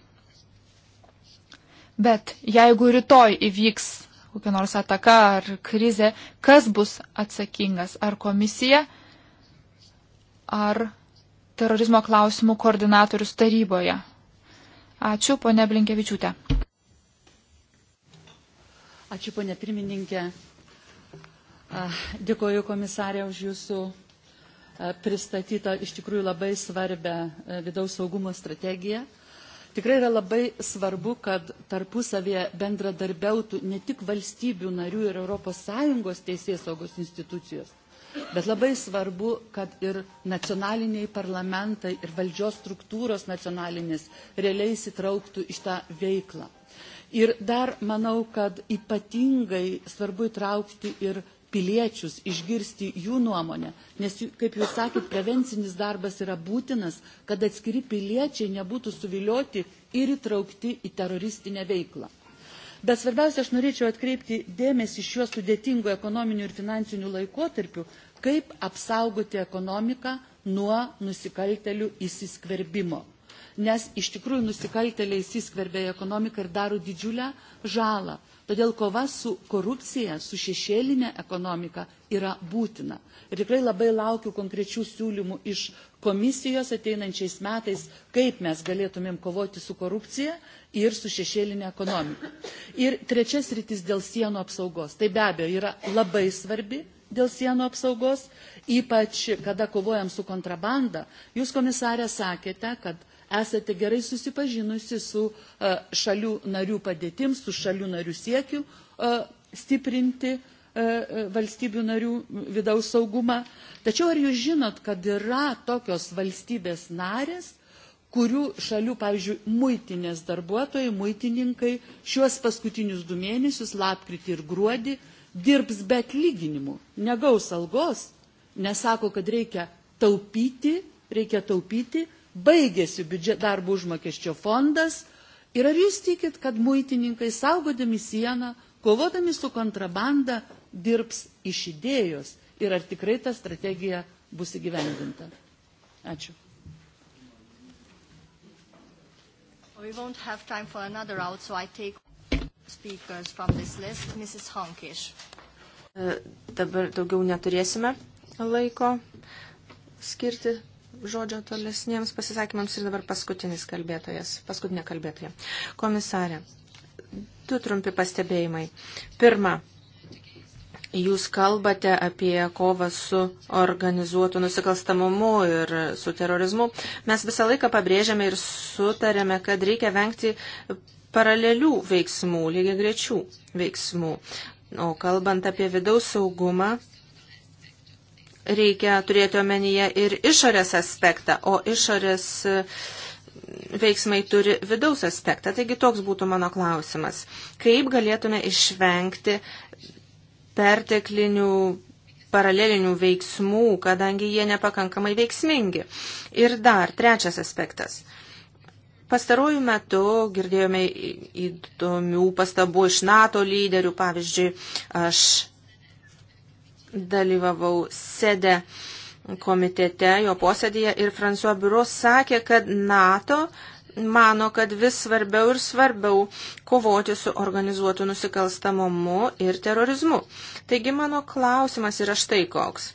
Bet jeigu rytoj įvyks kokia nors ataka ar krizė, kas bus atsakingas? Ar komisija, ar terorizmo klausimų koordinatorius taryboje? Ačiū, ponė Blinkevičiūtė. Ačiū, ponė pirmininkė. Ah, Dėkuoju komisarė už jūsų ah, pristatytą iš tikrųjų labai svarbę ah, vidaus saugumo strategiją. Tikrai yra labai svarbu, kad tarpusavėje bendradarbiautų ne tik valstybių narių ir ES teisės saugos institucijos, bet labai svarbu, kad ir nacionaliniai parlamentai ir valdžios struktūros nacionalinės realiai įsitrauktų iš tą veiklą. Ir dar manau, kad ypatingai svarbu įtraukti ir piliečius, išgirsti jų nuomonę, nes, kaip jūs sakėt, prevencinis darbas yra būtinas, kad atskiri piliečiai nebūtų suvilioti ir įtraukti į teroristinę veiklą. Bet svarbiausia, aš norėčiau atkreipti dėmesį šiuo sudėtingu ekonominiu ir finansiniu laikotarpiu, kaip apsaugoti ekonomiką nuo nusikaltelių įsiskverbimo. Nes iš tikrųjų nusikalteliai įsiskverbia į ekonomiką ir daro didžiulę žalą Todėl kova su korupcija, su šešėlinė ekonomika yra būtina. Ir tikrai labai laukiu konkrečių siūlymų iš komisijos ateinančiais metais, kaip mes galėtumėm kovoti su korupcija ir su šešėlinė ekonomika. Ir trečias rytis dėl sienų apsaugos. Tai be abejo yra labai svarbi dėl sienų apsaugos, ypač kada kovojam su kontrabanda. Jūs komisarė sakėte, kad esate gerai susipažinusi su e, šalių narių padėtim, su šalių narių siekiu e, stiprinti e, valstybių narių vidaus saugumą. Tačiau ar jūs žinot, kad yra tokios valstybės narės, kurių šalių, pavyzdžiui, muitinės darbuotojai, muitininkai šiuos paskutinius du mėnesius, lapkritį ir gruodį, dirbs be atlyginimų, negaus algos, nesako, kad reikia taupyti, reikia taupyti, baigėsi biudžet, darbo užmokesčio fondas ir ar jūs tikit, kad muitininkai saugodami sieną, kovodami su kontrabanda, dirbs iš idėjos ir ar tikrai ta strategija bus įgyvendinta. Ačiū. We won't have time for another round, so I take speakers from this list. Mrs. Honkish. Dabar daugiau neturėsime laiko skirti žodžio tolesniems pasisakymams ir dabar paskutinis kalbėtojas, paskutinė kalbėtoja. Komisarė, du trumpi pastebėjimai. Pirma, Jūs kalbate apie kovą su organizuotu nusikalstamumu ir su terorizmu. Mes visą laiką pabrėžiame ir sutarėme, kad reikia vengti paralelių veiksmų, lygiai grečių veiksmų. O kalbant apie vidaus saugumą, reikia turėti omenyje ir išorės aspektą, o išorės e, veiksmai turi vidaus aspektą. Taigi toks būtų mano klausimas. Kaip galėtume išvengti perteklinių paralelinių veiksmų, kadangi jie nepakankamai veiksmingi. Ir dar trečias aspektas. Pastaruoju metu girdėjome įdomių pastabų iš NATO lyderių, pavyzdžiui, aš dalyvavau sėdę komitete, jo posėdėje ir Fransuo Biuro sakė, kad NATO mano, kad vis svarbiau ir svarbiau kovoti su organizuotu nusikalstamumu ir terorizmu. Taigi mano klausimas yra štai koks.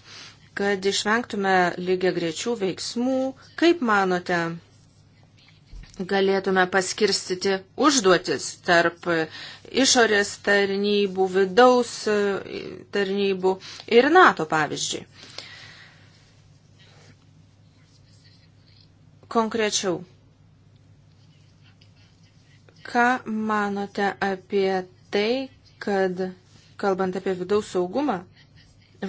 Kad išvengtume lygia grečių veiksmų, kaip manote, galėtume paskirstyti užduotis tarp išorės tarnybų, vidaus e, tarnybų ir NATO pavyzdžiui. Konkrečiau, ką manote apie tai, kad, kalbant apie vidaus saugumą,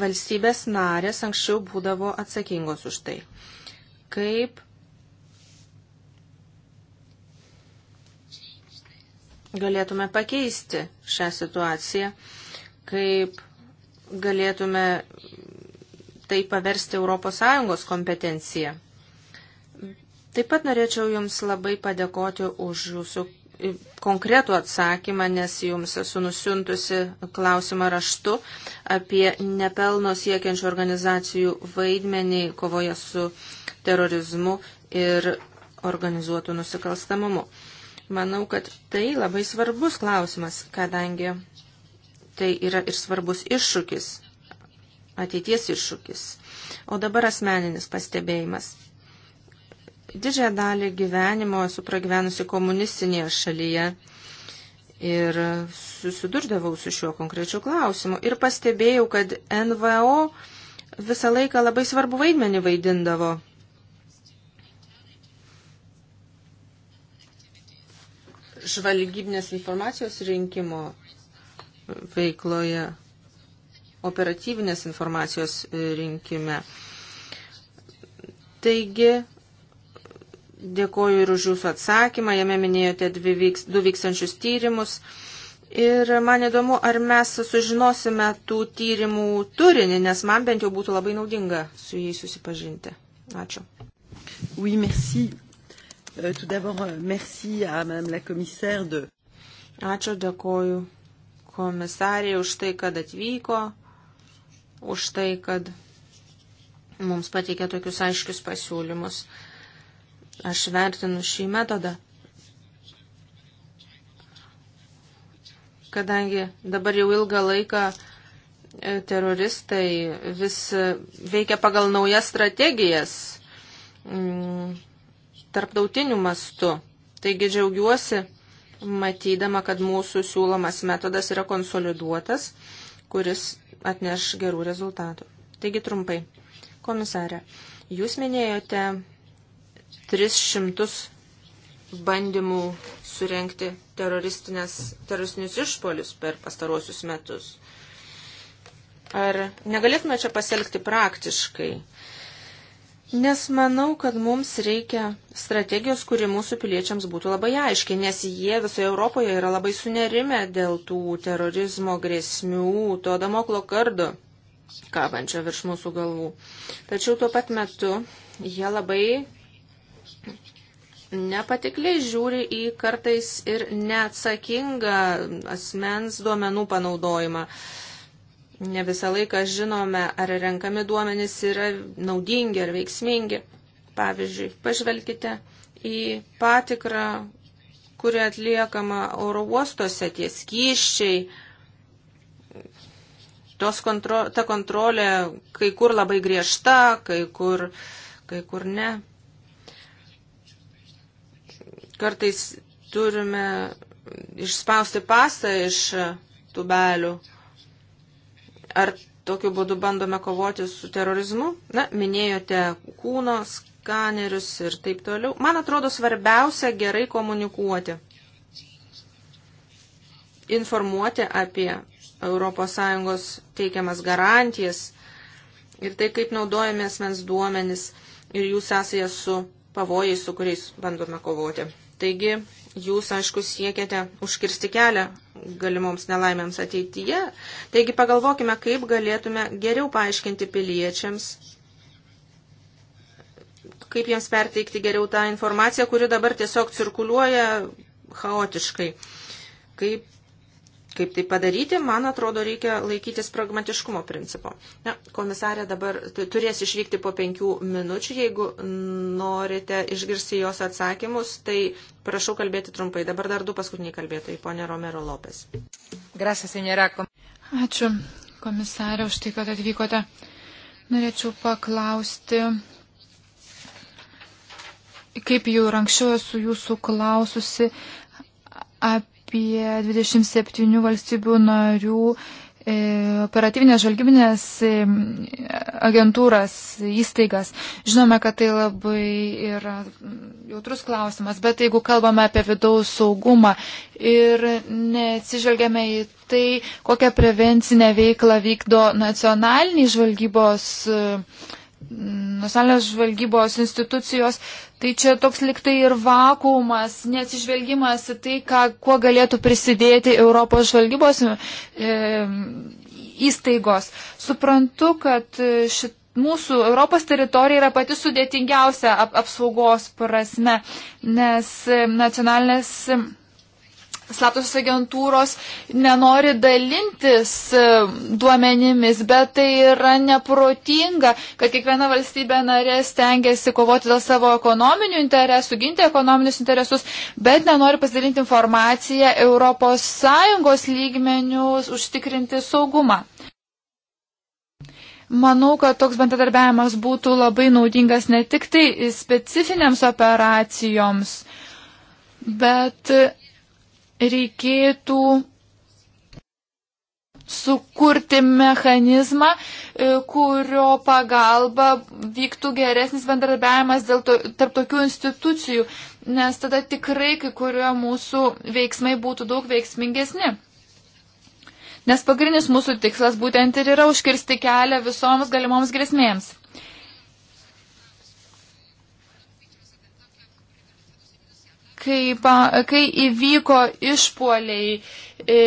valstybės narės anksčiau būdavo atsakingos už tai? Kaip galėtume pakeisti šią situaciją, kaip galėtume tai paversti ES kompetenciją. Taip pat norėčiau Jums labai padėkoti už Jūsų konkretų atsakymą, nes Jums esu nusiuntusi klausimą raštu apie nepelno siekiančių organizacijų vaidmenį kovoje su terorizmu ir organizuotų nusikalstamumu. Manau, kad tai labai svarbus klausimas, kadangi tai yra ir svarbus iššūkis, ateities iššūkis. O dabar asmeninis pastebėjimas. Didžiąją dalį gyvenimo esu pragyvenusi komunistinėje šalyje ir susidurdavau su šiuo konkrečiu klausimu ir pastebėjau, kad NVO visą laiką labai svarbu vaidmenį vaidindavo žvalgybinės informacijos rinkimo veikloje, operatyvinės informacijos rinkime. Taigi, dėkoju ir už jūsų atsakymą, jame minėjote vyks, du vykstančius tyrimus. Ir man įdomu, ar mes sužinosime tų tyrimų turinį, nes man bent jau būtų labai naudinga su jais susipažinti. Ačiū. Oui, merci. Euh, tout d'abord, euh, merci à Madame la Commissaire de. Ačiū, dėkoju komisarė už tai, kad atvyko, už tai, kad mums pateikė tokius aiškius pasiūlymus. Aš vertinu šį metodą, kadangi dabar jau ilgą laiką e, teroristai vis e, veikia pagal naujas strategijas mm, tarptautiniu mastu. Taigi džiaugiuosi matydama, kad mūsų siūlomas metodas yra konsoliduotas, kuris atneš gerų rezultatų. Taigi trumpai, komisarė, jūs minėjote 300 bandymų surenkti teroristinius išpolius per pastaruosius metus. Ar negalėtume čia pasielgti praktiškai? Nes manau, kad mums reikia strategijos, kuri mūsų piliečiams būtų labai aiški, nes jie visoje Europoje yra labai sunerime dėl tų terorizmo grėsmių, to damoklo kardo, kabančio virš mūsų galvų. Tačiau tuo pat metu jie labai nepatikliai žiūri į kartais ir neatsakingą asmens duomenų panaudojimą. Uh, Ne visą laiką žinome, ar renkami duomenys yra naudingi ar veiksmingi. Pavyzdžiui, pažvelkite į patikrą, kuri atliekama oro uostuose tie skyščiai. Kontro, ta kontrolė kai kur labai griežta, kai kur, kai kur ne. Kartais turime išspausti pasą iš tubelių Ar tokiu būdu bandome kovoti su terorizmu? Na, minėjote kūno skanerius ir taip toliau. Man atrodo svarbiausia gerai komunikuoti. Informuoti apie ES teikiamas garantijas ir tai, kaip naudojame asmens duomenis ir jų sąsajas su pavojais, su kuriais bandome kovoti. Taigi, Jūs, aišku, siekiate užkirsti kelią galimoms nelaimėms ateityje. Taigi pagalvokime, kaip galėtume geriau paaiškinti piliečiams, kaip jiems perteikti geriau tą informaciją, kuri dabar tiesiog cirkuliuoja chaotiškai. Kaip Kaip tai padaryti, man atrodo, reikia laikytis pragmatiškumo principo. Na, komisarė dabar turės išvykti po penkių minučių. Jeigu norite išgirsti jos atsakymus, tai prašau kalbėti trumpai. Dabar dar du paskutiniai kalbėtojai, ponė Romero Lopes. Gracias, senjera. Ačiū, komisarė, už tai, kad atvykote. Norėčiau paklausti kaip jau ir anksčiau esu jūsų klaususi apie apie 27 valstybių narių e, operatyvinės žalgybinės e, agentūras, įstaigas. Žinome, kad tai labai yra jautrus klausimas, bet jeigu kalbame apie vidaus saugumą ir neatsižvelgiame į tai, kokią prevencinę veiklą vykdo nacionaliniai žvalgybos e, nacionalinės žvalgybos institucijos, Tai čia toks liktai ir vakumas, neatsižvelgimas į tai, ką, kuo galėtų prisidėti Europos žvalgybos e, įstaigos. Suprantu, kad e, šit, mūsų Europos teritorija yra pati sudėtingiausia ap, apsaugos prasme, nes e, nacionalinės slaptosios agentūros nenori dalintis e, duomenimis, bet tai yra neprotinga, kad kiekviena valstybė narė stengiasi kovoti dėl savo ekonominių interesų, ginti ekonominius interesus, bet nenori pasidalinti informaciją ES lygmenių užtikrinti saugumą. Manau, kad toks bendradarbiavimas būtų labai naudingas ne tik tai specifinėms operacijoms, bet reikėtų sukurti mechanizmą, e, kurio pagalba vyktų geresnis bendradarbiavimas to, tarp tokių institucijų, nes tada tikrai kai kurio mūsų veiksmai būtų daug veiksmingesni. Nes pagrindinis mūsų tikslas būtent ir yra užkirsti kelią visoms galimoms grėsmėms. kai, pa, kai įvyko išpoliai e,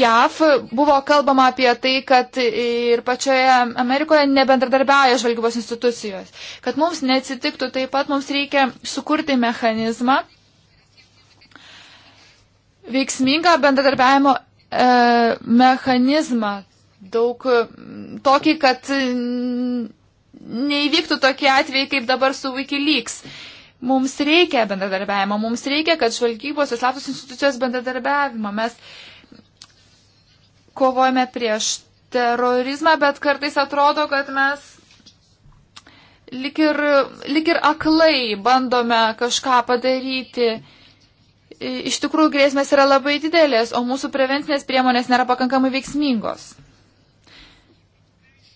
JAV, buvo kalbama apie tai, kad e, ir pačioje Amerikoje nebendradarbiauja žvalgybos institucijos. Kad mums neatsitiktų taip pat, mums reikia sukurti mechanizmą veiksmingą bendradarbiavimo e, mechanizmą. Daug tokį, kad neįvyktų tokie atvejai kaip dabar su Wikileaks. E, Mums reikia bendradarbiavimo, mums reikia, kad žvalgybos ir slaptos institucijos bendradarbiavimo. Mes kovojame prieš terorizmą, bet kartais atrodo, kad mes lik ir, lik ir aklai bandome kažką padaryti iš tikrųjų grėsmės yra labai didelės, o mūsų prevencinės priemonės nėra pakankamai veiksmingos.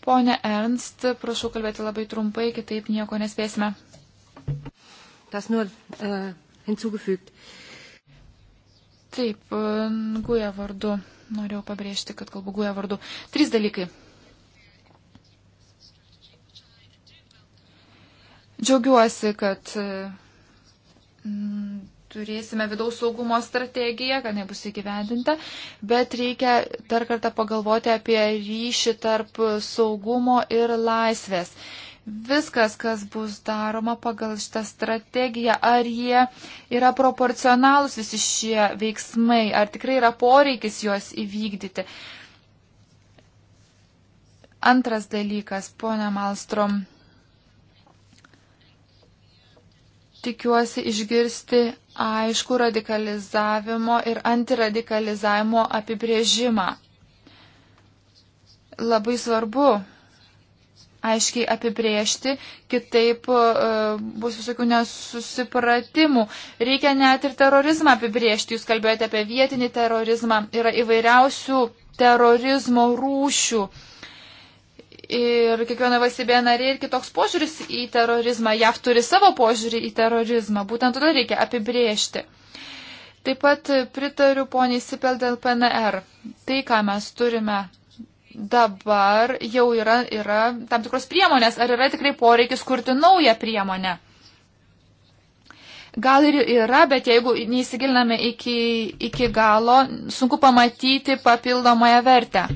Pone Ernst, prašau kalbėti labai trumpai, kitaip nieko nespėsime. Das nur äh, hinzugefügt. Taip, e, guja vardu. Norėjau pabrėžti, kad kalbu guja vardu. Trys dalykai. Džiaugiuosi, kad e, m, turėsime vidaus saugumo strategiją, kad nebus įgyvendinta, bet reikia dar kartą pagalvoti apie ryšį tarp saugumo ir laisvės. Uh, viskas, kas bus daroma pagal šitą strategiją, ar jie yra proporcionalūs visi šie veiksmai, ar tikrai yra poreikis juos įvykdyti. Antras dalykas, ponia Malstrom, tikiuosi išgirsti aišku radikalizavimo ir antiradikalizavimo apibrėžimą. Labai svarbu aiškiai apibriežti, kitaip e, bus visokių nesusipratimų. Reikia net ir terorizmą apibriežti. Jūs kalbėjote apie vietinį terorizmą. Yra įvairiausių terorizmo rūšių. Ir kiekviena valstybė narė ir kitoks požiūris į terorizmą. JAV turi savo požiūrį į terorizmą. Būtent todėl reikia apibriežti. Taip pat pritariu poniai Sipel dėl PNR. Tai, ką mes turime dabar jau yra, yra tam tikros priemonės, ar yra tikrai poreikis kurti naują priemonę. Gal ir yra, bet jeigu neįsigiliname iki, iki galo, sunku pamatyti papildomąją vertę.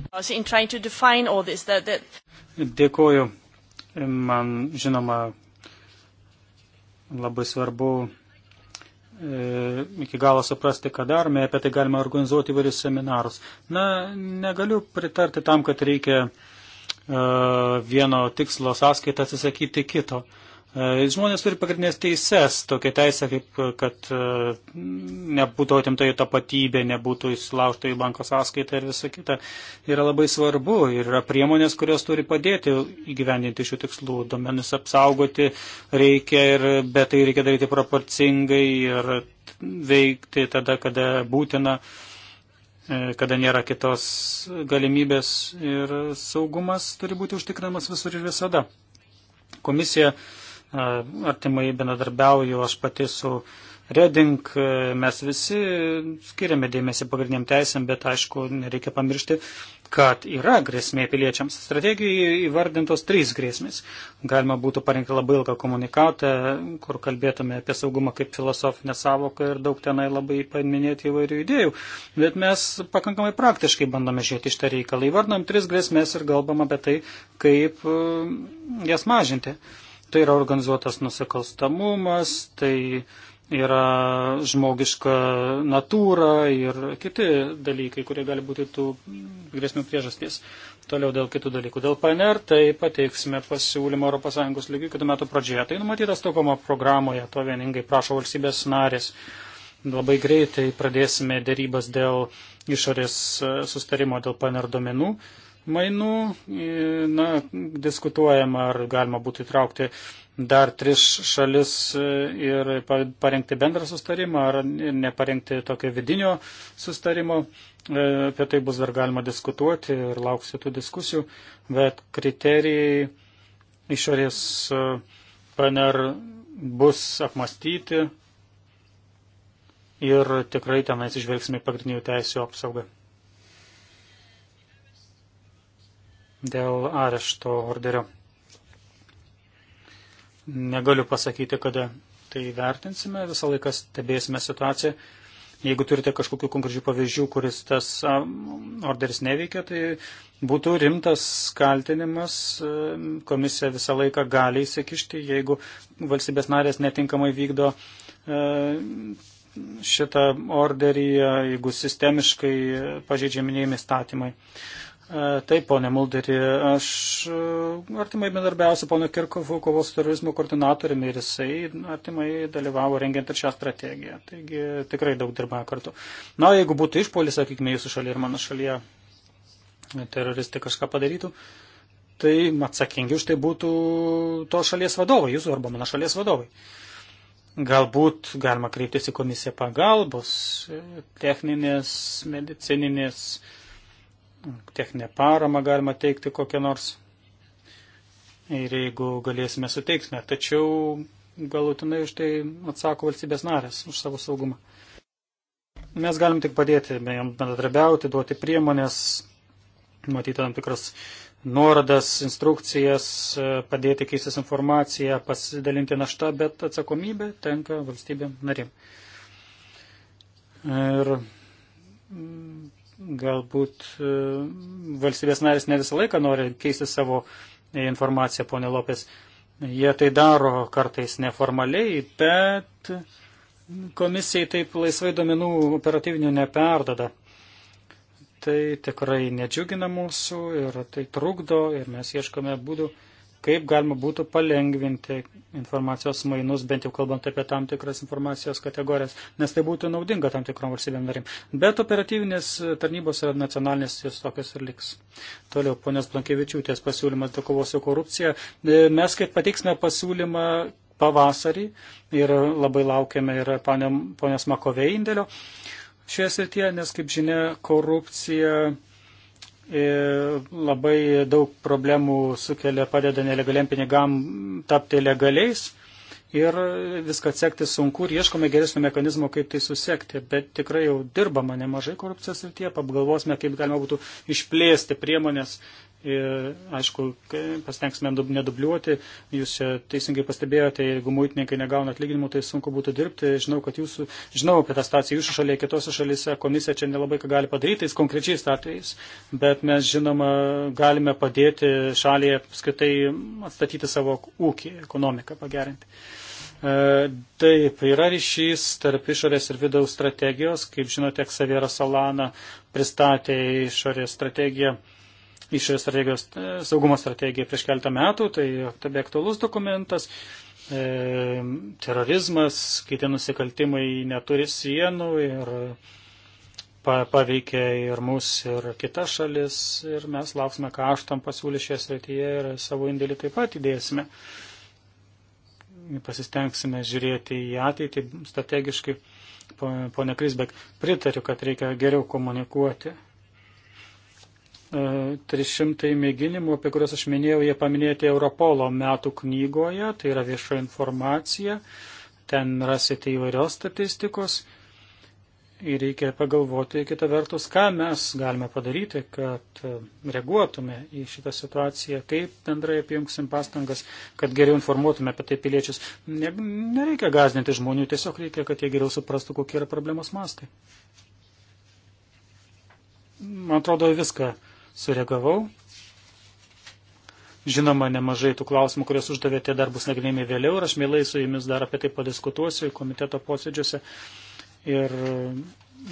Dėkuoju. Man žinoma labai svarbu E, iki galo suprasti, ką darome, apie tai galima organizuoti įvairius seminarus. Na, negaliu pritarti tam, kad reikia e, vieno tikslo sąskaitą atsisakyti kito. Uh, E, žmonės turi pagrindinės teises, tokia teisė, kaip kad e, nebūtų atimta jų tapatybė, nebūtų įsilaužta į banko sąskaitą ir visa kita, yra labai svarbu ir yra priemonės, kurios turi padėti įgyvendinti šių tikslų. Domenus apsaugoti reikia, ir, bet tai reikia daryti proporcingai ir veikti tada, kada būtina e, kada nėra kitos galimybės ir saugumas turi būti užtikrinamas visur ir visada. Komisija uh, artimai bendradarbiauju aš pati su Reding, mes visi skiriame dėmesį pagrindiniam teisėm, bet aišku, nereikia pamiršti, kad yra grėsmė piliečiams. Strategijoje įvardintos trys grėsmės. Galima būtų parinkti labai ilgą komunikatą, kur kalbėtume apie saugumą kaip filosofinę savoką ir daug tenai labai paminėti įvairių idėjų. Bet mes pakankamai praktiškai bandome žiūrėti šitą reikalą. Įvardinam tris grėsmės ir kalbam apie tai, kaip e, jas mažinti. Uh, Tai yra organizuotas nusikalstamumas, tai yra žmogiška natūra ir kiti dalykai, kurie gali būti tų grėsmių priežasties. Toliau dėl kitų dalykų. Dėl PNR tai pateiksime pasiūlymą ES lygių kitų metų pradžioje. Tai numatyta Stokholmo programoje, to vieningai prašo valstybės narės. Labai greitai pradėsime dėrybas dėl išorės e, sustarimo dėl PNR domenų. Uh, mainų. Na, diskutuojama, ar galima būtų įtraukti dar tris šalis e, ir parengti bendrą sustarimą, ar neparengti tokio vidinio sustarimo. E, apie tai bus dar galima diskutuoti ir lauksiu tų diskusijų, bet kriterijai išorės e, PNR bus apmastyti ir tikrai tenais išvelgsime pagrindinių teisų apsaugą. dėl arešto orderio. Negaliu pasakyti, kada tai vertinsime, visą laiką stebėsime situaciją. Jeigu turite kažkokių konkrečių pavyzdžių, kuris tas orderis neveikia, tai būtų rimtas kaltinimas. Komisija visą laiką gali įsikišti, jeigu valstybės narės netinkamai vykdo šitą orderį, jeigu sistemiškai pažeidžiaminėjami statymai. E, taip, ponė Mulderi, aš e, artimai bendarbiausiu pono Kirkovu kovos su terorizmu koordinatoriumi ir jisai artimai dalyvavo rengiant ir šią strategiją. Taigi tikrai daug dirbame kartu. Na, jeigu būtų išpolis, sakykime, jūsų šalyje ir mano šalyje teroristai kažką padarytų, tai atsakingi už tai būtų to šalies vadovai, jūsų arba mano šalies vadovai. Galbūt galima kreiptis į komisiją pagalbos, e, techninės, medicininės techninę paramą galima teikti kokią nors. Ir jeigu galėsime, suteiksime. Tačiau galutinai už tai atsako valstybės narės, už savo saugumą. Mes galim tik padėti, jam bendradarbiauti, duoti priemonės, matyti tam tikras nuorodas, instrukcijas, padėti keistis informaciją, pasidalinti naštą, bet atsakomybė tenka valstybėm narim. Ir Galbūt e, valstybės narės ne visą laiką nori keisti savo informaciją, ponė Lopės. Jie tai daro kartais neformaliai, bet komisijai taip laisvai domenų operatyvinių neperdada. Tai tikrai nedžiugina mūsų ir tai trukdo ir mes ieškome būdų, kaip galima būtų palengvinti informacijos mainus, bent jau kalbant apie tam tikras informacijos kategorijas, nes tai būtų naudinga tam tikrom valstybėm narim. Bet operatyvinės tarnybos ir nacionalinės jos tokios ir liks. Toliau, ponios Blankevičiūtės pasiūlymas dėl kovos su korupcija. E, mes kaip pateiksime pasiūlymą pavasarį ir labai laukiame ir ponios Makovei indėlio šioje srityje, nes, kaip žinia, korupcija E, labai daug problemų sukelia, padeda nelegaliam pinigam tapti legaliais ir viską atsekti sunku ir ieškome geresnio mechanizmo, kaip tai susekti, bet tikrai jau dirbama nemažai korupcijos ir tie, apgalvosime, kaip galima būtų išplėsti priemonės, ir, aišku, pasitengsime nedubliuoti, jūs čia teisingai pastebėjote, jeigu muitininkai negauna atlyginimų, tai sunku būtų dirbti, žinau, kad jūsų, žinau apie tą staciją jūsų šalyje, kitose šalyse komisija čia nelabai ką gali padaryti, tais konkrečiais atvejais, bet mes, žinoma, galime padėti šalyje apskritai atstatyti savo ūkį, ekonomiką pagerinti. E, taip, yra ryšys tarp išorės ir vidaus strategijos. Kaip žinote, Xaviera Solana pristatė išorės strategiją, išorės strategijos, e, saugumo strategiją prieš keltą metų, tai tebe aktualus dokumentas. E, terorizmas, kiti nusikaltimai neturi sienų ir pa, paveikia ir mus, ir kitas šalis, ir mes lauksime, ką aš tam pasiūlysiu šioje srityje ir savo indėlį taip pat įdėsime. E, pasistengsime žiūrėti į ateitį strategiškai. Pone Krisbek, pritariu, kad reikia geriau komunikuoti. 300 e, mėginimų, apie kuriuos aš minėjau, jie paminėti Europolo metų knygoje, tai yra vieša informacija, ten rasite įvairios statistikos Ir reikia pagalvoti kitą vertus, ką mes galime padaryti, kad e, reaguotume į šitą situaciją, kaip bendrai apjungsim pastangas, kad geriau informuotume apie tai piliečius. Nereikia gazdinti žmonių, tiesiog reikia, kad jie geriau suprastų, kokie yra problemos mastai. Man atrodo, viską sureagavau. Žinoma, nemažai tų klausimų, kuriuos uždavėte, dar bus nagrinėjami vėliau ir aš mielai su jumis dar apie tai padiskutuosiu komiteto posėdžiuose ir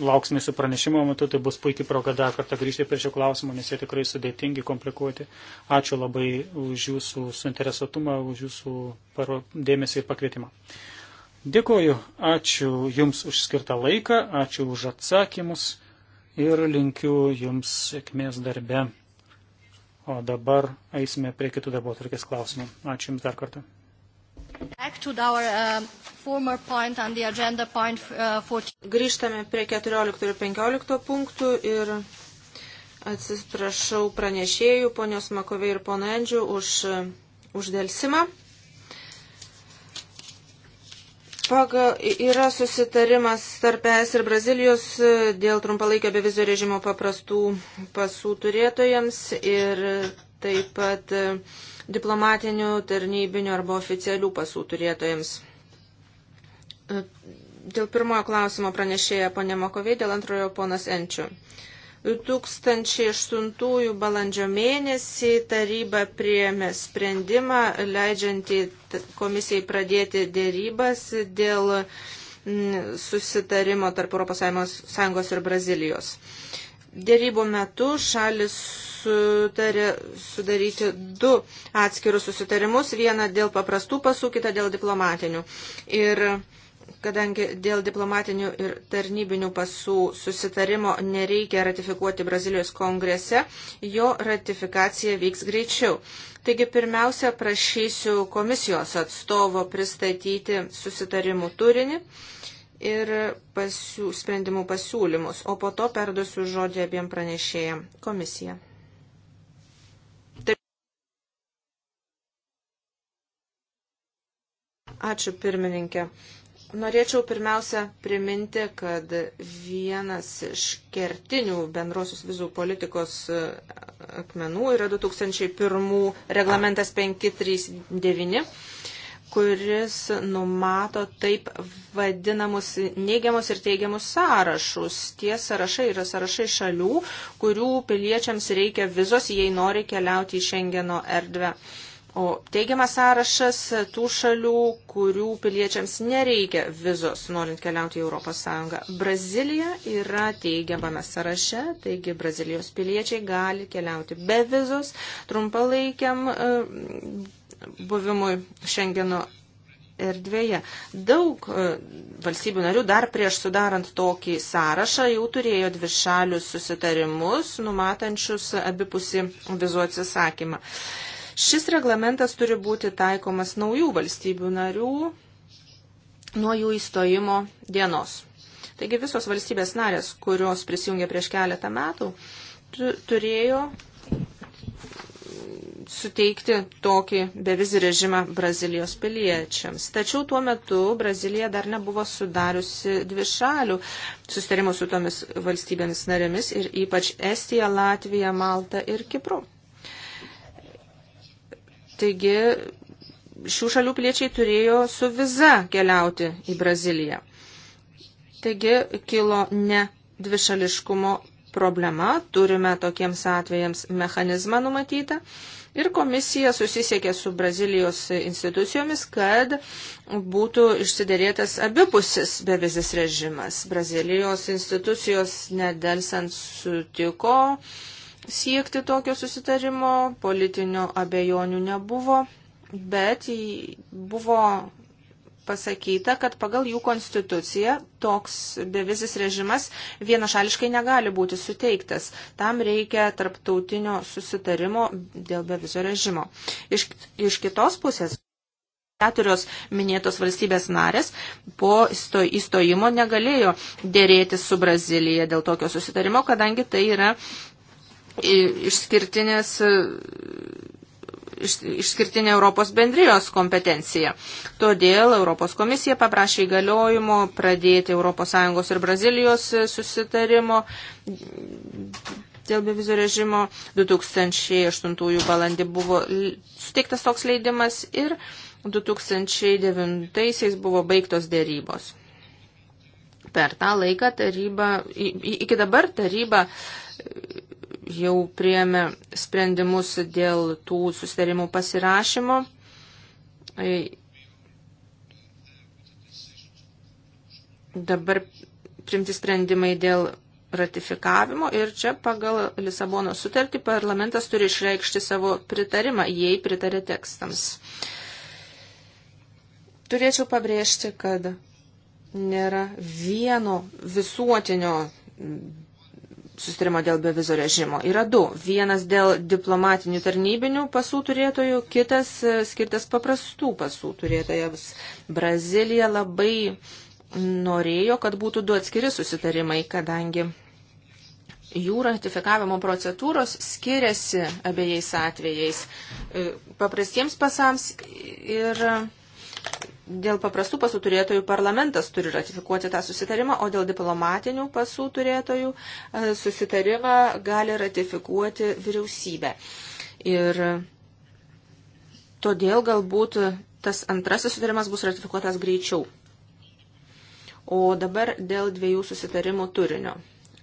lauksime su pranešimo metu, tai bus puikiai proga dar kartą grįžti prie šio klausimo, nes jie tikrai sudėtingi, komplikuoti. Ačiū labai už jūsų suinteresuotumą, už jūsų dėmesį ir pakvietimą. Dėkoju, ačiū Jums už skirtą laiką, ačiū už atsakymus ir linkiu Jums sėkmės darbe. O dabar eisime prie kitų darbo atvarkės klausimų. Ačiū Jums dar kartą. Our, uh, Uh, Grįžtame prie 14 ir 15 punktų ir atsiprašau pranešėjų, ponios Makovė ir ponandžių, už uh, uždėlsimą. Pagal yra susitarimas tarp ES ir Brazilijos uh, dėl trumpalaikio bevizio režimo paprastų pasų turėtojams ir taip pat diplomatinių, tarnybinių arba oficialių pasų turėtojams. Dėl pirmojo klausimo pranešėja ponė Makovė, dėl antrojo ponas Enčių. 2008 balandžio mėnesį taryba priėmė sprendimą leidžiantį komisijai pradėti dėrybas dėl mm, susitarimo tarp ES ir Brazilijos. Dėrybų metu šalis sutarė sudaryti du atskirus susitarimus, vieną dėl paprastų pasų, kitą dėl diplomatinių. Ir kadangi dėl diplomatinių ir tarnybinių pasų susitarimo nereikia ratifikuoti Brazilijos kongrese, jo ratifikacija vyks greičiau. Taigi pirmiausia, prašysiu komisijos atstovo pristatyti susitarimų turinį ir pasiū, sprendimų pasiūlymus, o po to perduosiu žodį abiem pranešėjam komisiją. Taip. Ačiū pirmininkė. Norėčiau pirmiausia priminti, kad vienas iš kertinių bendrosios vizų politikos e, akmenų yra 2001 reglamentas 539, kuris numato taip vadinamus neigiamus ir teigiamus sąrašus. Tie sąrašai yra sąrašai šalių, kurių piliečiams reikia vizos, jei nori keliauti į Šengeno erdvę. O teigiamas sąrašas tų šalių, kurių piliečiams nereikia vizos, norint keliauti į ES. Brazilija yra teigiamame sąraše, taigi Brazilijos piliečiai gali keliauti be vizos trumpalaikiam e, buvimui Šengeno erdvėje. Daug e, valstybių narių dar prieš sudarant tokį sąrašą jau turėjo dvišalius susitarimus, numatančius abipusį vizų atsisakymą. Šis reglamentas turi būti taikomas naujų valstybių narių nuo jų įstojimo dienos. Taigi visos valstybės narės, kurios prisijungė prieš keletą metų, turėjo suteikti tokį bevizį režimą Brazilijos piliečiams. Tačiau tuo metu Brazilija dar nebuvo sudariusi dvi šalių sustarimų su tomis valstybėmis narėmis ir ypač Estija, Latvija, Malta ir Kipru. Taigi šių šalių piliečiai turėjo su viza keliauti į Braziliją. Taigi kilo ne dvišališkumo problema, turime tokiems atvejams mechanizmą numatytą. Ir komisija susisiekė su Brazilijos institucijomis, kad būtų išsiderėtas abipusis bevizis režimas. Brazilijos institucijos nedelsant sutiko siekti tokio susitarimo, politinių abejonių nebuvo, bet buvo pasakyta, kad pagal jų konstituciją toks bevizis režimas vienašališkai negali būti suteiktas. Tam reikia tarptautinio susitarimo dėl bevizio režimo. Iš, iš kitos pusės. Keturios minėtos valstybės narės po įstojimo negalėjo dėrėtis su Brazilyje dėl tokio susitarimo, kadangi tai yra išskirtinės e, iš, išskirtinė Europos bendrijos kompetencija. Todėl Europos komisija paprašė įgaliojimo pradėti ES ir Brazilijos e, susitarimo dėl bevizio režimo. 2008 balandį buvo suteiktas toks leidimas ir 2009 buvo baigtos dėrybos. Per tą laiką taryba, iki dabar taryba jau priėmė sprendimus dėl tų susitarimų pasirašymo. E, dabar primti sprendimai dėl ratifikavimo ir čia pagal Lisabono sutartį parlamentas turi išreikšti savo pritarimą, jei pritarė tekstams. Turėčiau pabrėžti, kad nėra vieno visuotinio sustarimo dėl bevizų režimo. Yra du. Vienas dėl diplomatinių tarnybinių pasų turėtojų, kitas e, skirtas paprastų pasų turėtojams. Brazilija labai norėjo, kad būtų du atskiri susitarimai, kadangi jų ratifikavimo procedūros skiriasi abiejais atvejais. E, paprastiems pasams ir dėl paprastų pasų turėtojų parlamentas turi ratifikuoti tą susitarimą, o dėl diplomatinių pasų turėtojų e, susitarimą gali ratifikuoti vyriausybė. Ir todėl galbūt tas antrasis susitarimas bus ratifikuotas greičiau. O dabar dėl dviejų susitarimų turinio.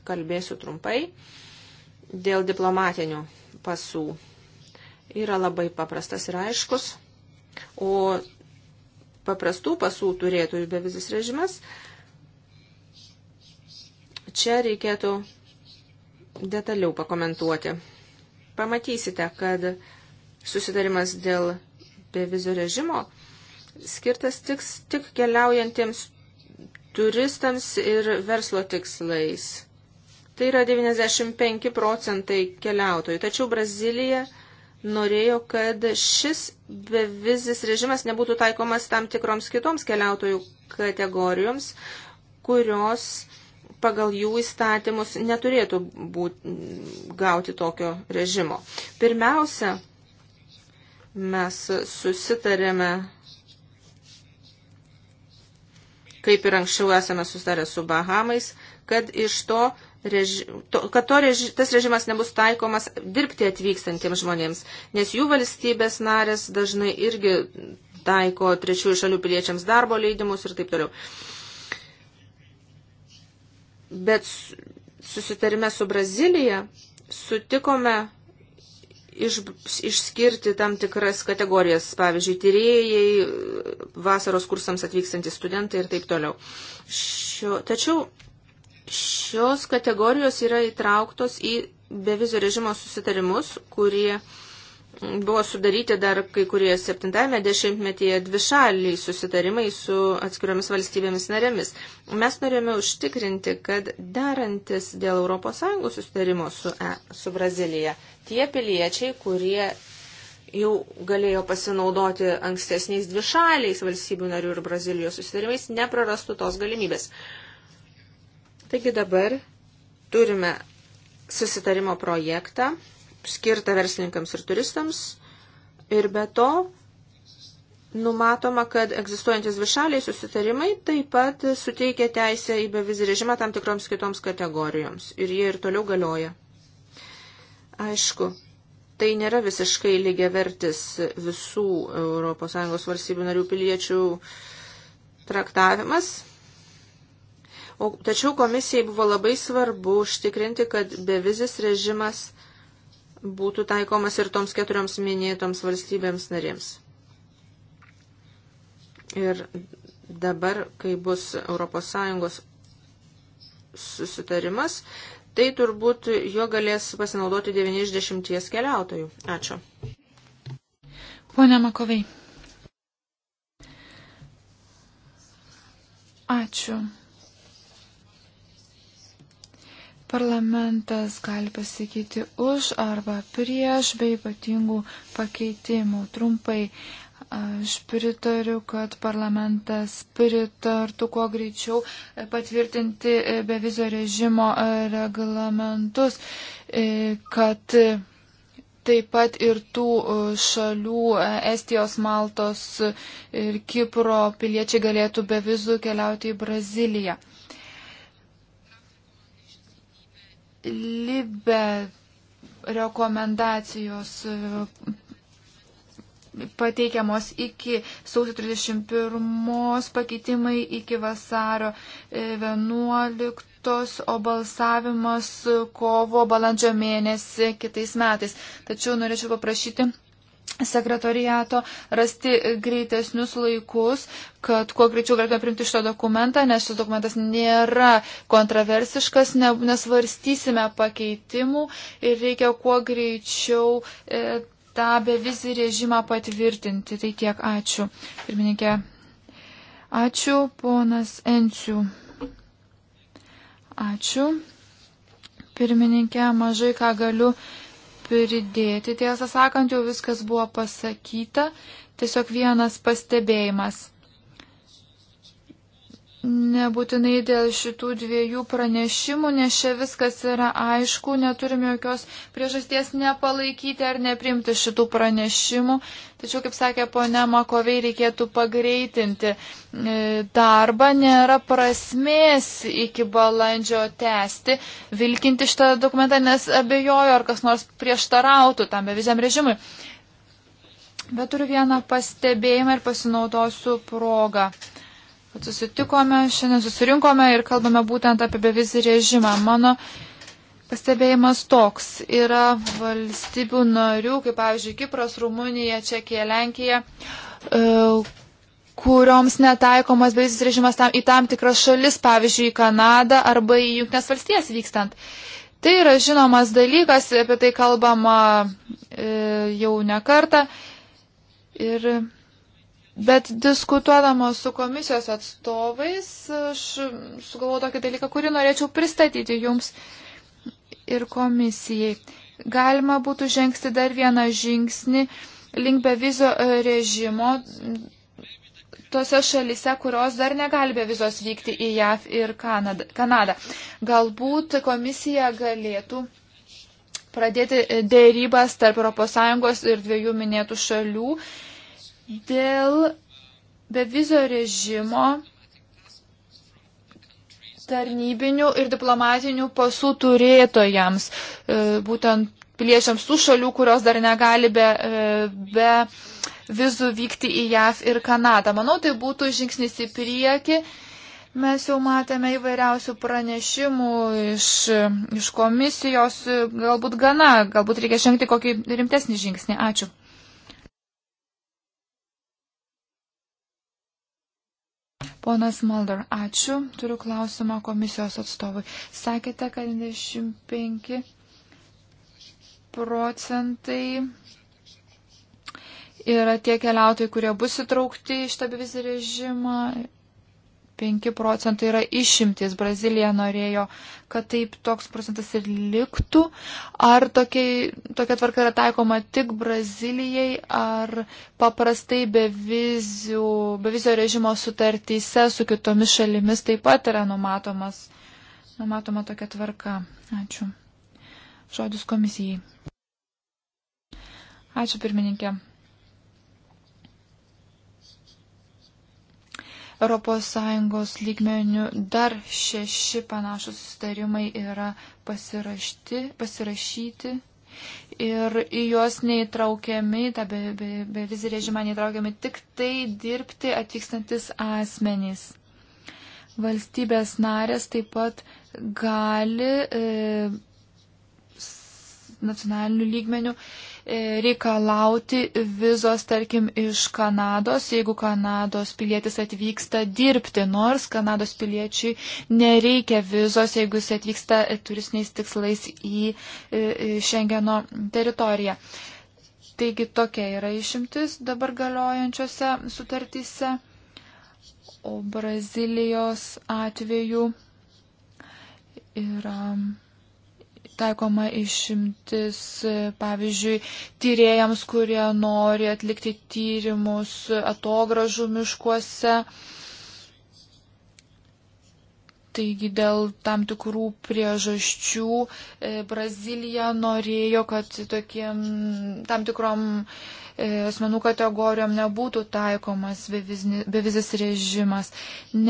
Kalbėsiu trumpai. Dėl diplomatinių pasų yra labai paprastas ir aiškus, o paprastų pasų turėtojų bevizis režimas. Čia reikėtų detaliau pakomentuoti. Pamatysite, kad susitarimas dėl bevizio režimo skirtas tik, tik keliaujantiems turistams ir verslo tikslais. Tai yra 95 procentai keliautojų. Tačiau Brazilija norėjo, kad šis bevizis režimas nebūtų taikomas tam tikroms kitoms keliautojų kategorijoms, kurios pagal jų įstatymus neturėtų būt, gauti tokio režimo. Pirmiausia, mes susitarėme, kaip ir anksčiau esame susitarę su Bahamais, kad iš to reži, to, kad to reži, tas režimas nebus taikomas dirbti atvykstantiems žmonėms, nes jų valstybės narės dažnai irgi taiko trečiųjų šalių piliečiams darbo leidimus ir taip toliau. Bet susitarime su Brazilija sutikome iš, išskirti tam tikras kategorijas, pavyzdžiui, tyrėjai, vasaros kursams atvykstantys studentai ir taip toliau. Šio, tačiau Šios kategorijos yra įtrauktos į bevizio režimo susitarimus, kurie buvo sudaryti dar kai kurie 70-ame dešimtmetyje dvišaliai susitarimai su atskiriomis valstybėmis narėmis. Mes norėjome užtikrinti, kad darantis dėl ES susitarimo su, e, su Brazilija, tie piliečiai, kurie jau galėjo pasinaudoti ankstesniais dvišaliais valstybių narių ir Brazilijos susitarimais, neprarastų tos galimybės. Taigi dabar turime susitarimo projektą skirtą verslininkams ir turistams ir be to Numatoma, kad egzistuojantis višaliai susitarimai taip pat suteikia teisę į bevizį režimą tam tikroms kitoms kategorijoms ir jie ir toliau galioja. Aišku, tai nėra visiškai lygia vertis visų ES valstybių narių piliečių traktavimas, O, tačiau komisijai buvo labai svarbu užtikrinti, kad bevizis režimas būtų taikomas ir toms keturioms minėtoms valstybėms narėms. Ir dabar, kai bus ES susitarimas, tai turbūt jo galės pasinaudoti 90 keliautojų. Ačiū. Pone Makovai. Ačiū. Parlamentas gali pasakyti už arba prieš bei ypatingų pakeitimų. Trumpai Aš pritariu, kad parlamentas pritartų kuo greičiau patvirtinti bevizio režimo reglamentus, kad taip pat ir tų šalių Estijos, Maltos ir Kipro piliečiai galėtų be vizų keliauti į Braziliją. Libe rekomendacijos e, pateikiamos iki sausio 31, pakeitimai iki vasario 11, e, o balsavimas kovo balandžio mėnesį kitais metais. Tačiau norėčiau paprašyti sekretoriato rasti greitesnius laikus, kad kuo greičiau galėtume primti šitą dokumentą, nes šis dokumentas nėra kontroversiškas, ne, nesvarstysime pakeitimų ir reikia kuo greičiau e, tą bevizį režimą patvirtinti. Tai tiek ačiū. Pirmininkė, ačiū, ponas Enčių. Ačiū. Pirmininkė, mažai ką galiu pridėti, tiesą sakant, jau viskas buvo pasakyta, tiesiog vienas pastebėjimas. Nebūtinai dėl šitų dviejų pranešimų, nes čia viskas yra aišku, neturime jokios priežasties nepalaikyti ar neprimti šitų pranešimų. Tačiau, kaip sakė ponia Makovei, reikėtų pagreitinti e, darbą, nėra prasmės iki balandžio tęsti, vilkinti šitą dokumentą, nes abejoju, ar kas nors prieštarautų tam beviziam režimui. Bet turiu vieną pastebėjimą ir pasinaudosiu progą kad susitikome, šiandien susirinkome ir kalbame būtent apie bevizį režimą. Mano pastebėjimas toks yra valstybių narių, kaip pavyzdžiui Kipras, Rumunija, Čekija, Lenkija, e, kurioms netaikomas bevizis režimas tam, į tam tikras šalis, pavyzdžiui, į Kanadą arba į Junktinės valstijas vykstant. Tai yra žinomas dalykas, apie tai kalbama e, jau ne kartą. Ir Bet diskutuodama su komisijos atstovais, aš sugalvoju tokį dalyką, kurį norėčiau pristatyti jums ir komisijai. Galima būtų žengsti dar vieną žingsnį link bevizio e, režimo tose šalise, kurios dar negali bevizos vykti į JAV ir Kanadą. Galbūt komisija galėtų pradėti e, dėrybas tarp ES ir dviejų minėtų šalių Dėl bevizio režimo tarnybinių ir diplomatinių pasų turėtojams, e, būtent piliečiams tų šalių, kurios dar negali be, e, be vizų vykti į JAV ir Kanadą. Manau, tai būtų žingsnis į priekį. Mes jau matėme įvairiausių pranešimų iš, iš komisijos, galbūt gana, galbūt reikia žengti kokį rimtesnį žingsnį. Ačiū. Ponas Mulder, ačiū. Turiu klausimą komisijos atstovui. Sakėte, kad 25 procentai yra tie keliautojai, kurie bus įtraukti į šitą bevizį režimą 5 procentai yra išimtis. Brazilija norėjo, kad taip toks procentas ir liktų. Ar tokia, tokia tvarka yra taikoma tik Brazilijai, ar paprastai be, vizių, be vizio režimo sutartyse su kitomis šalimis taip pat yra numatomas, numatoma tokia tvarka? Ačiū. Žodis komisijai. Ačiū pirmininkė. ES lygmenių dar šeši panašus sustarimai yra pasirašti, pasirašyti. Ir į juos neįtraukiami, tą bevizį be, be, be režimą neįtraukiami tik tai dirbti atvykstantis asmenys. Valstybės narės taip pat gali e, nacionaliniu lygmeniu e, E, reikalauti vizos, tarkim, iš Kanados, jeigu Kanados pilietis atvyksta dirbti, nors Kanados piliečiui nereikia vizos, jeigu jis atvyksta e, turistiniais tikslais e, į Šengeno teritoriją. Taigi tokia yra išimtis dabar galiojančiose sutartyse. O Brazilijos atveju yra taikoma išimtis, pavyzdžiui, tyrėjams, kurie nori atlikti tyrimus atogražų miškuose. Taigi dėl tam tikrų priežasčių e, Brazilija norėjo, kad tokiem tam tikrom E, asmenų kategorijom nebūtų taikomas bevizis režimas.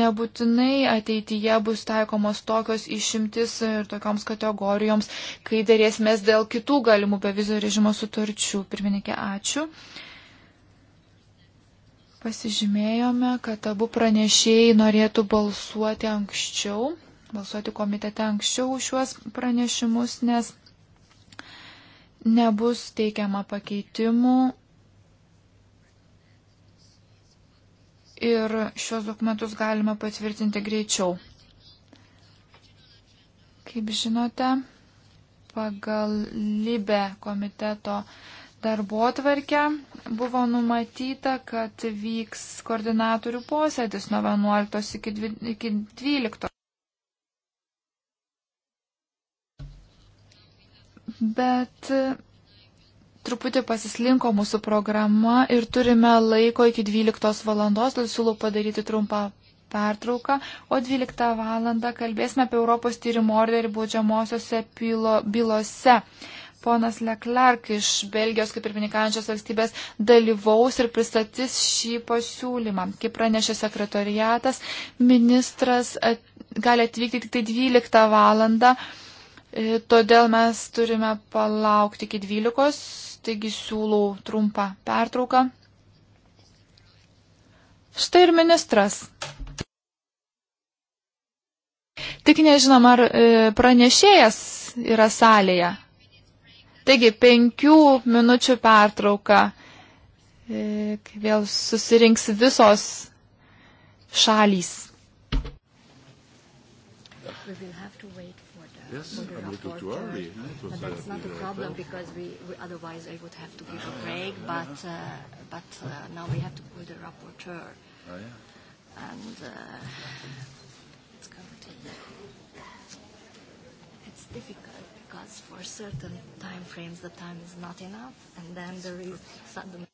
Nebūtinai ateityje bus taikomos tokios išimtis ir tokioms kategorijoms, kai dėrėsimės dėl kitų galimų bevizio režimo sutarčių. Pirmininkė, ačiū. Pasižymėjome, kad abu pranešėjai norėtų balsuoti anksčiau, balsuoti komitete anksčiau šiuos pranešimus, nes nebus teikiama pakeitimų ir šios dokumentus galima patvirtinti greičiau. Kaip žinote, pagal Libe komiteto darbo tvarkę buvo numatyta, kad vyks koordinatorių posėdis nuo 11 iki 12. Bet truputį pasislinko mūsų programa ir turime laiko iki 12 valandos, tad siūlau padaryti trumpą pertrauką, o 12 valandą kalbėsime apie Europos tyrimo orderį baudžiamosiose bylose. Ponas Leclerc iš Belgijos kaip ir pininkančios valstybės dalyvaus ir pristatys šį pasiūlymą. Kaip pranešė sekretoriatas, ministras at, gali atvykti tik tai 12 valandą. E, todėl mes turime palaukti iki 12, taigi siūlau trumpą pertrauką. Štai ir ministras. Tik nežinom, ar e, pranešėjas yra salėje. Taigi, penkių minučių pertrauka, kai e, vėl susirinks visos šalys. We will have to Yes, a little rapporteur. too uh, early. Huh? It was but that's uh, not a problem right because we, we otherwise I would have to give ah, a break. Yeah, yeah, but yeah. Uh, but uh, now we have to call the rapporteur. Ah, yeah. And uh, it's complicated. It's difficult because for certain time frames the time is not enough, and then there is suddenly.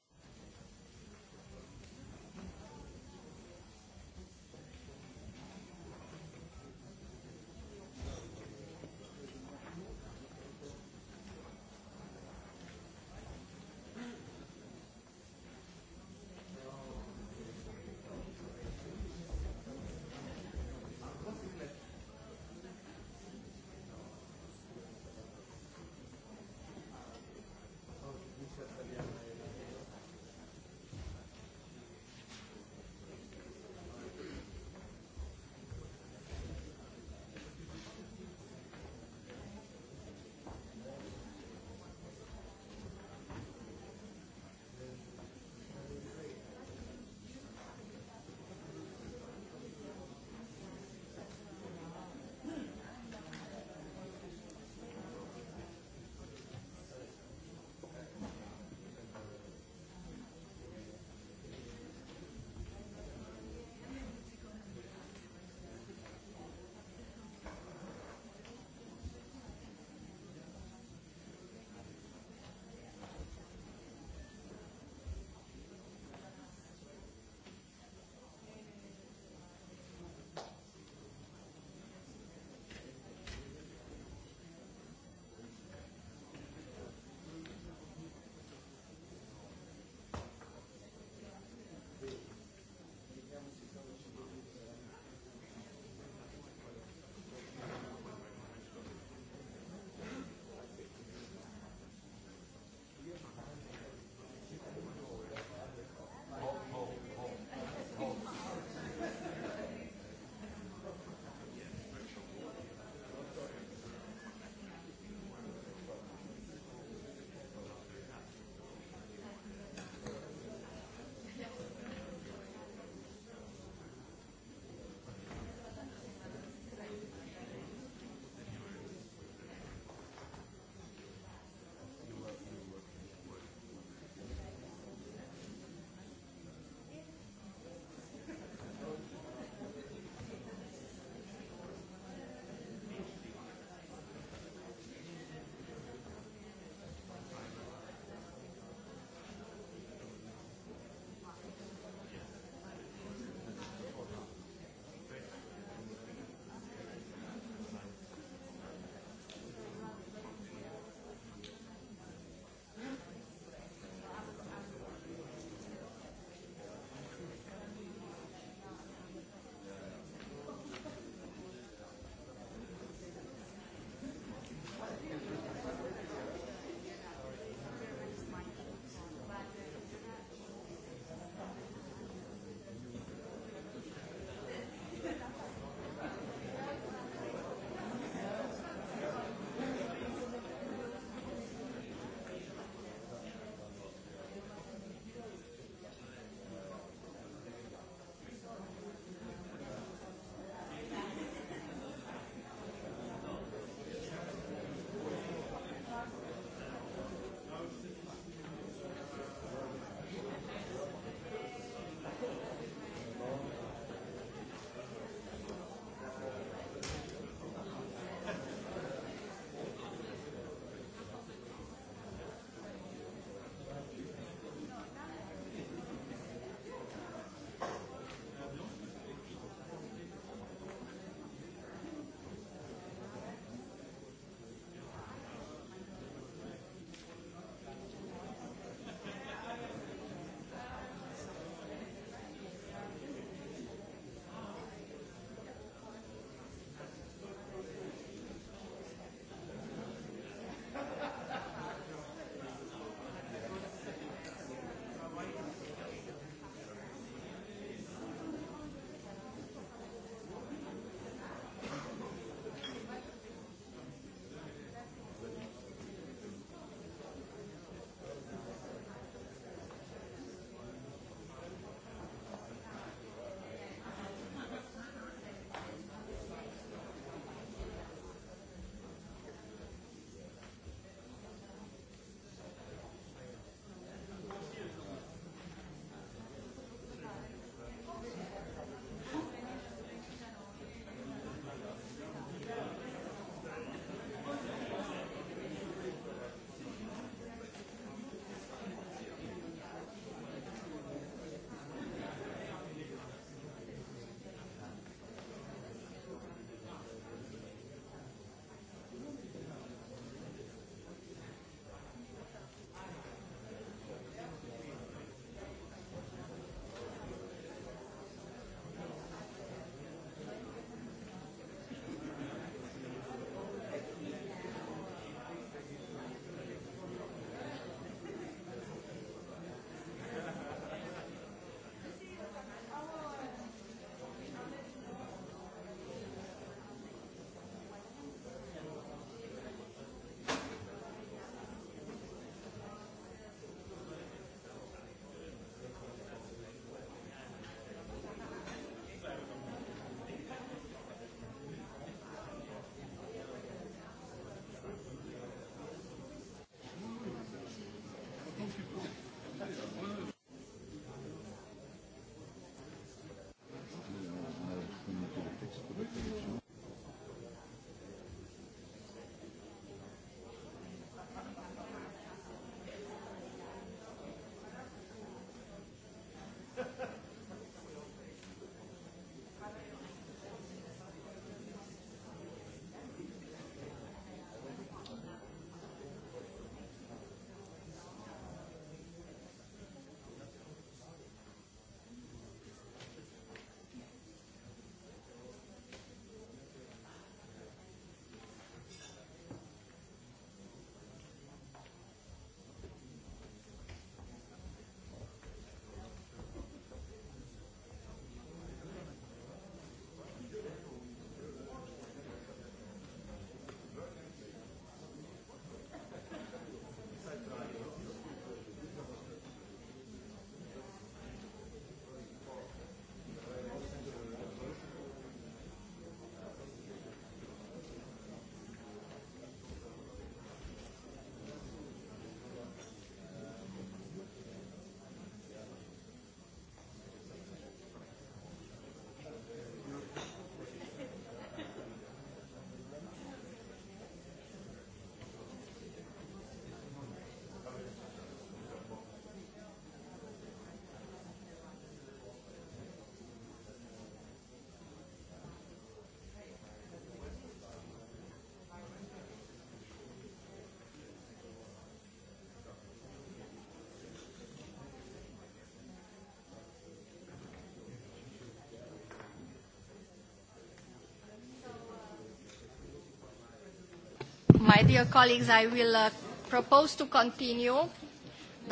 my dear colleagues, I will uh, propose to continue.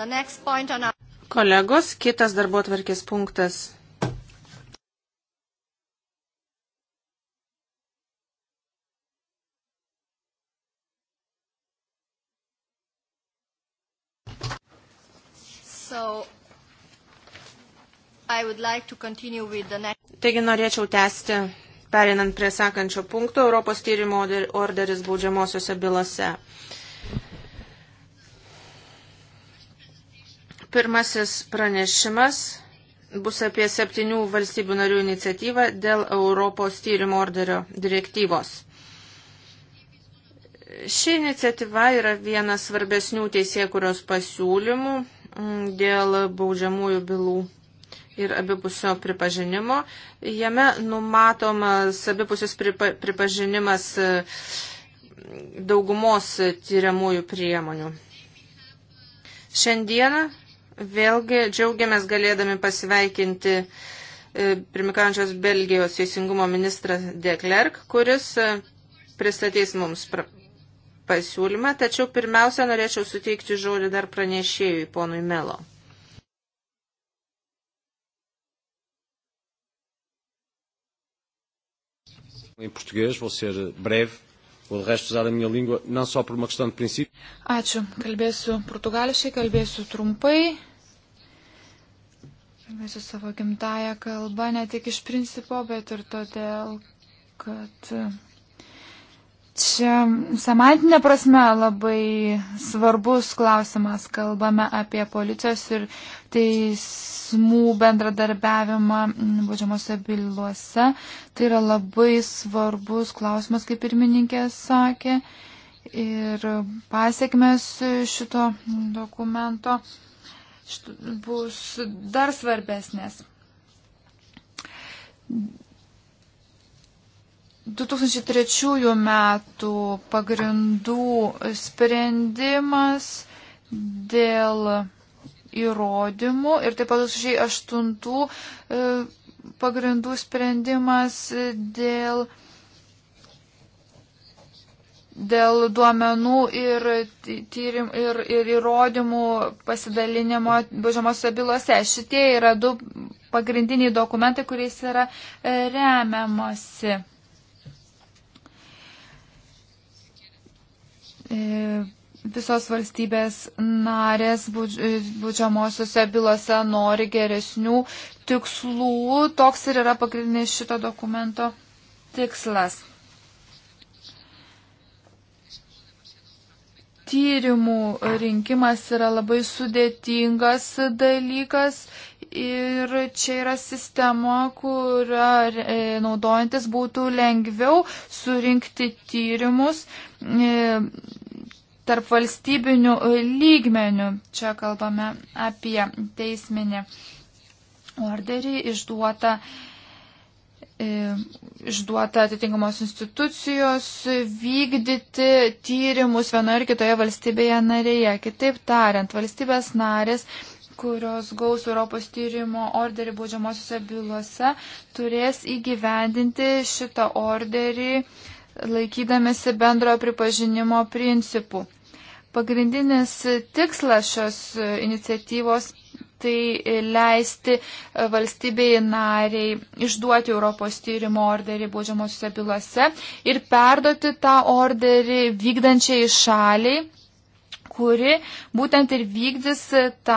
The next point on our... Kolegos, kitas darbo tvarkės punktas. So, I would like to continue with the next... Taigi norėčiau tęsti Perinant prie sekančio punkto, Europos tyrimo orderis baudžiamosiose bylose. Pirmasis pranešimas bus apie septynių valstybių narių iniciatyvą dėl Europos tyrimo orderio direktyvos. Ši iniciatyva yra vienas svarbesnių teisėkurios pasiūlymų mm, dėl baudžiamųjų bylų ir abipusio pripažinimo. Jame numatomas abipusis pripa, pripažinimas e, daugumos tyriamųjų priemonių. Šiandieną vėlgi džiaugiamės galėdami pasveikinti e, primikaujančios Belgijos teisingumo ministrą Deklerk, kuris e, pristatys mums pasiūlymą, tačiau pirmiausia norėčiau suteikti žodį dar pranešėjui, ponui Melo. Em português, vou ser breve, vou de resto usar a minha língua, não só por uma questão de princípio. Ačiū. Kalbėsiu portugališkai, kalbėsiu trumpai. Kalbėsiu savo gimtają kalbą ne tik iš principo, bet ir todėl, kad čia semantinė prasme labai svarbus klausimas. Kalbame apie policijos ir teismų bendradarbiavimą baudžiamosiose bylose. Tai yra labai svarbus klausimas, kaip pirmininkė sakė. Ir pasiekmes šito dokumento bus dar svarbesnės 2003 metų pagrindų sprendimas dėl įrodymų ir taip pat 2008 e, pagrindų sprendimas dėl, dėl duomenų ir, tyrim, ir, ir įrodymų pasidalinimo bažiamosiose bylose. Šitie yra du pagrindiniai dokumentai, kuriais yra e, remiamasi. E, visos valstybės narės būdžiamosiose e, bylose nori geresnių tikslų. Toks ir yra pagrindinis šito dokumento tikslas. Tyrimų rinkimas yra labai sudėtingas dalykas Ir čia yra sistema, kurią e, naudojantis būtų lengviau surinkti tyrimus e, tarp valstybinių lygmenių. Čia kalbame apie teisminį orderį išduotą e, išduota atitinkamos institucijos vykdyti tyrimus vienoje ir kitoje valstybėje narėje. Kitaip tariant, valstybės narės kurios gaus Europos tyrimo orderį baudžiamosiuose bylose, turės įgyvendinti šitą orderį laikydamėsi bendrojo pripažinimo principų. Pagrindinis tikslas šios iniciatyvos tai leisti valstybei nariai išduoti Europos tyrimo orderį baudžiamosiuose bylose ir perduoti tą orderį vykdančiai šaliai kuri būtent ir vykdys tą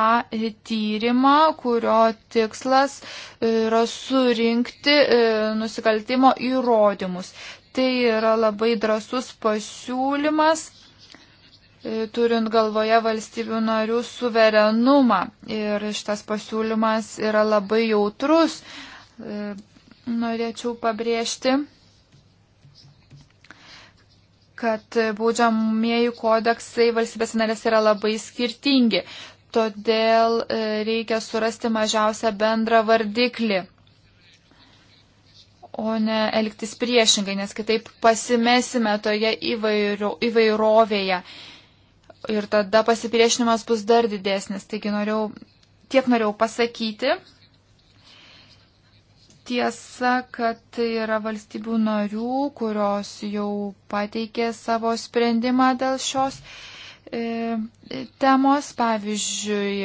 tyrimą, kurio tikslas e, yra surinkti e, nusikaltimo įrodymus. Tai yra labai drasus pasiūlymas e, turint galvoje valstybių narių suverenumą. Ir šitas pasiūlymas yra labai jautrus, norėčiau pabrėžti kad baudžiamieji kodeksai valstybės narės yra labai skirtingi. Todėl e, reikia surasti mažiausią bendrą vardiklį, o ne elgtis priešingai, nes kitaip pasimesime toje įvairio, įvairovėje. Ir tada pasipriešinimas bus dar didesnis. Taigi norėjau, tiek norėjau pasakyti tiesa, kad yra valstybių narių, kurios jau pateikė savo sprendimą dėl šios e, temos, pavyzdžiui,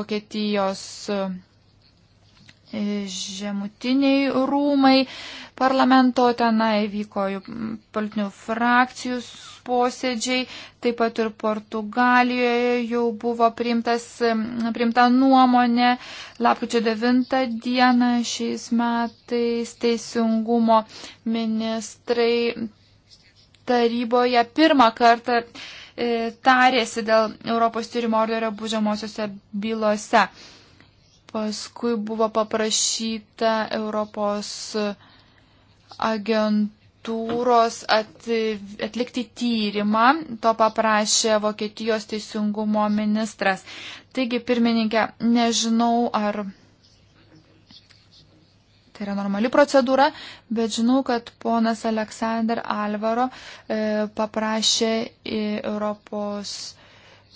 Vokietijos žemutiniai rūmai parlamento, tenai vyko politinių frakcijų posėdžiai, taip pat ir Portugalijoje jau buvo priimtas, priimta nuomonė lapkričio 9 dieną šiais metais teisingumo ministrai taryboje pirmą kartą e, tarėsi dėl Europos tyrimo orderio būžiamosiose bylose. Paskui buvo paprašyta Europos agentūros atlikti tyrimą. To paprašė Vokietijos teisingumo ministras. Taigi, pirmininkė, nežinau, ar tai yra normali procedūra, bet žinau, kad ponas Aleksandr Alvaro e, paprašė Europos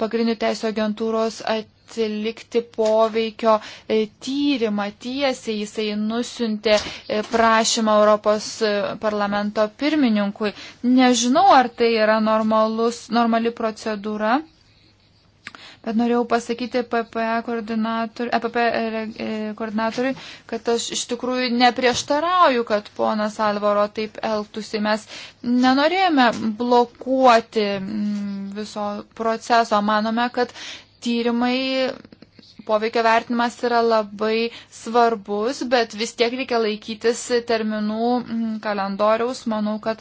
pagrindinių teisų agentūros at, atlikti poveikio e, tyrimą tiesiai. Jisai nusintė e, prašymą Europos e, parlamento pirmininkui. Nežinau, ar tai yra normalus, normali procedūra. Bet norėjau pasakyti PPA koordinatoriui, EPP koordinatoriui, kad aš iš tikrųjų neprieštarauju, kad ponas Alvaro taip elgtųsi. Mes nenorėjome blokuoti mm, viso proceso. Manome, kad tyrimai, poveikio vertinimas yra labai svarbus, bet vis tiek reikia laikytis terminų mm, kalendoriaus. Manau, kad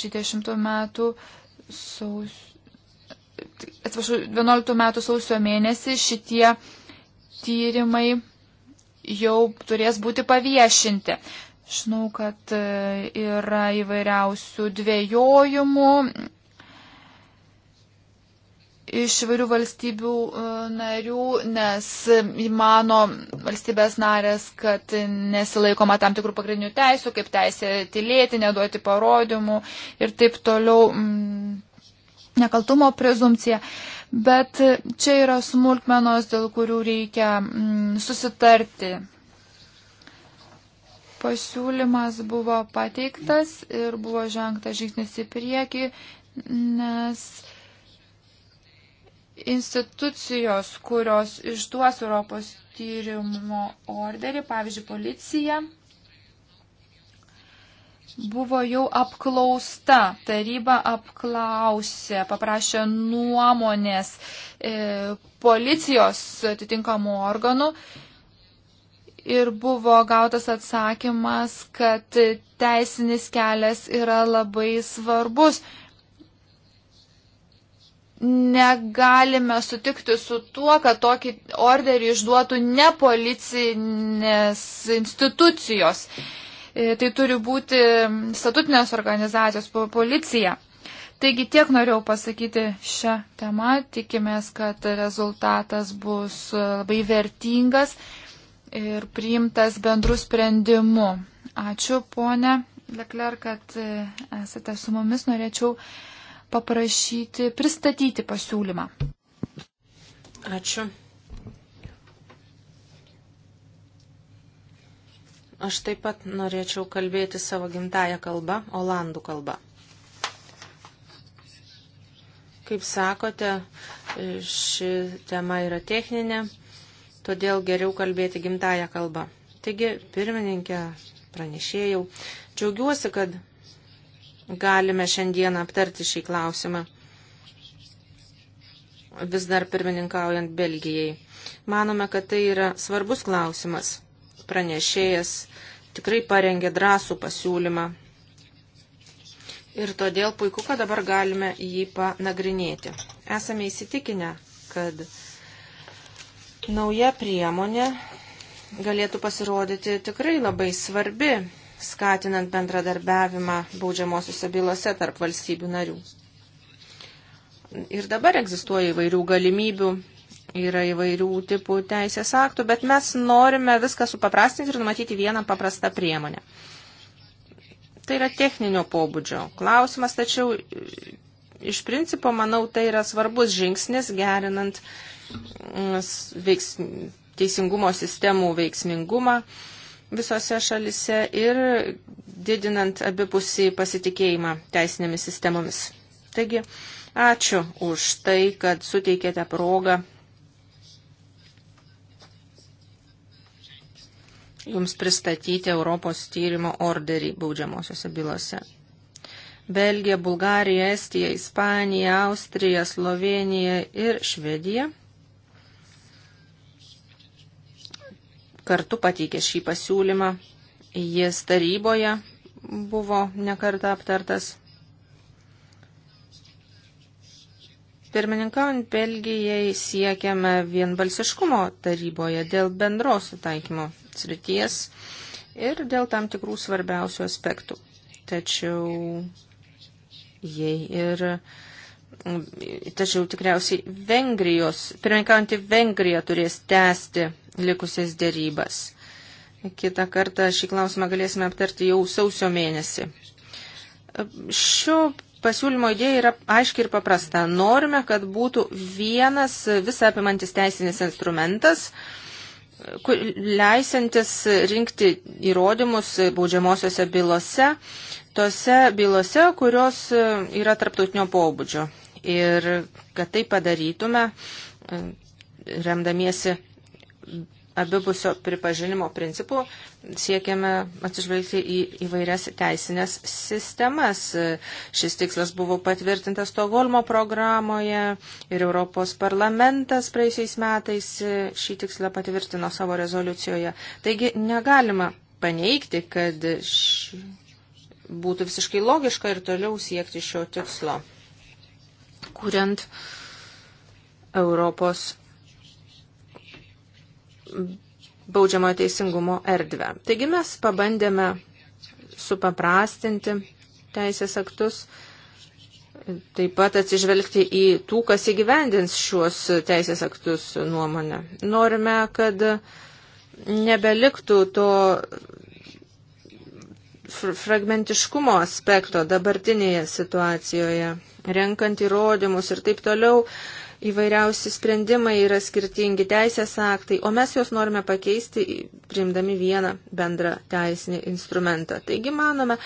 šitie šimtų metų sausio. Atsiprašau, 11 metų sausio mėnesį šitie tyrimai jau turės būti paviešinti. Žinau, kad e, yra įvairiausių dvėjojimų, iš įvairių valstybių e, narių, nes mano valstybės narės, kad nesilaikoma tam tikrų pagrindinių teisų, kaip teisė tylėti, neduoti parodymų ir taip toliau mm, nekaltumo prezumcija. Bet čia yra smulkmenos, dėl kurių reikia mm, susitarti. Pasiūlymas buvo pateiktas ir buvo žengtas žingsnis į priekį, nes institucijos, kurios išduos Europos tyrimo orderį, pavyzdžiui, policija, buvo jau apklausta, taryba apklausė, paprašė nuomonės e, policijos atitinkamų organų ir buvo gautas atsakymas, kad teisinis kelias yra labai svarbus negalime sutikti su tuo, kad tokį orderį išduotų ne policinės institucijos. E, tai turi būti statutinės organizacijos policija. Taigi tiek norėjau pasakyti šią temą. Tikimės, kad rezultatas bus labai vertingas ir priimtas bendrų sprendimu. Ačiū, ponė Lekler, kad e, esate su mumis. Norėčiau paprašyti pristatyti pasiūlymą. Ačiū. Aš taip pat norėčiau kalbėti savo gimtają kalbą, olandų kalbą. Kaip sakote, ši tema yra techninė, todėl geriau kalbėti gimtają kalbą. Taigi, pirmininkė, pranešėjau, džiaugiuosi, kad galime šiandien aptarti šį klausimą, vis dar pirmininkaujant Belgijai. Manome, kad tai yra svarbus klausimas. Pranešėjas tikrai parengė drąsų pasiūlymą. Ir todėl puiku, kad dabar galime jį panagrinėti. Esame įsitikinę, kad nauja priemonė galėtų pasirodyti tikrai labai svarbi skatinant bendradarbiavimą baudžiamosiuose bylose tarp valstybių narių. Ir dabar egzistuoja įvairių galimybių, yra įvairių tipų teisės aktų, bet mes norime viską supaprastinti ir numatyti vieną paprastą priemonę. Tai yra techninio pobūdžio klausimas, tačiau e, iš principo, manau, tai yra svarbus žingsnis gerinant mm, veiks, teisingumo sistemų veiksmingumą visose šalise ir didinant abipusį pasitikėjimą teisinėmis sistemomis. Taigi, ačiū už tai, kad suteikėte progą jums pristatyti Europos tyrimo orderį baudžiamosiose bylose. Belgija, Bulgarija, Estija, Ispanija, Austrija, Slovenija ir Švedija kartu pateikė šį pasiūlymą. Jis taryboje buvo nekarta aptartas. Pirmininkaujant Belgijai siekiame vienbalsiškumo taryboje dėl bendros sutaikymo srities ir dėl tam tikrų svarbiausių aspektų. Tačiau jei ir tačiau tikriausiai Vengrijos, pirmininkaujantį Vengriją turės tęsti likusias dėrybas. Kita kartą šį klausimą galėsime aptarti jau sausio mėnesį. Šio pasiūlymo idėja yra aiški ir paprasta. Norime, kad būtų vienas visą apimantis teisinis instrumentas, leisantis rinkti įrodymus baudžiamosiose bylose, tose bylose, kurios yra tarptautinio pobūdžio. Ir kad tai padarytume, remdamiesi abipusio pripažinimo principų siekiame atsižvelgti į įvairias teisinės sistemas. Šis tikslas buvo patvirtintas Stokholmo programoje ir Europos parlamentas praeisiais metais šį tikslą patvirtino savo rezoliucijoje. Taigi negalima paneigti, kad š... būtų visiškai logiška ir toliau siekti šio tikslo, kuriant Europos baudžiamojo teisingumo erdvę. Taigi mes pabandėme supaprastinti teisės aktus, taip pat atsižvelgti į tų, kas įgyvendins šiuos teisės aktus nuomonę. Norime, kad nebeliktų to fragmentiškumo aspekto dabartinėje situacijoje, renkant įrodymus ir taip toliau, įvairiausi sprendimai yra skirtingi teisės aktai, o mes juos norime pakeisti, priimdami vieną bendrą teisinį instrumentą. Taigi manome,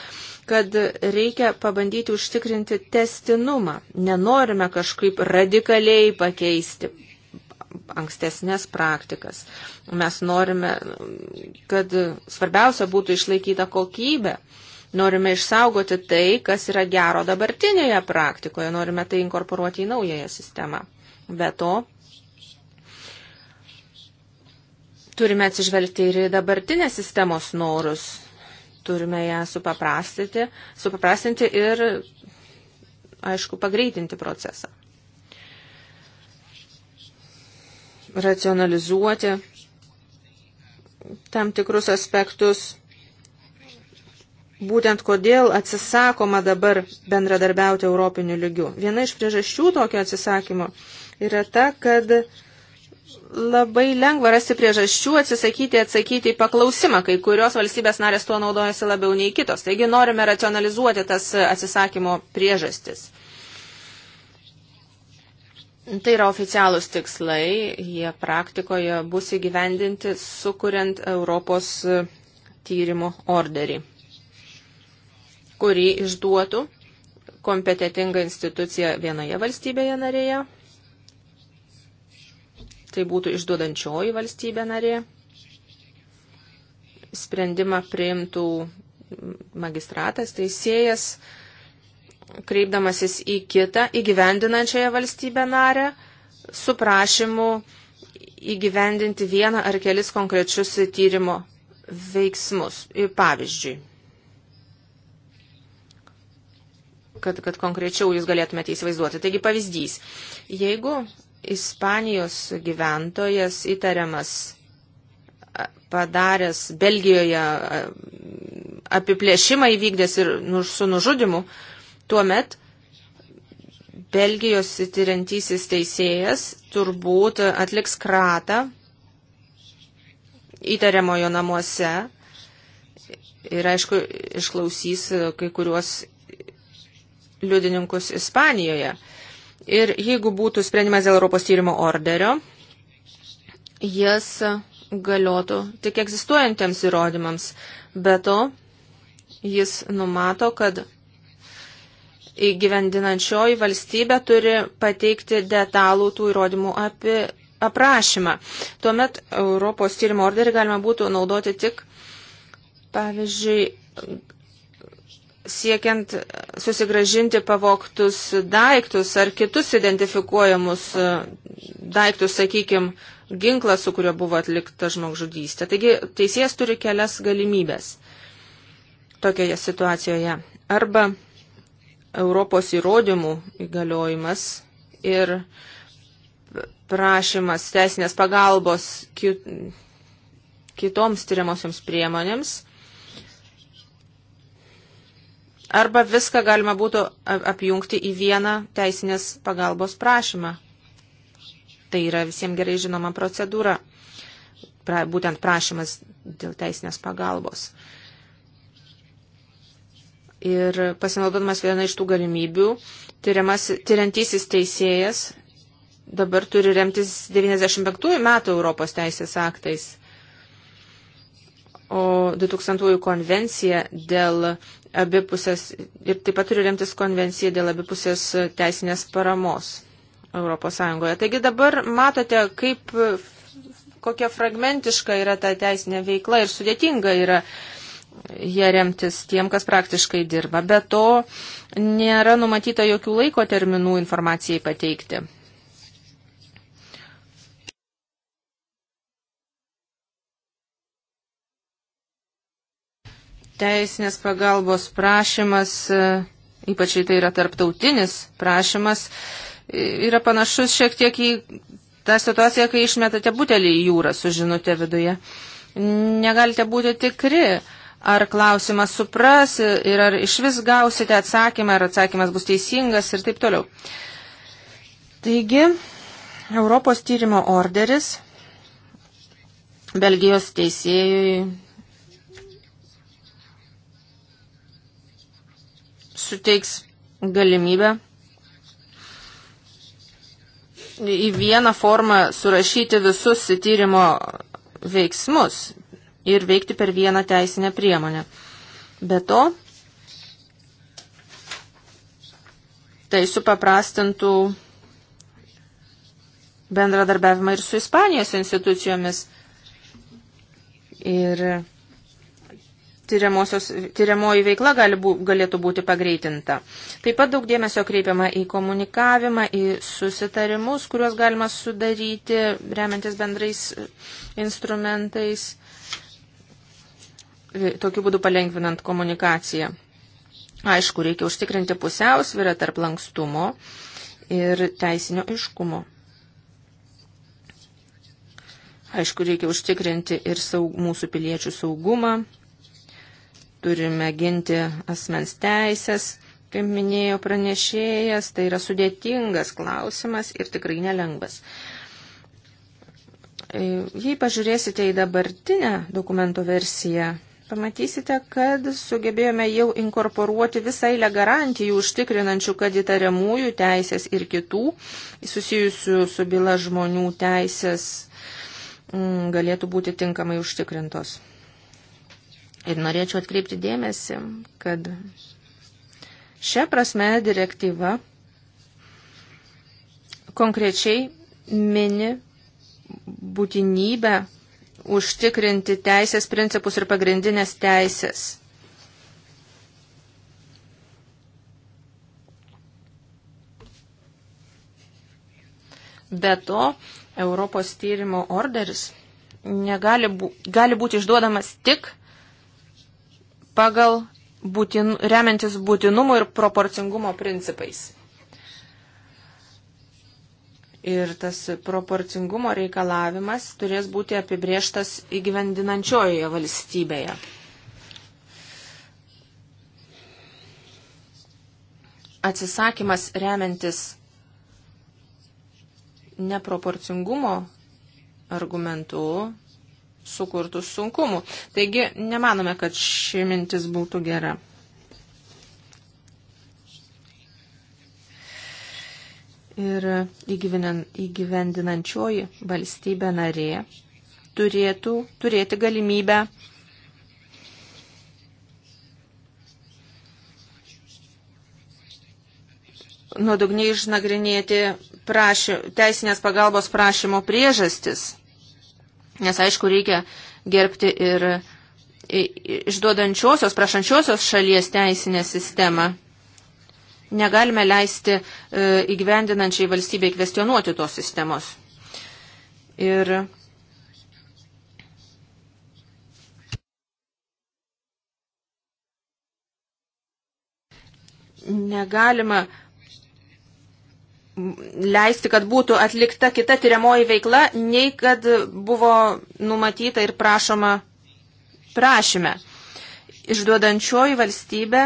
kad reikia pabandyti užtikrinti testinumą. Nenorime kažkaip radikaliai pakeisti ankstesnės praktikas. Mes norime, kad svarbiausia būtų išlaikyta kokybė. Norime išsaugoti tai, kas yra gero dabartinėje praktikoje, norime tai inkorporuoti į naująją sistemą. Be to, turime atsižvelgti ir į dabartinės sistemos norus. Turime ją supaprastinti, supaprastinti ir, aišku, pagreitinti procesą. Racionalizuoti tam tikrus aspektus. Būtent kodėl atsisakoma dabar bendradarbiauti europiniu lygiu. Viena iš priežasčių tokio atsisakymo yra ta, kad labai lengva rasti priežasčių atsisakyti atsakyti į paklausimą, kai kurios valstybės narės tuo naudojasi labiau nei kitos. Taigi norime racionalizuoti tas atsisakymo priežastis. Tai yra oficialūs tikslai, jie praktikoje bus įgyvendinti, sukuriant Europos tyrimo orderį, kurį išduotų kompetitinga institucija vienoje valstybėje narėje tai būtų išduodančioji valstybė narė, sprendimą priimtų magistratas, teisėjas, kreipdamasis į kitą įgyvendinančiąją valstybę narę su prašymu įgyvendinti vieną ar kelis konkrečius tyrimo veiksmus. Pavyzdžiui, kad, kad konkrečiau jūs galėtumėte įsivaizduoti. Taigi pavyzdys. Jeigu Ispanijos gyventojas įtariamas padaręs Belgijoje apiplėšimą įvykdęs ir su nužudimu, tuomet Belgijos tyriantysis teisėjas turbūt atliks kratą įtariamojo namuose ir, aišku, išklausys kai kuriuos liudininkus Ispanijoje. Ir jeigu būtų sprendimas dėl Europos tyrimo orderio, jas galiotų tik egzistuojantiems įrodymams. Be to, jis numato, kad įgyvendinančioji valstybė turi pateikti detalų tų įrodymų apie aprašymą. Tuomet Europos tyrimo orderį galima būtų naudoti tik, pavyzdžiui, siekiant susigražinti pavoktus daiktus ar kitus identifikuojamus e, daiktus, sakykime, ginklą, su kuriuo buvo atlikta žmogžudystė. Taigi teisėjas turi kelias galimybės tokioje situacijoje. Arba Europos įrodymų įgaliojimas ir prašymas teisinės pagalbos kitoms tyriamosioms priemonėms Arba viską galima būtų apjungti į vieną teisinės pagalbos prašymą. Tai yra visiems gerai žinoma procedūra, pra, būtent prašymas dėl teisinės pagalbos. Ir pasinaudodamas vieną iš tų galimybių, tyriamas, tyriantysis teisėjas dabar turi remtis 95 metų Europos teisės aktais. O 2000 konvencija dėl abipusės ir taip pat turi remtis konvencija dėl abipusės teisinės paramos ES. Taigi dabar matote, kaip, kokia fragmentiška yra ta teisinė veikla ir sudėtinga yra jie remtis tiem, kas praktiškai dirba. Be to nėra numatyta jokių laiko terminų informacijai pateikti. teisinės pagalbos prašymas, e, ypač tai yra tarptautinis prašymas, yra panašus šiek tiek į tą situaciją, kai išmetate butelį į jūrą su žinutė viduje. Negalite būti tikri, ar klausimą supras ir ar iš vis gausite atsakymą, ar atsakymas bus teisingas ir taip toliau. Taigi, Europos tyrimo orderis Belgijos teisėjui suteiks galimybę į vieną formą surašyti visus tyrimo veiksmus ir veikti per vieną teisinę priemonę. Be to, tai supaprastintų bendradarbiavimą ir su Ispanijos institucijomis. Ir tyriamoji veikla gali bū, galėtų būti pagreitinta. Taip pat daug dėmesio kreipiama į komunikavimą, į susitarimus, kuriuos galima sudaryti remiantis bendrais e, instrumentais, e, tokiu būdu palengvinant komunikaciją. Aišku, reikia užtikrinti pusiausvyrą tarp lankstumo ir teisinio iškumo. Aišku, reikia užtikrinti ir saug, mūsų piliečių saugumą, Turime ginti asmens teisės, kaip minėjo pranešėjas, tai yra sudėtingas klausimas ir tikrai nelengvas. E, jei pažiūrėsite į dabartinę dokumento versiją, pamatysite, kad sugebėjome jau inkorporuoti visą eilę garantijų užtikrinančių, kad įtariamųjų teisės ir kitų susijusių su byla žmonių teisės mm, galėtų būti tinkamai užtikrintos. Ir norėčiau atkreipti dėmesį, kad šią prasme direktyva konkrečiai mini būtinybę užtikrinti teisės principus ir pagrindinės teisės. Be to, Europos tyrimo orderis negali bū, gali būti išduodamas tik pagal būtin, remiantis būtinumo ir proporcingumo principais. Ir tas proporcingumo reikalavimas turės būti apibrieštas įgyvendinančiojoje valstybėje. Atsisakymas remiantis neproporcingumo argumentu sukurtų sunkumų. Taigi nemanome, kad ši mintis būtų gera. Ir įgyvendinančioji valstybė narė turėtų turėti galimybę nuodugniai išnagrinėti prašy, teisinės pagalbos prašymo priežastis Nes aišku, reikia gerbti ir išduodančiosios, prašančiosios šalies teisinę sistemą. Negalime leisti e, įgyvendinančiai valstybei kvestionuoti tos sistemos. Ir negalima leisti, kad būtų atlikta kita tyriamoji veikla, nei kad buvo numatyta ir prašoma prašyme. Išduodančioji valstybė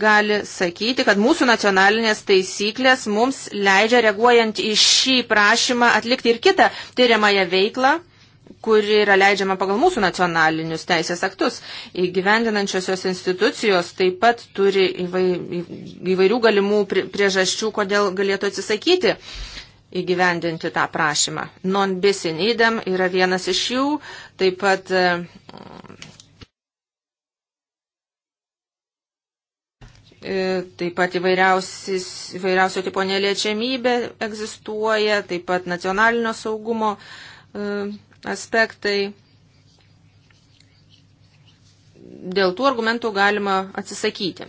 gali sakyti, kad mūsų nacionalinės taisyklės mums leidžia reaguojant į šį prašymą atlikti ir kitą tyriamąją veiklą kuri yra leidžiama pagal mūsų nacionalinius teisės aktus. Įgyvendinančiosios institucijos taip pat turi įvairių galimų priežasčių, kodėl galėtų atsisakyti įgyvendinti tą prašymą. Non bis in idem yra vienas iš jų, taip pat e, e, taip pat įvairiausio tipo neliečiamybė egzistuoja, taip pat nacionalinio saugumo e, aspektai. Dėl tų argumentų galima atsisakyti.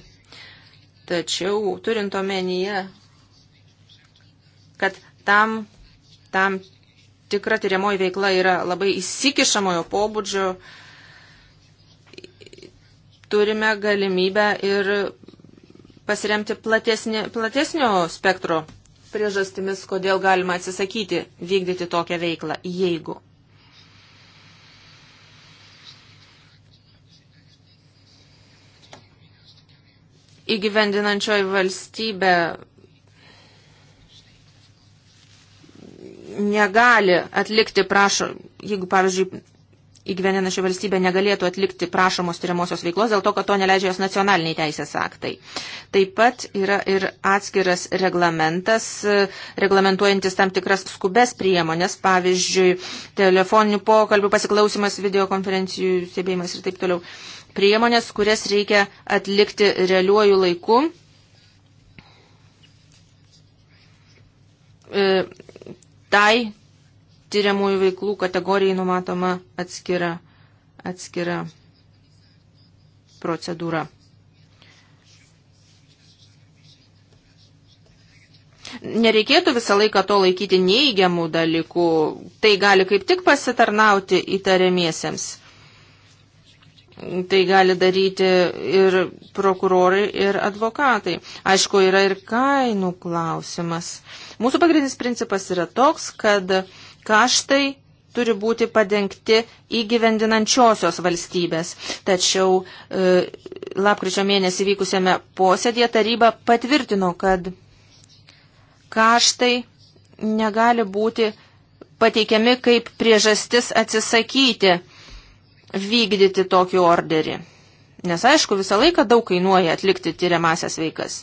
Tačiau turint omenyje, kad tam, tam tikra tyriamoji veikla yra labai įsikišamojo pobūdžio, turime galimybę ir pasiremti platesnė, platesnio spektro priežastimis, kodėl galima atsisakyti vykdyti tokią veiklą, jeigu įgyvendinančioji valstybė negali atlikti prašo, jeigu, pavyzdžiui, įgyvendinančioji valstybė negalėtų atlikti prašomos tyriamosios veiklos dėl to, kad to neleidžia jos nacionaliniai teisės aktai. Taip pat yra ir atskiras reglamentas, e, reglamentuojantis tam tikras skubes priemonės, pavyzdžiui, telefoninių pokalbių pasiklausimas, videokonferencijų stebėjimas ir taip toliau priemonės, kurias reikia atlikti realiuoju laiku. E, tai tyriamųjų veiklų kategorijai numatoma atskira, atskira procedūra. Nereikėtų visą laiką to laikyti neįgiamų dalykų, tai gali kaip tik pasitarnauti įtariamiesiems. Tai gali daryti ir prokurorai, ir advokatai. Aišku, yra ir kainų klausimas. Mūsų pagrindinis principas yra toks, kad kaštai turi būti padengti įgyvendinančiosios valstybės. Tačiau e, lapkričio mėnesį vykusėme posėdėje taryba patvirtino, kad kaštai negali būti pateikiami kaip priežastis atsisakyti vykdyti tokį orderį. Nes aišku, visą laiką daug kainuoja atlikti tyriamasias veikas.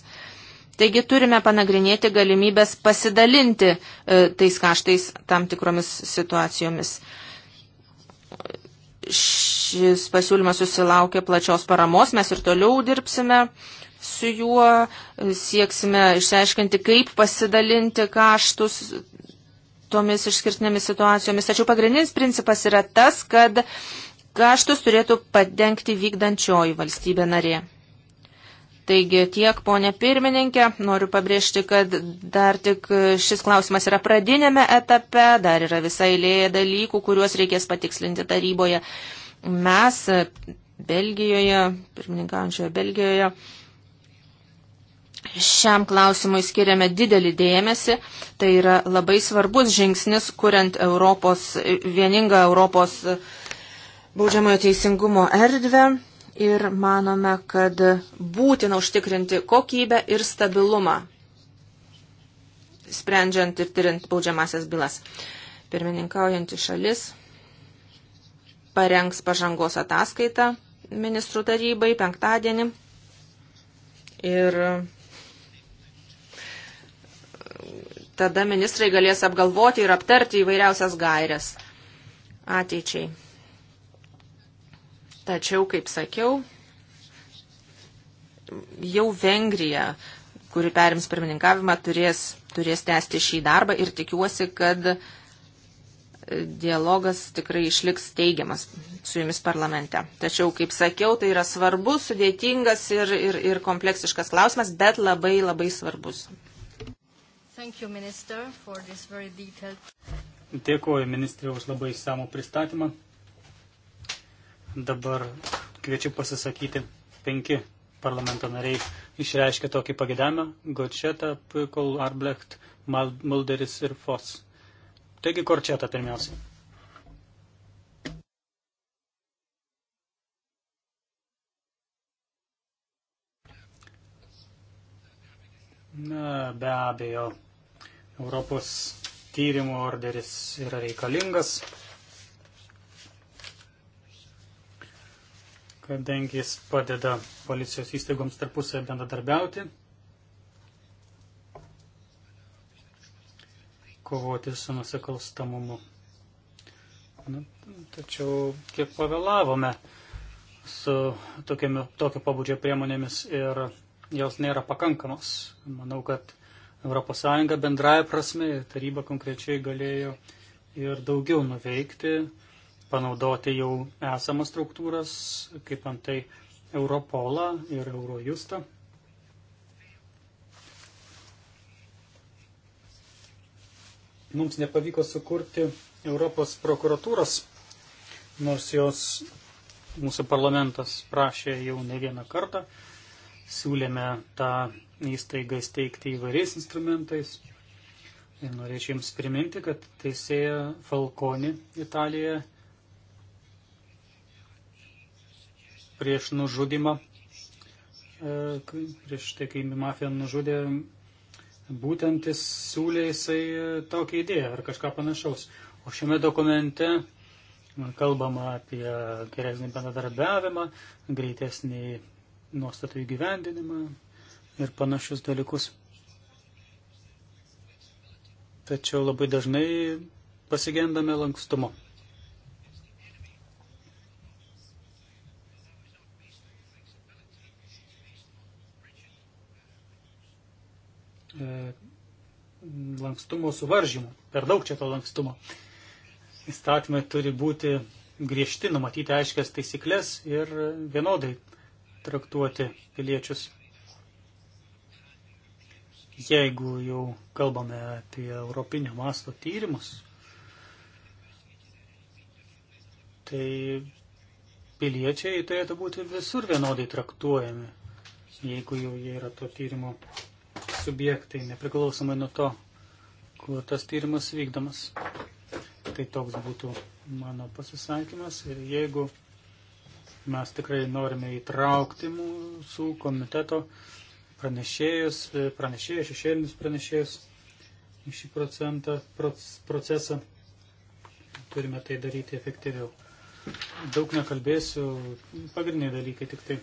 Taigi turime panagrinėti galimybės pasidalinti e, tais kaštais tam tikromis situacijomis. Šis pasiūlymas susilaukė plačios paramos, mes ir toliau dirbsime su juo, sieksime išsiaiškinti, kaip pasidalinti kaštus tomis išskirtinėmis situacijomis. Tačiau pagrindinis principas yra tas, kad Kaštus turėtų padengti vykdančioji valstybė narė. Taigi tiek, ponė pirmininkė, noriu pabrėžti, kad dar tik šis klausimas yra pradinėme etape, dar yra visa eilė dalykų, kuriuos reikės patikslinti taryboje. Mes Belgijoje, pirmininkaujančioje Belgijoje, šiam klausimui skiriame didelį dėmesį. Tai yra labai svarbus žingsnis, kuriant Europos, vieningą Europos baudžiamojo teisingumo erdvę ir manome, kad būtina užtikrinti kokybę ir stabilumą, sprendžiant ir tyrint baudžiamasias bylas. Pirmininkaujanti šalis parengs pažangos ataskaitą ministrų tarybai penktadienį ir tada ministrai galės apgalvoti ir aptarti įvairiausias gairias ateičiai. Tačiau, kaip sakiau, jau Vengrija, kuri perims pirmininkavimą, turės, turės tęsti šį darbą ir tikiuosi, kad dialogas tikrai išliks teigiamas su jumis parlamente. Tačiau, kaip sakiau, tai yra svarbus, sudėtingas ir, ir, ir kompleksiškas klausimas, bet labai labai svarbus. You, minister, detailed... Dėkuoju ministrė už labai samų pristatymą. Dabar kviečiu pasisakyti penki parlamento nariai išreiškė tokį pagėdamą - Gočeta, Puikol, Arblecht, Mulderis ir Fos. Taigi Korčeta pirmiausiai. Na, be abejo, Europos tyrimų orderis yra reikalingas. kadangi jis padeda policijos įstaigoms tarpusavę bendradarbiauti, kovoti su nusikalstamumu. Na, tačiau kiek pavėlavome su tokiami, tokio pabudžio priemonėmis ir jos nėra pakankamos. Manau, kad ES bendraja prasme ir taryba konkrečiai galėjo ir daugiau nuveikti panaudoti jau esamas struktūras, kaip antai Europolą ir Eurojustą. Mums nepavyko sukurti Europos prokuratūros, nors jos mūsų parlamentas prašė jau ne vieną kartą. Siūlėme tą įstaigą steigti įvairiais instrumentais. Ir norėčiau Jums priminti, kad teisėja Falkoni Italijoje prieš nužudimą, e, prieš tai, kai mafija nužudė, būtent jis siūlė jisai e, tokią idėją ar kažką panašaus. O šiame dokumente kalbama apie geresnį bendradarbiavimą, greitesnį nuostatų įgyvendinimą ir panašius dalykus. Tačiau labai dažnai pasigendame lankstumo. lankstumo suvaržymų. Per daug čia to lankstumo. Įstatymai turi būti griežti, numatyti aiškias taisyklės ir vienodai traktuoti piliečius. Jeigu jau kalbame apie europinio masto tyrimus, tai piliečiai turėtų būti visur vienodai traktuojami, jeigu jau jie yra to tyrimo subjektai, nepriklausomai nuo to, kur tas tyrimas vykdomas. Tai toks būtų mano pasisakymas ir jeigu mes tikrai norime įtraukti mūsų komiteto pranešėjus, pranešėjus, šešėlinius pranešėjus į šį procentą, procesą, turime tai daryti efektyviau. Daug nekalbėsiu, pagrindiniai dalykai tik tai.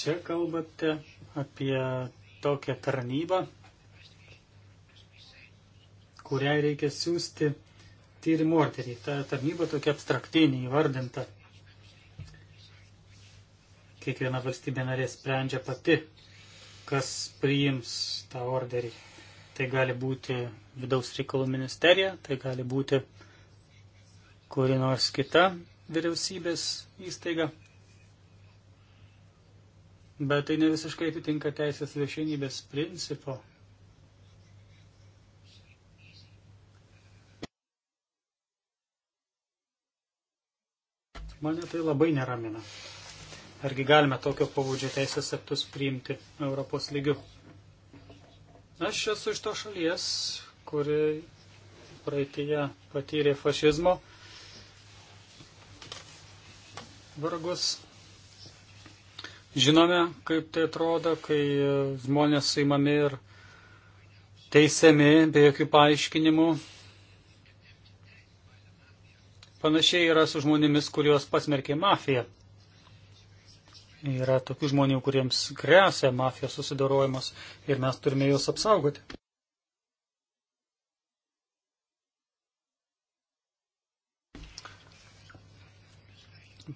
čia kalbate apie tokią tarnybą, kuriai reikia siūsti tyrimų orderį. Ta tarnyba tokia abstraktinė įvardinta. Kiekviena valstybė narė sprendžia pati, kas priims tą orderį. Tai gali būti vidaus reikalų ministerija, tai gali būti kuri nors kita vyriausybės įstaiga bet tai ne visiškai atitinka teisės viešinybės principo. Mane tai labai neramina. Argi galime tokio pavudžio teisės aktus priimti Europos lygiu? Aš esu iš to šalies, kuri praeitėje patyrė fašizmo vargus Žinome, kaip tai atrodo, kai žmonės suimami ir teisiami be jokių paaiškinimų. Panašiai yra su žmonėmis, kuriuos pasmerkė mafija. Yra tokių žmonių, kuriems grėsia mafijos susidarojimas ir mes turime juos apsaugoti.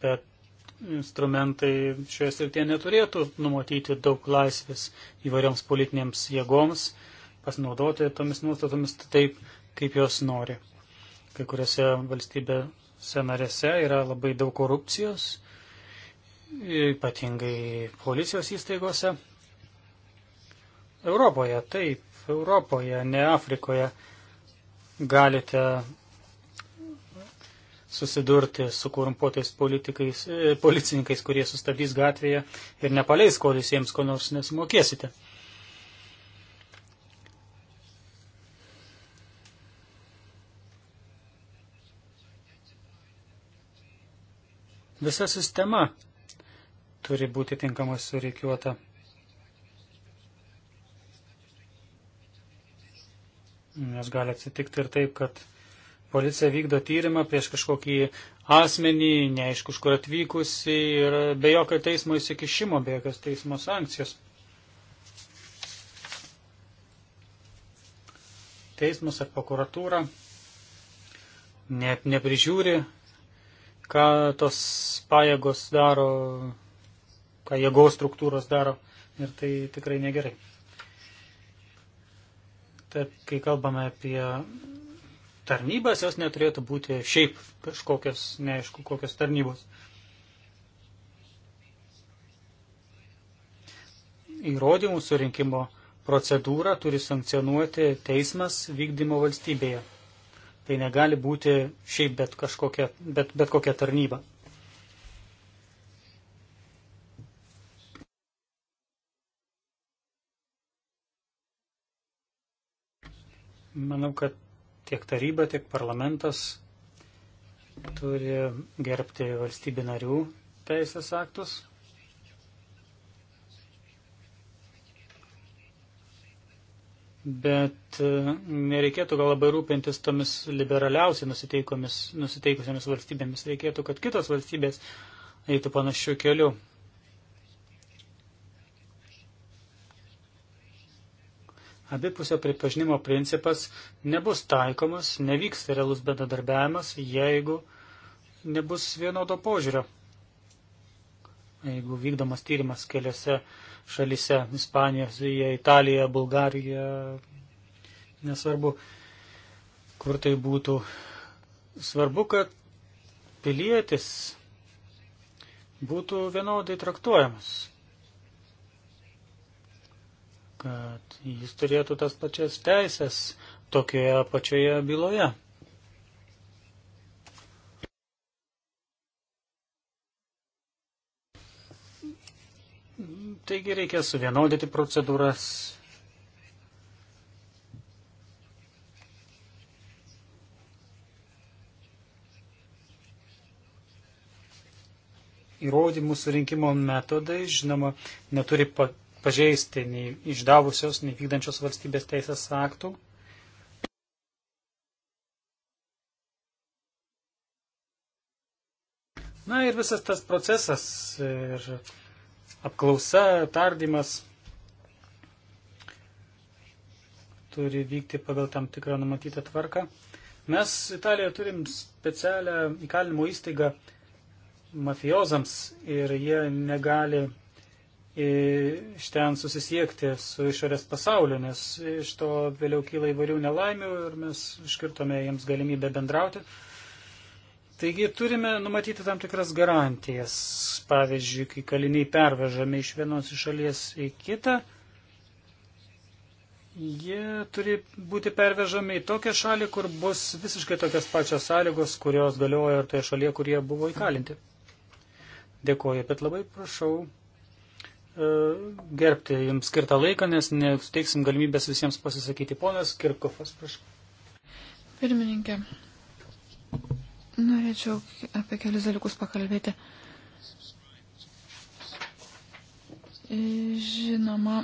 Bet instrumentai šioje srityje neturėtų numatyti daug laisvės įvairioms politinėms jėgoms pasinaudoti tomis nuostatomis taip, kaip jos nori. Kai kuriuose valstybėse narėse yra labai daug korupcijos, ypatingai policijos įstaigose. Europoje, taip, Europoje, ne Afrikoje galite susidurti su korumpuotais e, policininkais, kurie sustabdys gatvėje ir nepaleis, kol jūs jiems ko nors nesimokėsite. Visa sistema turi būti tinkamai sureikiuota. Nes gali atsitikti ir taip, kad policija vykdo tyrimą prieš kažkokį asmenį, neaišku, iš kur atvykusi ir be jokio teismo įsikišimo, be jokios teismo sankcijos. Teismas ar prokuratūra net neprižiūri, ką tos pajėgos daro, ką jėgos struktūros daro ir tai tikrai negerai. Tad, kai kalbame apie tarnybas, jos neturėtų būti šiaip kažkokios, neaišku, kokios tarnybos. Įrodymų surinkimo procedūrą turi sankcionuoti teismas vykdymo valstybėje. Tai negali būti šiaip bet, kažkokia, bet, bet kokia tarnyba. Manau, kad tiek taryba, tiek parlamentas turi gerbti valstybių narių teisės aktus. Bet e, nereikėtų gal labai rūpintis tomis liberaliausiai nusiteikusiamis valstybėmis. Reikėtų, kad kitos valstybės eitų panašių kelių. abipusio pripažinimo principas nebus taikomas, nevyks realus bendradarbiavimas, jeigu nebus vienodo požiūrio. Jeigu vykdomas tyrimas keliose šalise - Ispanijoje, Italijoje, Bulgarijoje, nesvarbu, kur tai būtų. Svarbu, kad pilietis būtų vienodai traktuojamas kad jis turėtų tas pačias teisės tokioje pačioje byloje. Taigi reikia suvienodyti procedūras. Įrodymų surinkimo metodai, žinoma, neturi pažeisti nei išdavusios, nei vykdančios valstybės teisės aktų. Na ir visas tas procesas ir apklausa, tardymas turi vykti pagal tam tikrą numatytą tvarką. Mes Italijoje turim specialią įkalinimo įstaigą mafiozams ir jie negali iš ten susisiekti su išorės pasauliu, nes iš to vėliau kyla įvairių nelaimių ir mes iškirtome jiems galimybę bendrauti. Taigi turime numatyti tam tikras garantijas. Pavyzdžiui, kai kaliniai pervežami iš vienos iš šalies į kitą, jie turi būti pervežami į tokią šalį, kur bus visiškai tokias pačias sąlygos, kurios galioja ir toje šalyje, kur jie buvo įkalinti. Dėkoju, bet labai prašau E, gerbti jums skirtą laiką, nes nesuteiksim galimybės visiems pasisakyti. Ponas Kirkofas, prašau. Pirmininkė, norėčiau apie kelius dalykus pakalbėti. Žinoma,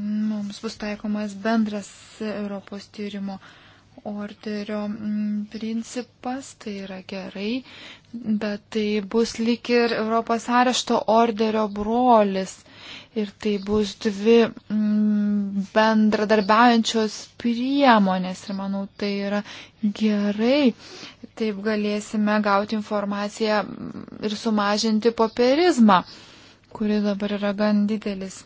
mums bus taikomas bendras Europos tyrimo orderio principas, tai yra gerai, bet tai bus lik ir Europos arešto orderio brolis. Ir tai bus dvi mm, bendradarbiaujančios priemonės ir manau tai yra gerai. Taip galėsime gauti informaciją mm, ir sumažinti popierizmą, kuri dabar yra gan didelis.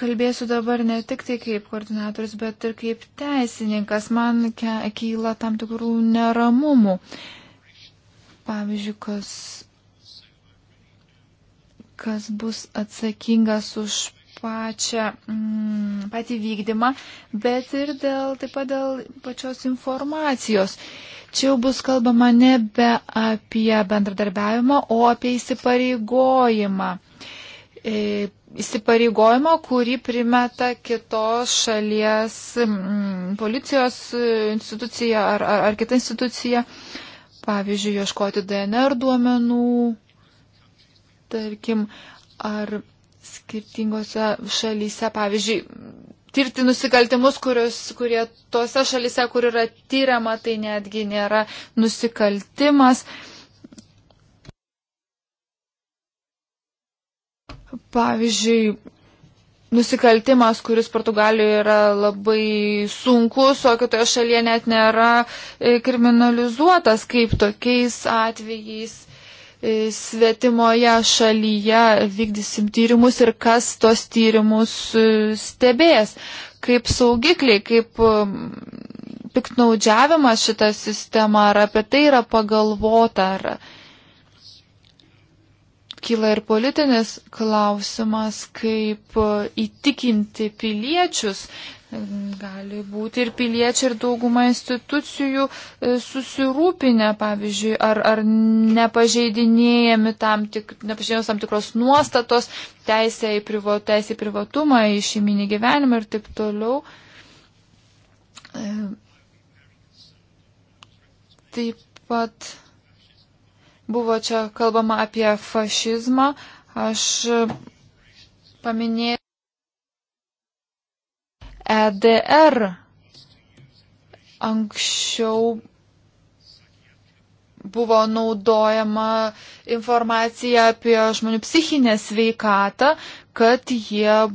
Kalbėsiu dabar ne tik tai kaip koordinatorius, bet ir kaip teisininkas. Man kyla tam tikrų neramumų. Pavyzdžiui, kas kas bus atsakingas už pačią, mm, patį vykdymą, bet ir dėl, taip pat dėl pačios informacijos. Čia jau bus kalbama nebe apie bendradarbiavimą, o apie įsipareigojimą. E, įsipareigojimą, kurį primeta kitos šalies mm, policijos institucija ar, ar, ar kita institucija. Pavyzdžiui, ieškoti DNR duomenų, Tarkim, ar skirtingose šalyse, pavyzdžiui, tirti nusikaltimus, kurios, kurie tose šalyse, kur yra tyriama, tai netgi nėra nusikaltimas. Pavyzdžiui, nusikaltimas, kuris Portugalijoje yra labai sunkus, o kitoje šalyje net nėra e, kriminalizuotas, kaip tokiais atvejais E, svetimoje šalyje vykdysim tyrimus ir kas tos tyrimus e, stebės, kaip saugikliai, kaip piknaudžiavimas šitą sistemą, ar apie tai yra pagalvota, ar kyla ir politinis klausimas, kaip e, įtikinti piliečius gali būti ir piliečiai, ir dauguma institucijų e, susirūpinę, pavyzdžiui, ar, ar nepažeidinėjami tam, tik, tam tikros nuostatos, teisė į, privo, teisė į privatumą, į šeiminį gyvenimą ir taip toliau. E, taip pat buvo čia kalbama apie fašizmą. Aš paminėjau. EDR anksčiau buvo naudojama informacija apie žmonių psichinę sveikatą, kad,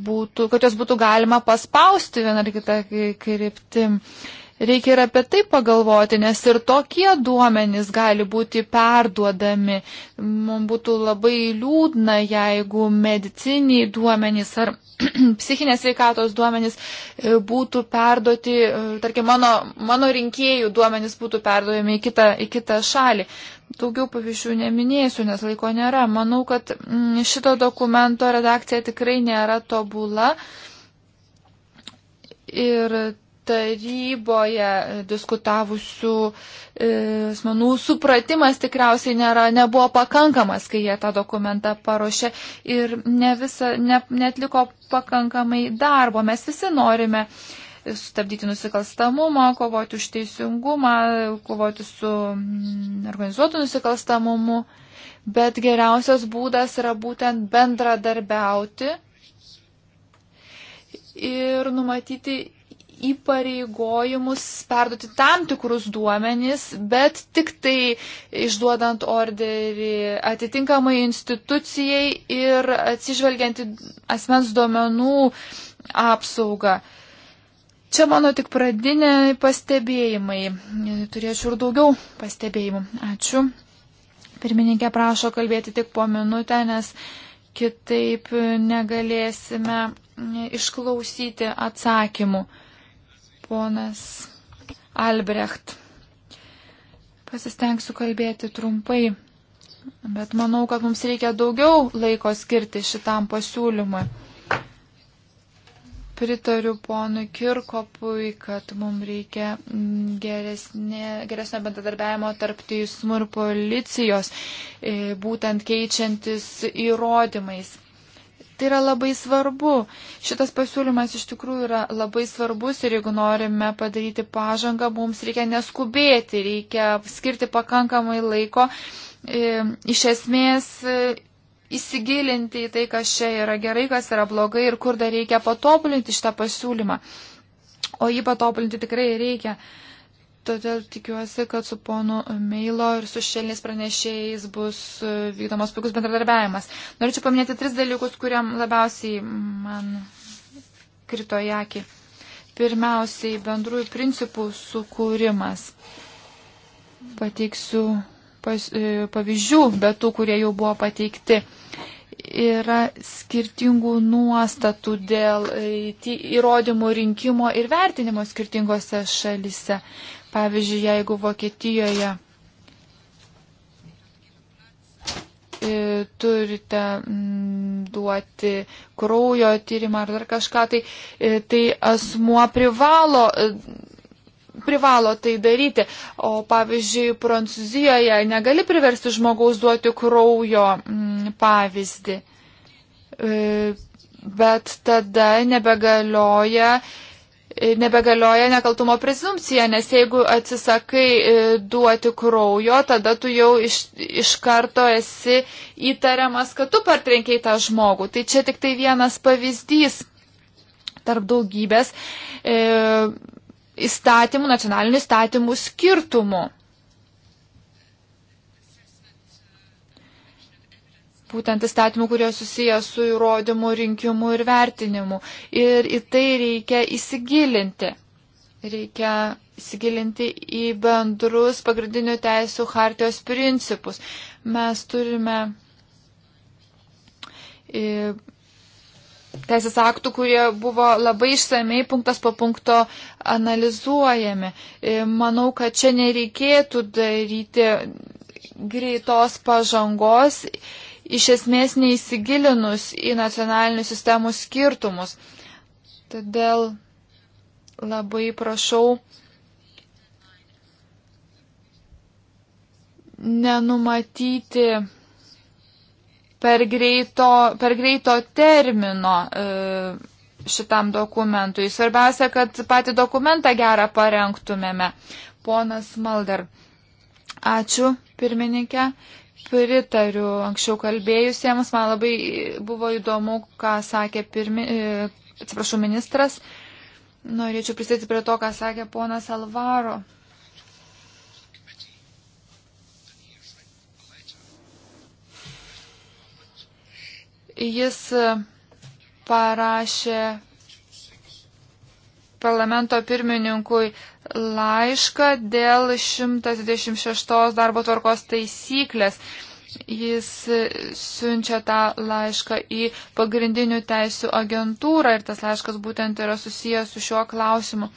būtų, kad jos būtų galima paspausti vieną ar kitą kryptim. Kai, Reikia ir apie tai pagalvoti, nes ir tokie duomenys gali būti perduodami. Mums būtų labai liūdna, jeigu mediciniai duomenys ar psichinės sveikatos duomenys e, būtų perduoti, e, tarkim, mano, mano rinkėjų duomenys būtų perduojami į kitą, į kitą šalį. Daugiau pavyzdžių neminėsiu, nes laiko nėra. Manau, kad mm, šito dokumento redakcija tikrai nėra tobula. Ir taryboje diskutavusių e, asmenų supratimas tikriausiai nėra, nebuvo pakankamas, kai jie tą dokumentą paruošė ir ne visa, ne, netliko pakankamai darbo. Mes visi norime sustabdyti nusikalstamumą, kovoti už teisingumą, kovoti su mm, organizuotu nusikalstamumu, bet geriausias būdas yra būtent bendradarbiauti ir numatyti įpareigojimus perduoti tam tikrus duomenys, bet tik tai išduodant orderį atitinkamai institucijai ir atsižvelgiant į asmens duomenų apsaugą. Čia mano tik pradinė pastebėjimai. Turėčiau ir daugiau pastebėjimų. Ačiū. Pirmininkė prašo kalbėti tik po minutę, nes kitaip negalėsime išklausyti atsakymų ponas Albrecht. Pasistengsiu kalbėti trumpai, bet manau, kad mums reikia daugiau laiko skirti šitam pasiūlymui. Pritariu ponui Kirkopui, kad mums reikia geresnė, geresnio bendradarbiavimo tarp teismų ir policijos, e, būtent keičiantis įrodymais. Tai yra labai svarbu. Šitas pasiūlymas iš tikrųjų yra labai svarbus ir jeigu norime padaryti pažangą, mums reikia neskubėti, reikia skirti pakankamai laiko e, iš esmės e, įsigilinti į tai, kas čia yra gerai, kas yra blogai ir kur dar reikia patobulinti šitą pasiūlymą. O jį patobulinti tikrai reikia. Uh, Todėl tikiuosi, kad su ponu Meilo ir su šelniais pranešėjais bus e, vykdomas puikus bendradarbiavimas. Norėčiau paminėti tris dalykus, kuriam labiausiai man krito į akį. Pirmiausiai bendrųjų principų sukūrimas. Pateiksiu pas, e, pavyzdžių, bet tų, kurie jau buvo pateikti. Yra skirtingų nuostatų dėl e, įrodymų rinkimo ir vertinimo skirtingose šalise Pavyzdžiui, jeigu Vokietijoje e, turite mm, duoti kraujo tyrimą ar dar kažką, tai, e, tai asmuo privalo e, privalo tai daryti. O pavyzdžiui, Prancūzijoje negali priversti žmogaus duoti kraujo m, mm, pavyzdį. E, bet tada nebegalioja nebegalioja nekaltumo prezumcija, nes jeigu atsisakai e, duoti kraujo, tada tu jau iš, iš karto esi įtariamas, kad tu partrenkiai tą žmogų. Tai čia tik tai vienas pavyzdys tarp daugybės e, įstatymų, nacionalinių įstatymų skirtumų. būtent įstatymų, kurie susiję su įrodymu, rinkimu ir vertinimu. Ir į tai reikia įsigilinti. Reikia įsigilinti į bendrus pagrindinių teisų hartijos principus. Mes turime e, teisės aktų, kurie buvo labai išsamei punktas po punkto analizuojami. E, manau, kad čia nereikėtų daryti greitos pažangos iš esmės neįsigilinus į nacionalinių sistemų skirtumus. Todėl labai prašau nenumatyti per greito, per greito termino e, šitam dokumentui. Svarbiausia, kad patį dokumentą gerą parengtumėme. Ponas Malder. Ačiū, pirmininkė pritariu anksčiau kalbėjusiems. Man labai buvo įdomu, ką sakė pirmi, e, atsiprašau, ministras. Norėčiau pristatyti prie to, ką sakė ponas Alvaro. Jis e, parašė parlamento pirmininkui laišką dėl 126 darbo tvarkos taisyklės. Jis siunčia tą laišką į pagrindinių teisų agentūrą ir tas laiškas būtent yra susijęs su šiuo klausimu.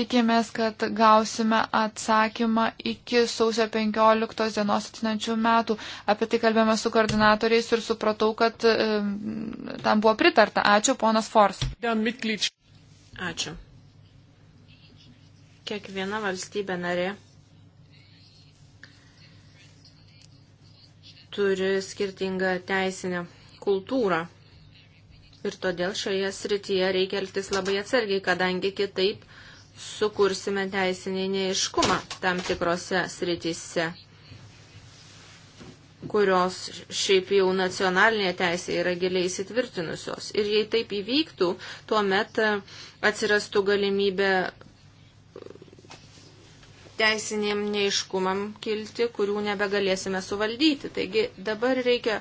Tikimės, kad gausime atsakymą iki sausio 15 dienos atinančių metų. Apie tai kalbėjome su koordinatoriais ir supratau, kad e, tam buvo pritarta. Ačiū, ponas Fors. Ačiū. Kiekviena valstybė narė turi skirtingą teisinę kultūrą. Ir todėl šioje srityje reikia elgtis labai atsargiai, kadangi kitaip sukursime teisinį neiškumą tam tikrose srityse kurios šiaip jau nacionalinėje teisėje yra giliai įsitvirtinusios. Ir jei taip įvyktų, tuomet e, atsirastų galimybė teisiniam neiškumam kilti, kurių nebegalėsime suvaldyti. Taigi dabar reikia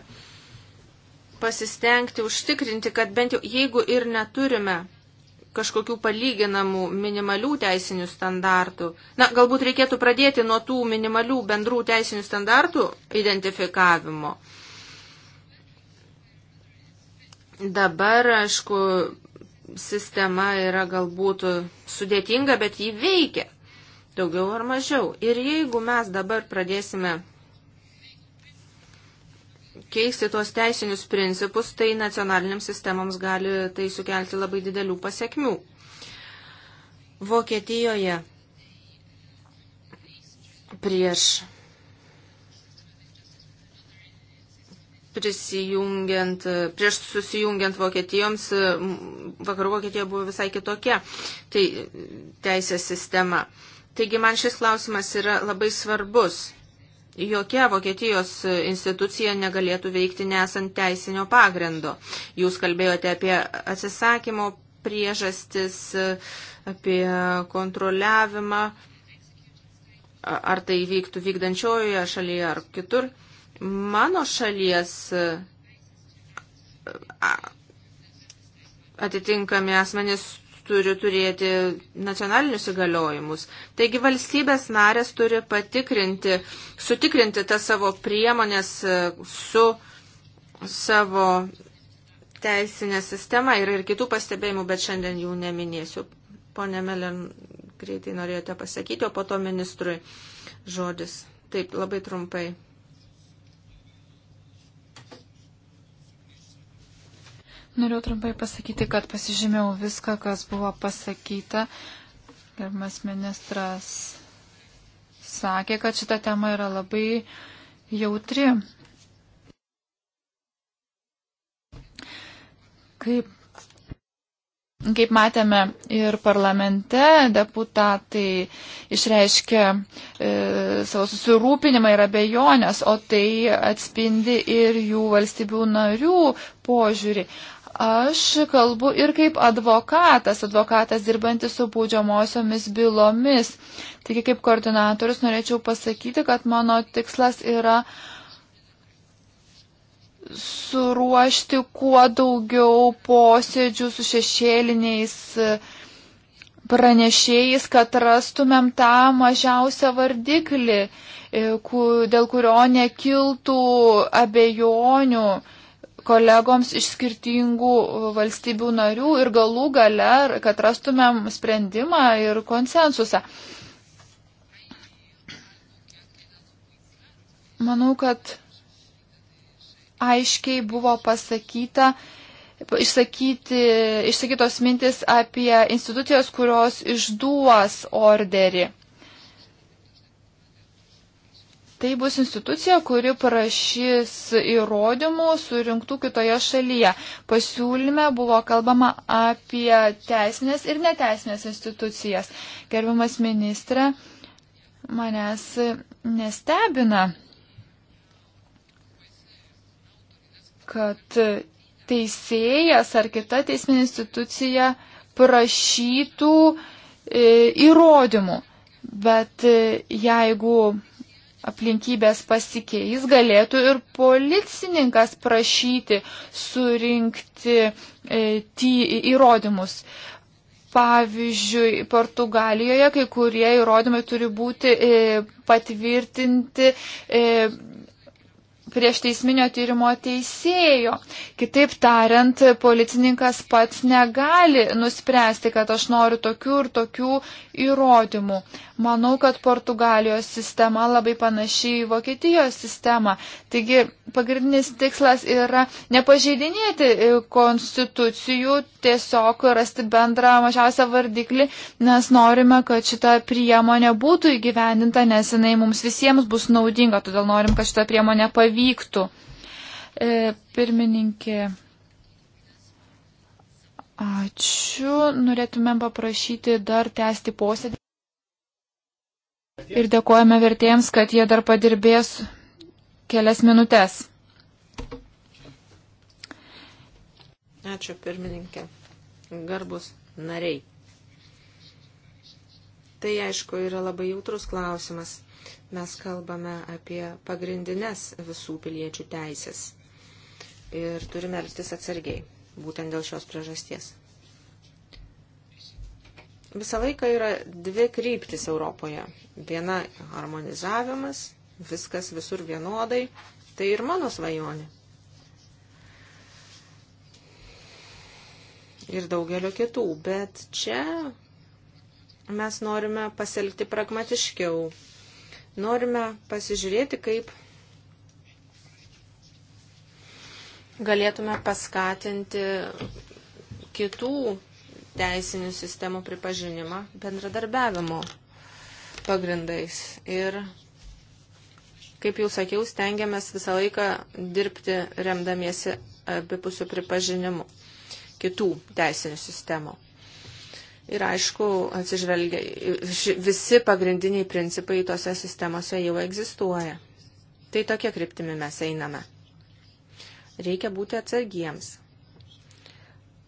pasistengti užtikrinti, kad bent jau jeigu ir neturime kažkokių palyginamų minimalių teisinių standartų. Na, galbūt reikėtų pradėti nuo tų minimalių bendrų teisinių standartų identifikavimo. Dabar, aišku, sistema yra galbūt sudėtinga, bet jį veikia daugiau ar mažiau. Ir jeigu mes dabar pradėsime keisti tuos teisinius principus, tai nacionaliniams sistemams gali tai sukelti labai didelių pasiekmių. Vokietijoje prieš prisijungiant, prieš susijungiant Vokietijoms, vakarų Vokietija buvo visai kitokia tai, teisės sistema. Taigi man šis klausimas yra labai svarbus. Jokia Vokietijos institucija negalėtų veikti nesant teisinio pagrindo. Jūs kalbėjote apie atsisakymo priežastis, apie kontroliavimą, ar tai vyktų vykdančiojoje šalyje ar kitur. Mano šalies atitinkami asmenys turi turėti nacionalinius įgaliojimus. Taigi valstybės narės turi patikrinti, sutikrinti tas savo priemonės e, su savo teisinė sistema. Yra ir kitų pastebėjimų, bet šiandien jų neminėsiu. Pone Melen, greitai norėjote pasakyti, o po to ministrui žodis. Taip, labai trumpai. Noriu trumpai pasakyti, kad pasižymėjau viską, kas buvo pasakyta. Gerbimas ministras sakė, kad šita tema yra labai jautri. Kaip, kaip matėme ir parlamente, deputatai išreiškė e, savo susirūpinimą ir abejonės, o tai atspindi ir jų valstybių narių požiūrį. Aš kalbu ir kaip advokatas, advokatas dirbantis su būdžiamosiomis bylomis. Taigi kaip koordinatorius norėčiau pasakyti, kad mano tikslas yra suruošti kuo daugiau posėdžių su šešėliniais pranešėjais, kad rastumėm tą mažiausią vardiklį, e, dėl kurio nekiltų abejonių kolegoms iš skirtingų valstybių narių ir galų gale, kad rastumėm sprendimą ir konsensusą. Manau, kad aiškiai buvo pasakyta, išsakyti, išsakytos mintis apie institucijos, kurios išduos orderį. Tai bus institucija, kuri prašys įrodymų surinktų kitoje šalyje. Pasiūlyme buvo kalbama apie teisinės ir neteisinės institucijas. Gerbiamas ministrė, manęs nestebina, kad teisėjas ar kita teisminė institucija prašytų e, įrodymų. Bet e, jeigu aplinkybės pasikeis, galėtų ir policininkas prašyti surinkti e, tį įrodymus. Pavyzdžiui, Portugalijoje kai kurie įrodymai turi būti e, patvirtinti e, prieš teisminio tyrimo teisėjo. Kitaip tariant, policininkas pats negali nuspręsti, kad aš noriu tokių ir tokių įrodymų. Manau, kad Portugalijos sistema labai panašiai į Vokietijos sistemą. Taigi pagrindinis tikslas yra nepažeidinėti e, konstitucijų, tiesiog rasti bendrą mažiausią vardiklį, nes norime, kad šita priemonė būtų įgyvendinta, nes jinai mums visiems bus naudinga, todėl norim, kad šita priemonė pavyktų vyktų. E, pirmininkė, ačiū. Norėtumėm paprašyti dar tęsti posėdį. Ir dėkojame vertėjams, kad jie dar padirbės kelias minutės. Ačiū pirmininkė. Garbus nariai. Tai aišku yra labai jautrus klausimas mes kalbame apie pagrindinės visų piliečių teisės ir turime elgtis atsargiai, būtent dėl šios priežasties. Visą laiką yra dvi kryptis Europoje. Viena harmonizavimas, viskas visur vienodai, tai ir mano svajonė. Ir daugelio kitų, bet čia mes norime pasielgti pragmatiškiau, Norime pasižiūrėti, kaip galėtume paskatinti kitų teisinių sistemų pripažinimą bendradarbiavimo pagrindais. Ir, kaip jau sakiau, stengiamės visą laiką dirbti remdamiesi abipusių pripažinimų kitų teisinių sistemų. Ir aišku, atsižvelgia, visi pagrindiniai principai tose sistemose jau egzistuoja. Tai tokia kryptimi mes einame. Reikia būti atsargiems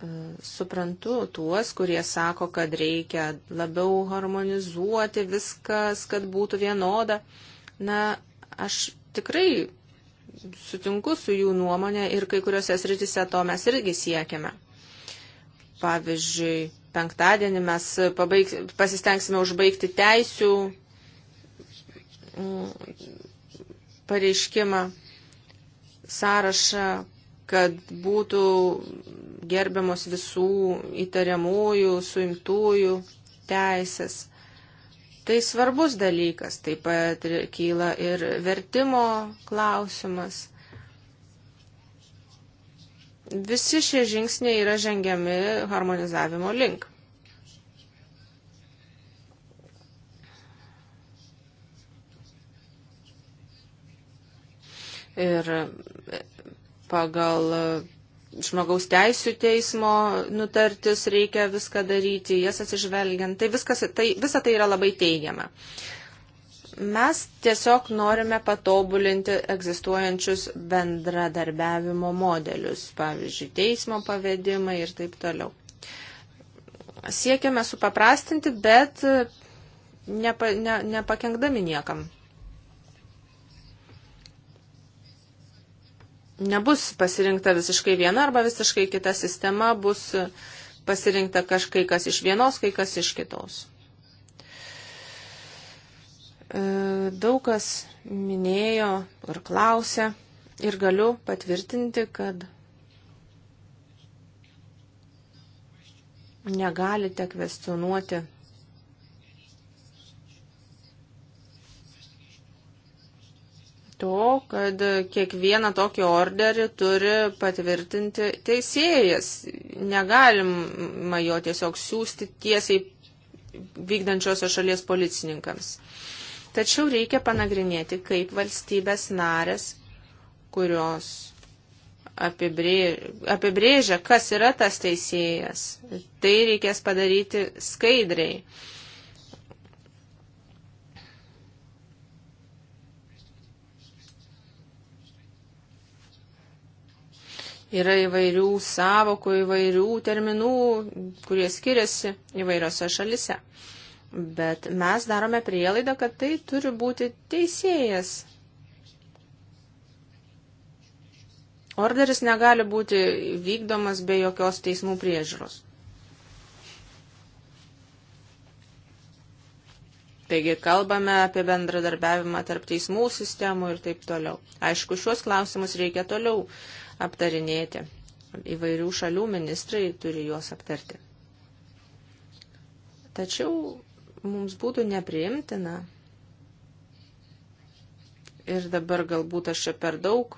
e, suprantu tuos, kurie sako, kad reikia labiau harmonizuoti viskas, kad būtų vienoda. Na, aš tikrai sutinku su jų nuomonė ir kai kuriuose sritise to mes irgi siekiame. Pavyzdžiui, penktadienį mes pabaig, pasistengsime užbaigti teisių mm, pareiškimą, sąrašą, kad būtų gerbiamos visų įtariamųjų, suimtųjų teisės. Tai svarbus dalykas, taip pat kyla ir vertimo klausimas. Visi šie žingsniai yra žengiami harmonizavimo link. Ir pagal žmogaus teisų teismo nutartis reikia viską daryti, jas atsižvelgiant. Tai, viskas, tai visa tai yra labai teigiama. Uh, Mes tiesiog norime patobulinti egzistuojančius bendradarbiavimo modelius, pavyzdžiui, teismo pavedimai ir taip toliau. Siekiame supaprastinti, bet nepa, ne, nepakengdami niekam. Nebus pasirinkta visiškai viena arba visiškai kita sistema, bus pasirinkta kažkai kas iš vienos, kai kas iš kitos. E, daug kas minėjo ir klausė ir galiu patvirtinti, kad negalite kvestionuoti to, kad kiekvieną tokį orderį turi patvirtinti teisėjas. Negalima jo tiesiog siūsti tiesiai vykdančiosios šalies policininkams. Tačiau reikia panagrinėti, kaip valstybės narės, kurios apibrėžia, kas yra tas teisėjas. Tai reikės padaryti skaidriai. yra įvairių savokų, įvairių terminų, kurie skiriasi įvairiose šalise. Bet mes darome prielaidą, kad tai turi būti teisėjas. Orderis negali būti vykdomas be jokios teismų priežiūros. Taigi kalbame apie bendradarbiavimą tarp teismų sistemų ir taip toliau. Aišku, šiuos klausimus reikia toliau aptarinėti. Įvairių šalių ministrai turi juos aptarti. Tačiau mums būtų nepriimtina. Ir dabar galbūt aš čia per daug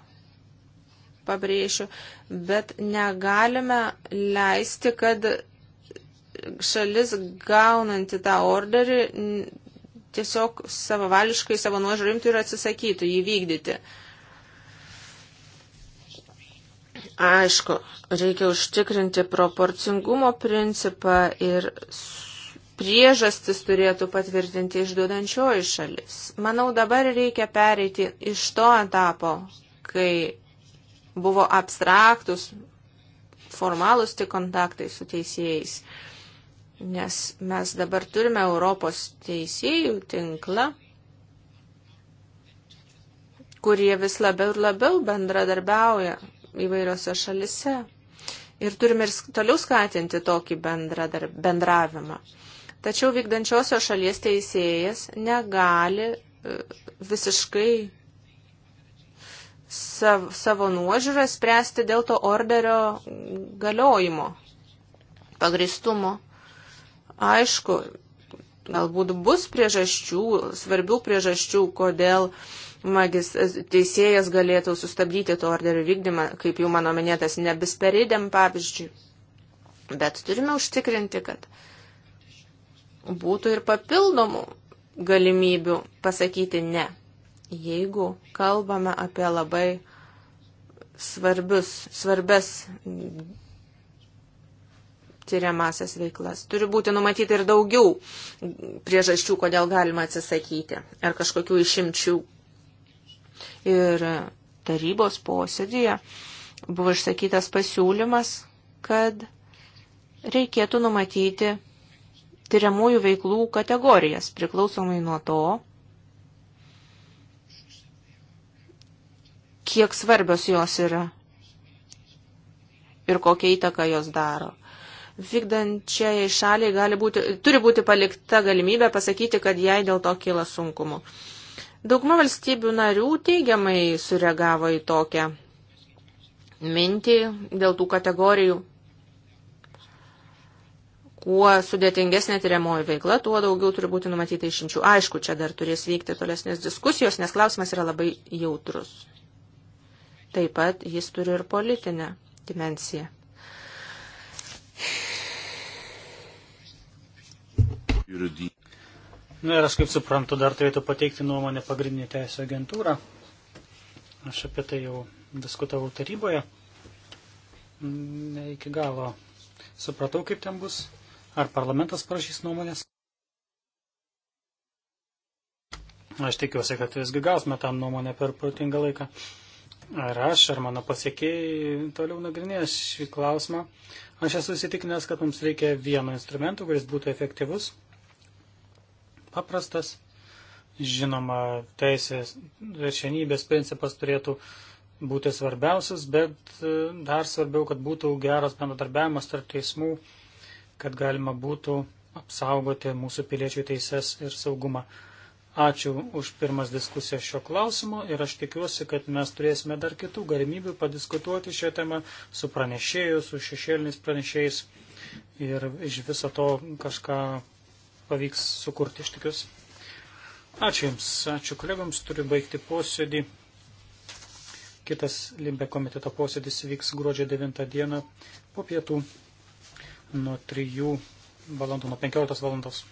pabrėšiu, bet negalime leisti, kad šalis gaunanti tą orderį tiesiog savavališkai savo nuožiūrimtų ir atsisakytų jį vykdyti. Aišku, reikia užtikrinti proporcingumo principą ir priežastis turėtų patvirtinti išduodančioji šalis. Manau, dabar reikia pereiti iš to etapo, kai buvo abstraktus, formalus tik kontaktai su teisėjais. Nes mes dabar turime Europos teisėjų tinklą, kurie vis labiau ir labiau bendradarbiauja įvairiose šalise. Ir turime ir toliau skatinti tokį bendradar, bendravimą. Tačiau vykdančiosios šalies teisėjas negali e, visiškai sav, savo nuožiūrą spręsti dėl to orderio galiojimo, pagristumo. Aišku, galbūt bus priežasčių, svarbių priežasčių, kodėl magis, teisėjas galėtų sustabdyti to orderio vykdymą, kaip jau mano minėtas, nebisperidėm pavyzdžiui. Bet turime užtikrinti, kad uh, būtų ir papildomų galimybių pasakyti ne. Jeigu kalbame apie labai svarbius, svarbes tyriamasias veiklas. Turi būti numatyti ir daugiau priežasčių, kodėl galima atsisakyti ar kažkokių išimčių. Ir tarybos posėdėje buvo išsakytas pasiūlymas, kad reikėtų numatyti tyriamųjų veiklų kategorijas priklausomai nuo to, kiek svarbios jos yra ir kokią įtaką jos daro. Vykdančiai šaliai gali būti, turi būti palikta galimybė pasakyti, kad jai dėl to kyla sunkumu. Dauguma valstybių narių teigiamai sureagavo į tokią mintį dėl tų kategorijų kuo sudėtingesnė tyriamoji veikla, tuo daugiau turi būti numatyta išimčių. Aišku, čia dar turės vykti tolesnės diskusijos, nes klausimas yra labai jautrus. Taip pat jis turi ir politinę dimensiją. Na ir aš kaip suprantu, dar turėtų pateikti nuomonę pagrindinė teisė agentūra. Aš apie tai jau diskutavau taryboje. Ne iki galo supratau, kaip ten bus. Ar parlamentas parašys nuomonės? Aš tikiuosi, kad visgi gausime tam nuomonę per protingą laiką. Ar aš, ar mano pasiekėjai toliau nagrinės šį klausimą. Aš esu įsitikinęs, kad mums reikia vieno instrumento, kuris būtų efektyvus, paprastas. Žinoma, teisės viršenybės principas turėtų būti svarbiausias, bet dar svarbiau, kad būtų geras bendradarbiavimas tarp teismų kad galima būtų apsaugoti mūsų piliečių teises ir saugumą. Ačiū už pirmas diskusijas šio klausimu ir aš tikiuosi, kad mes turėsime dar kitų galimybių padiskutuoti šią temą su pranešėju, su šešėliniais pranešėjais ir iš viso to kažką pavyks sukurti iš tikiuosi. Ačiū Jums, ačiū kolegoms, turiu baigti posėdį. Kitas Limbe komiteto posėdis vyks gruodžio 9 dieną po pietų nuo 3 valandų, nuo 15 valandos.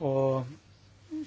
O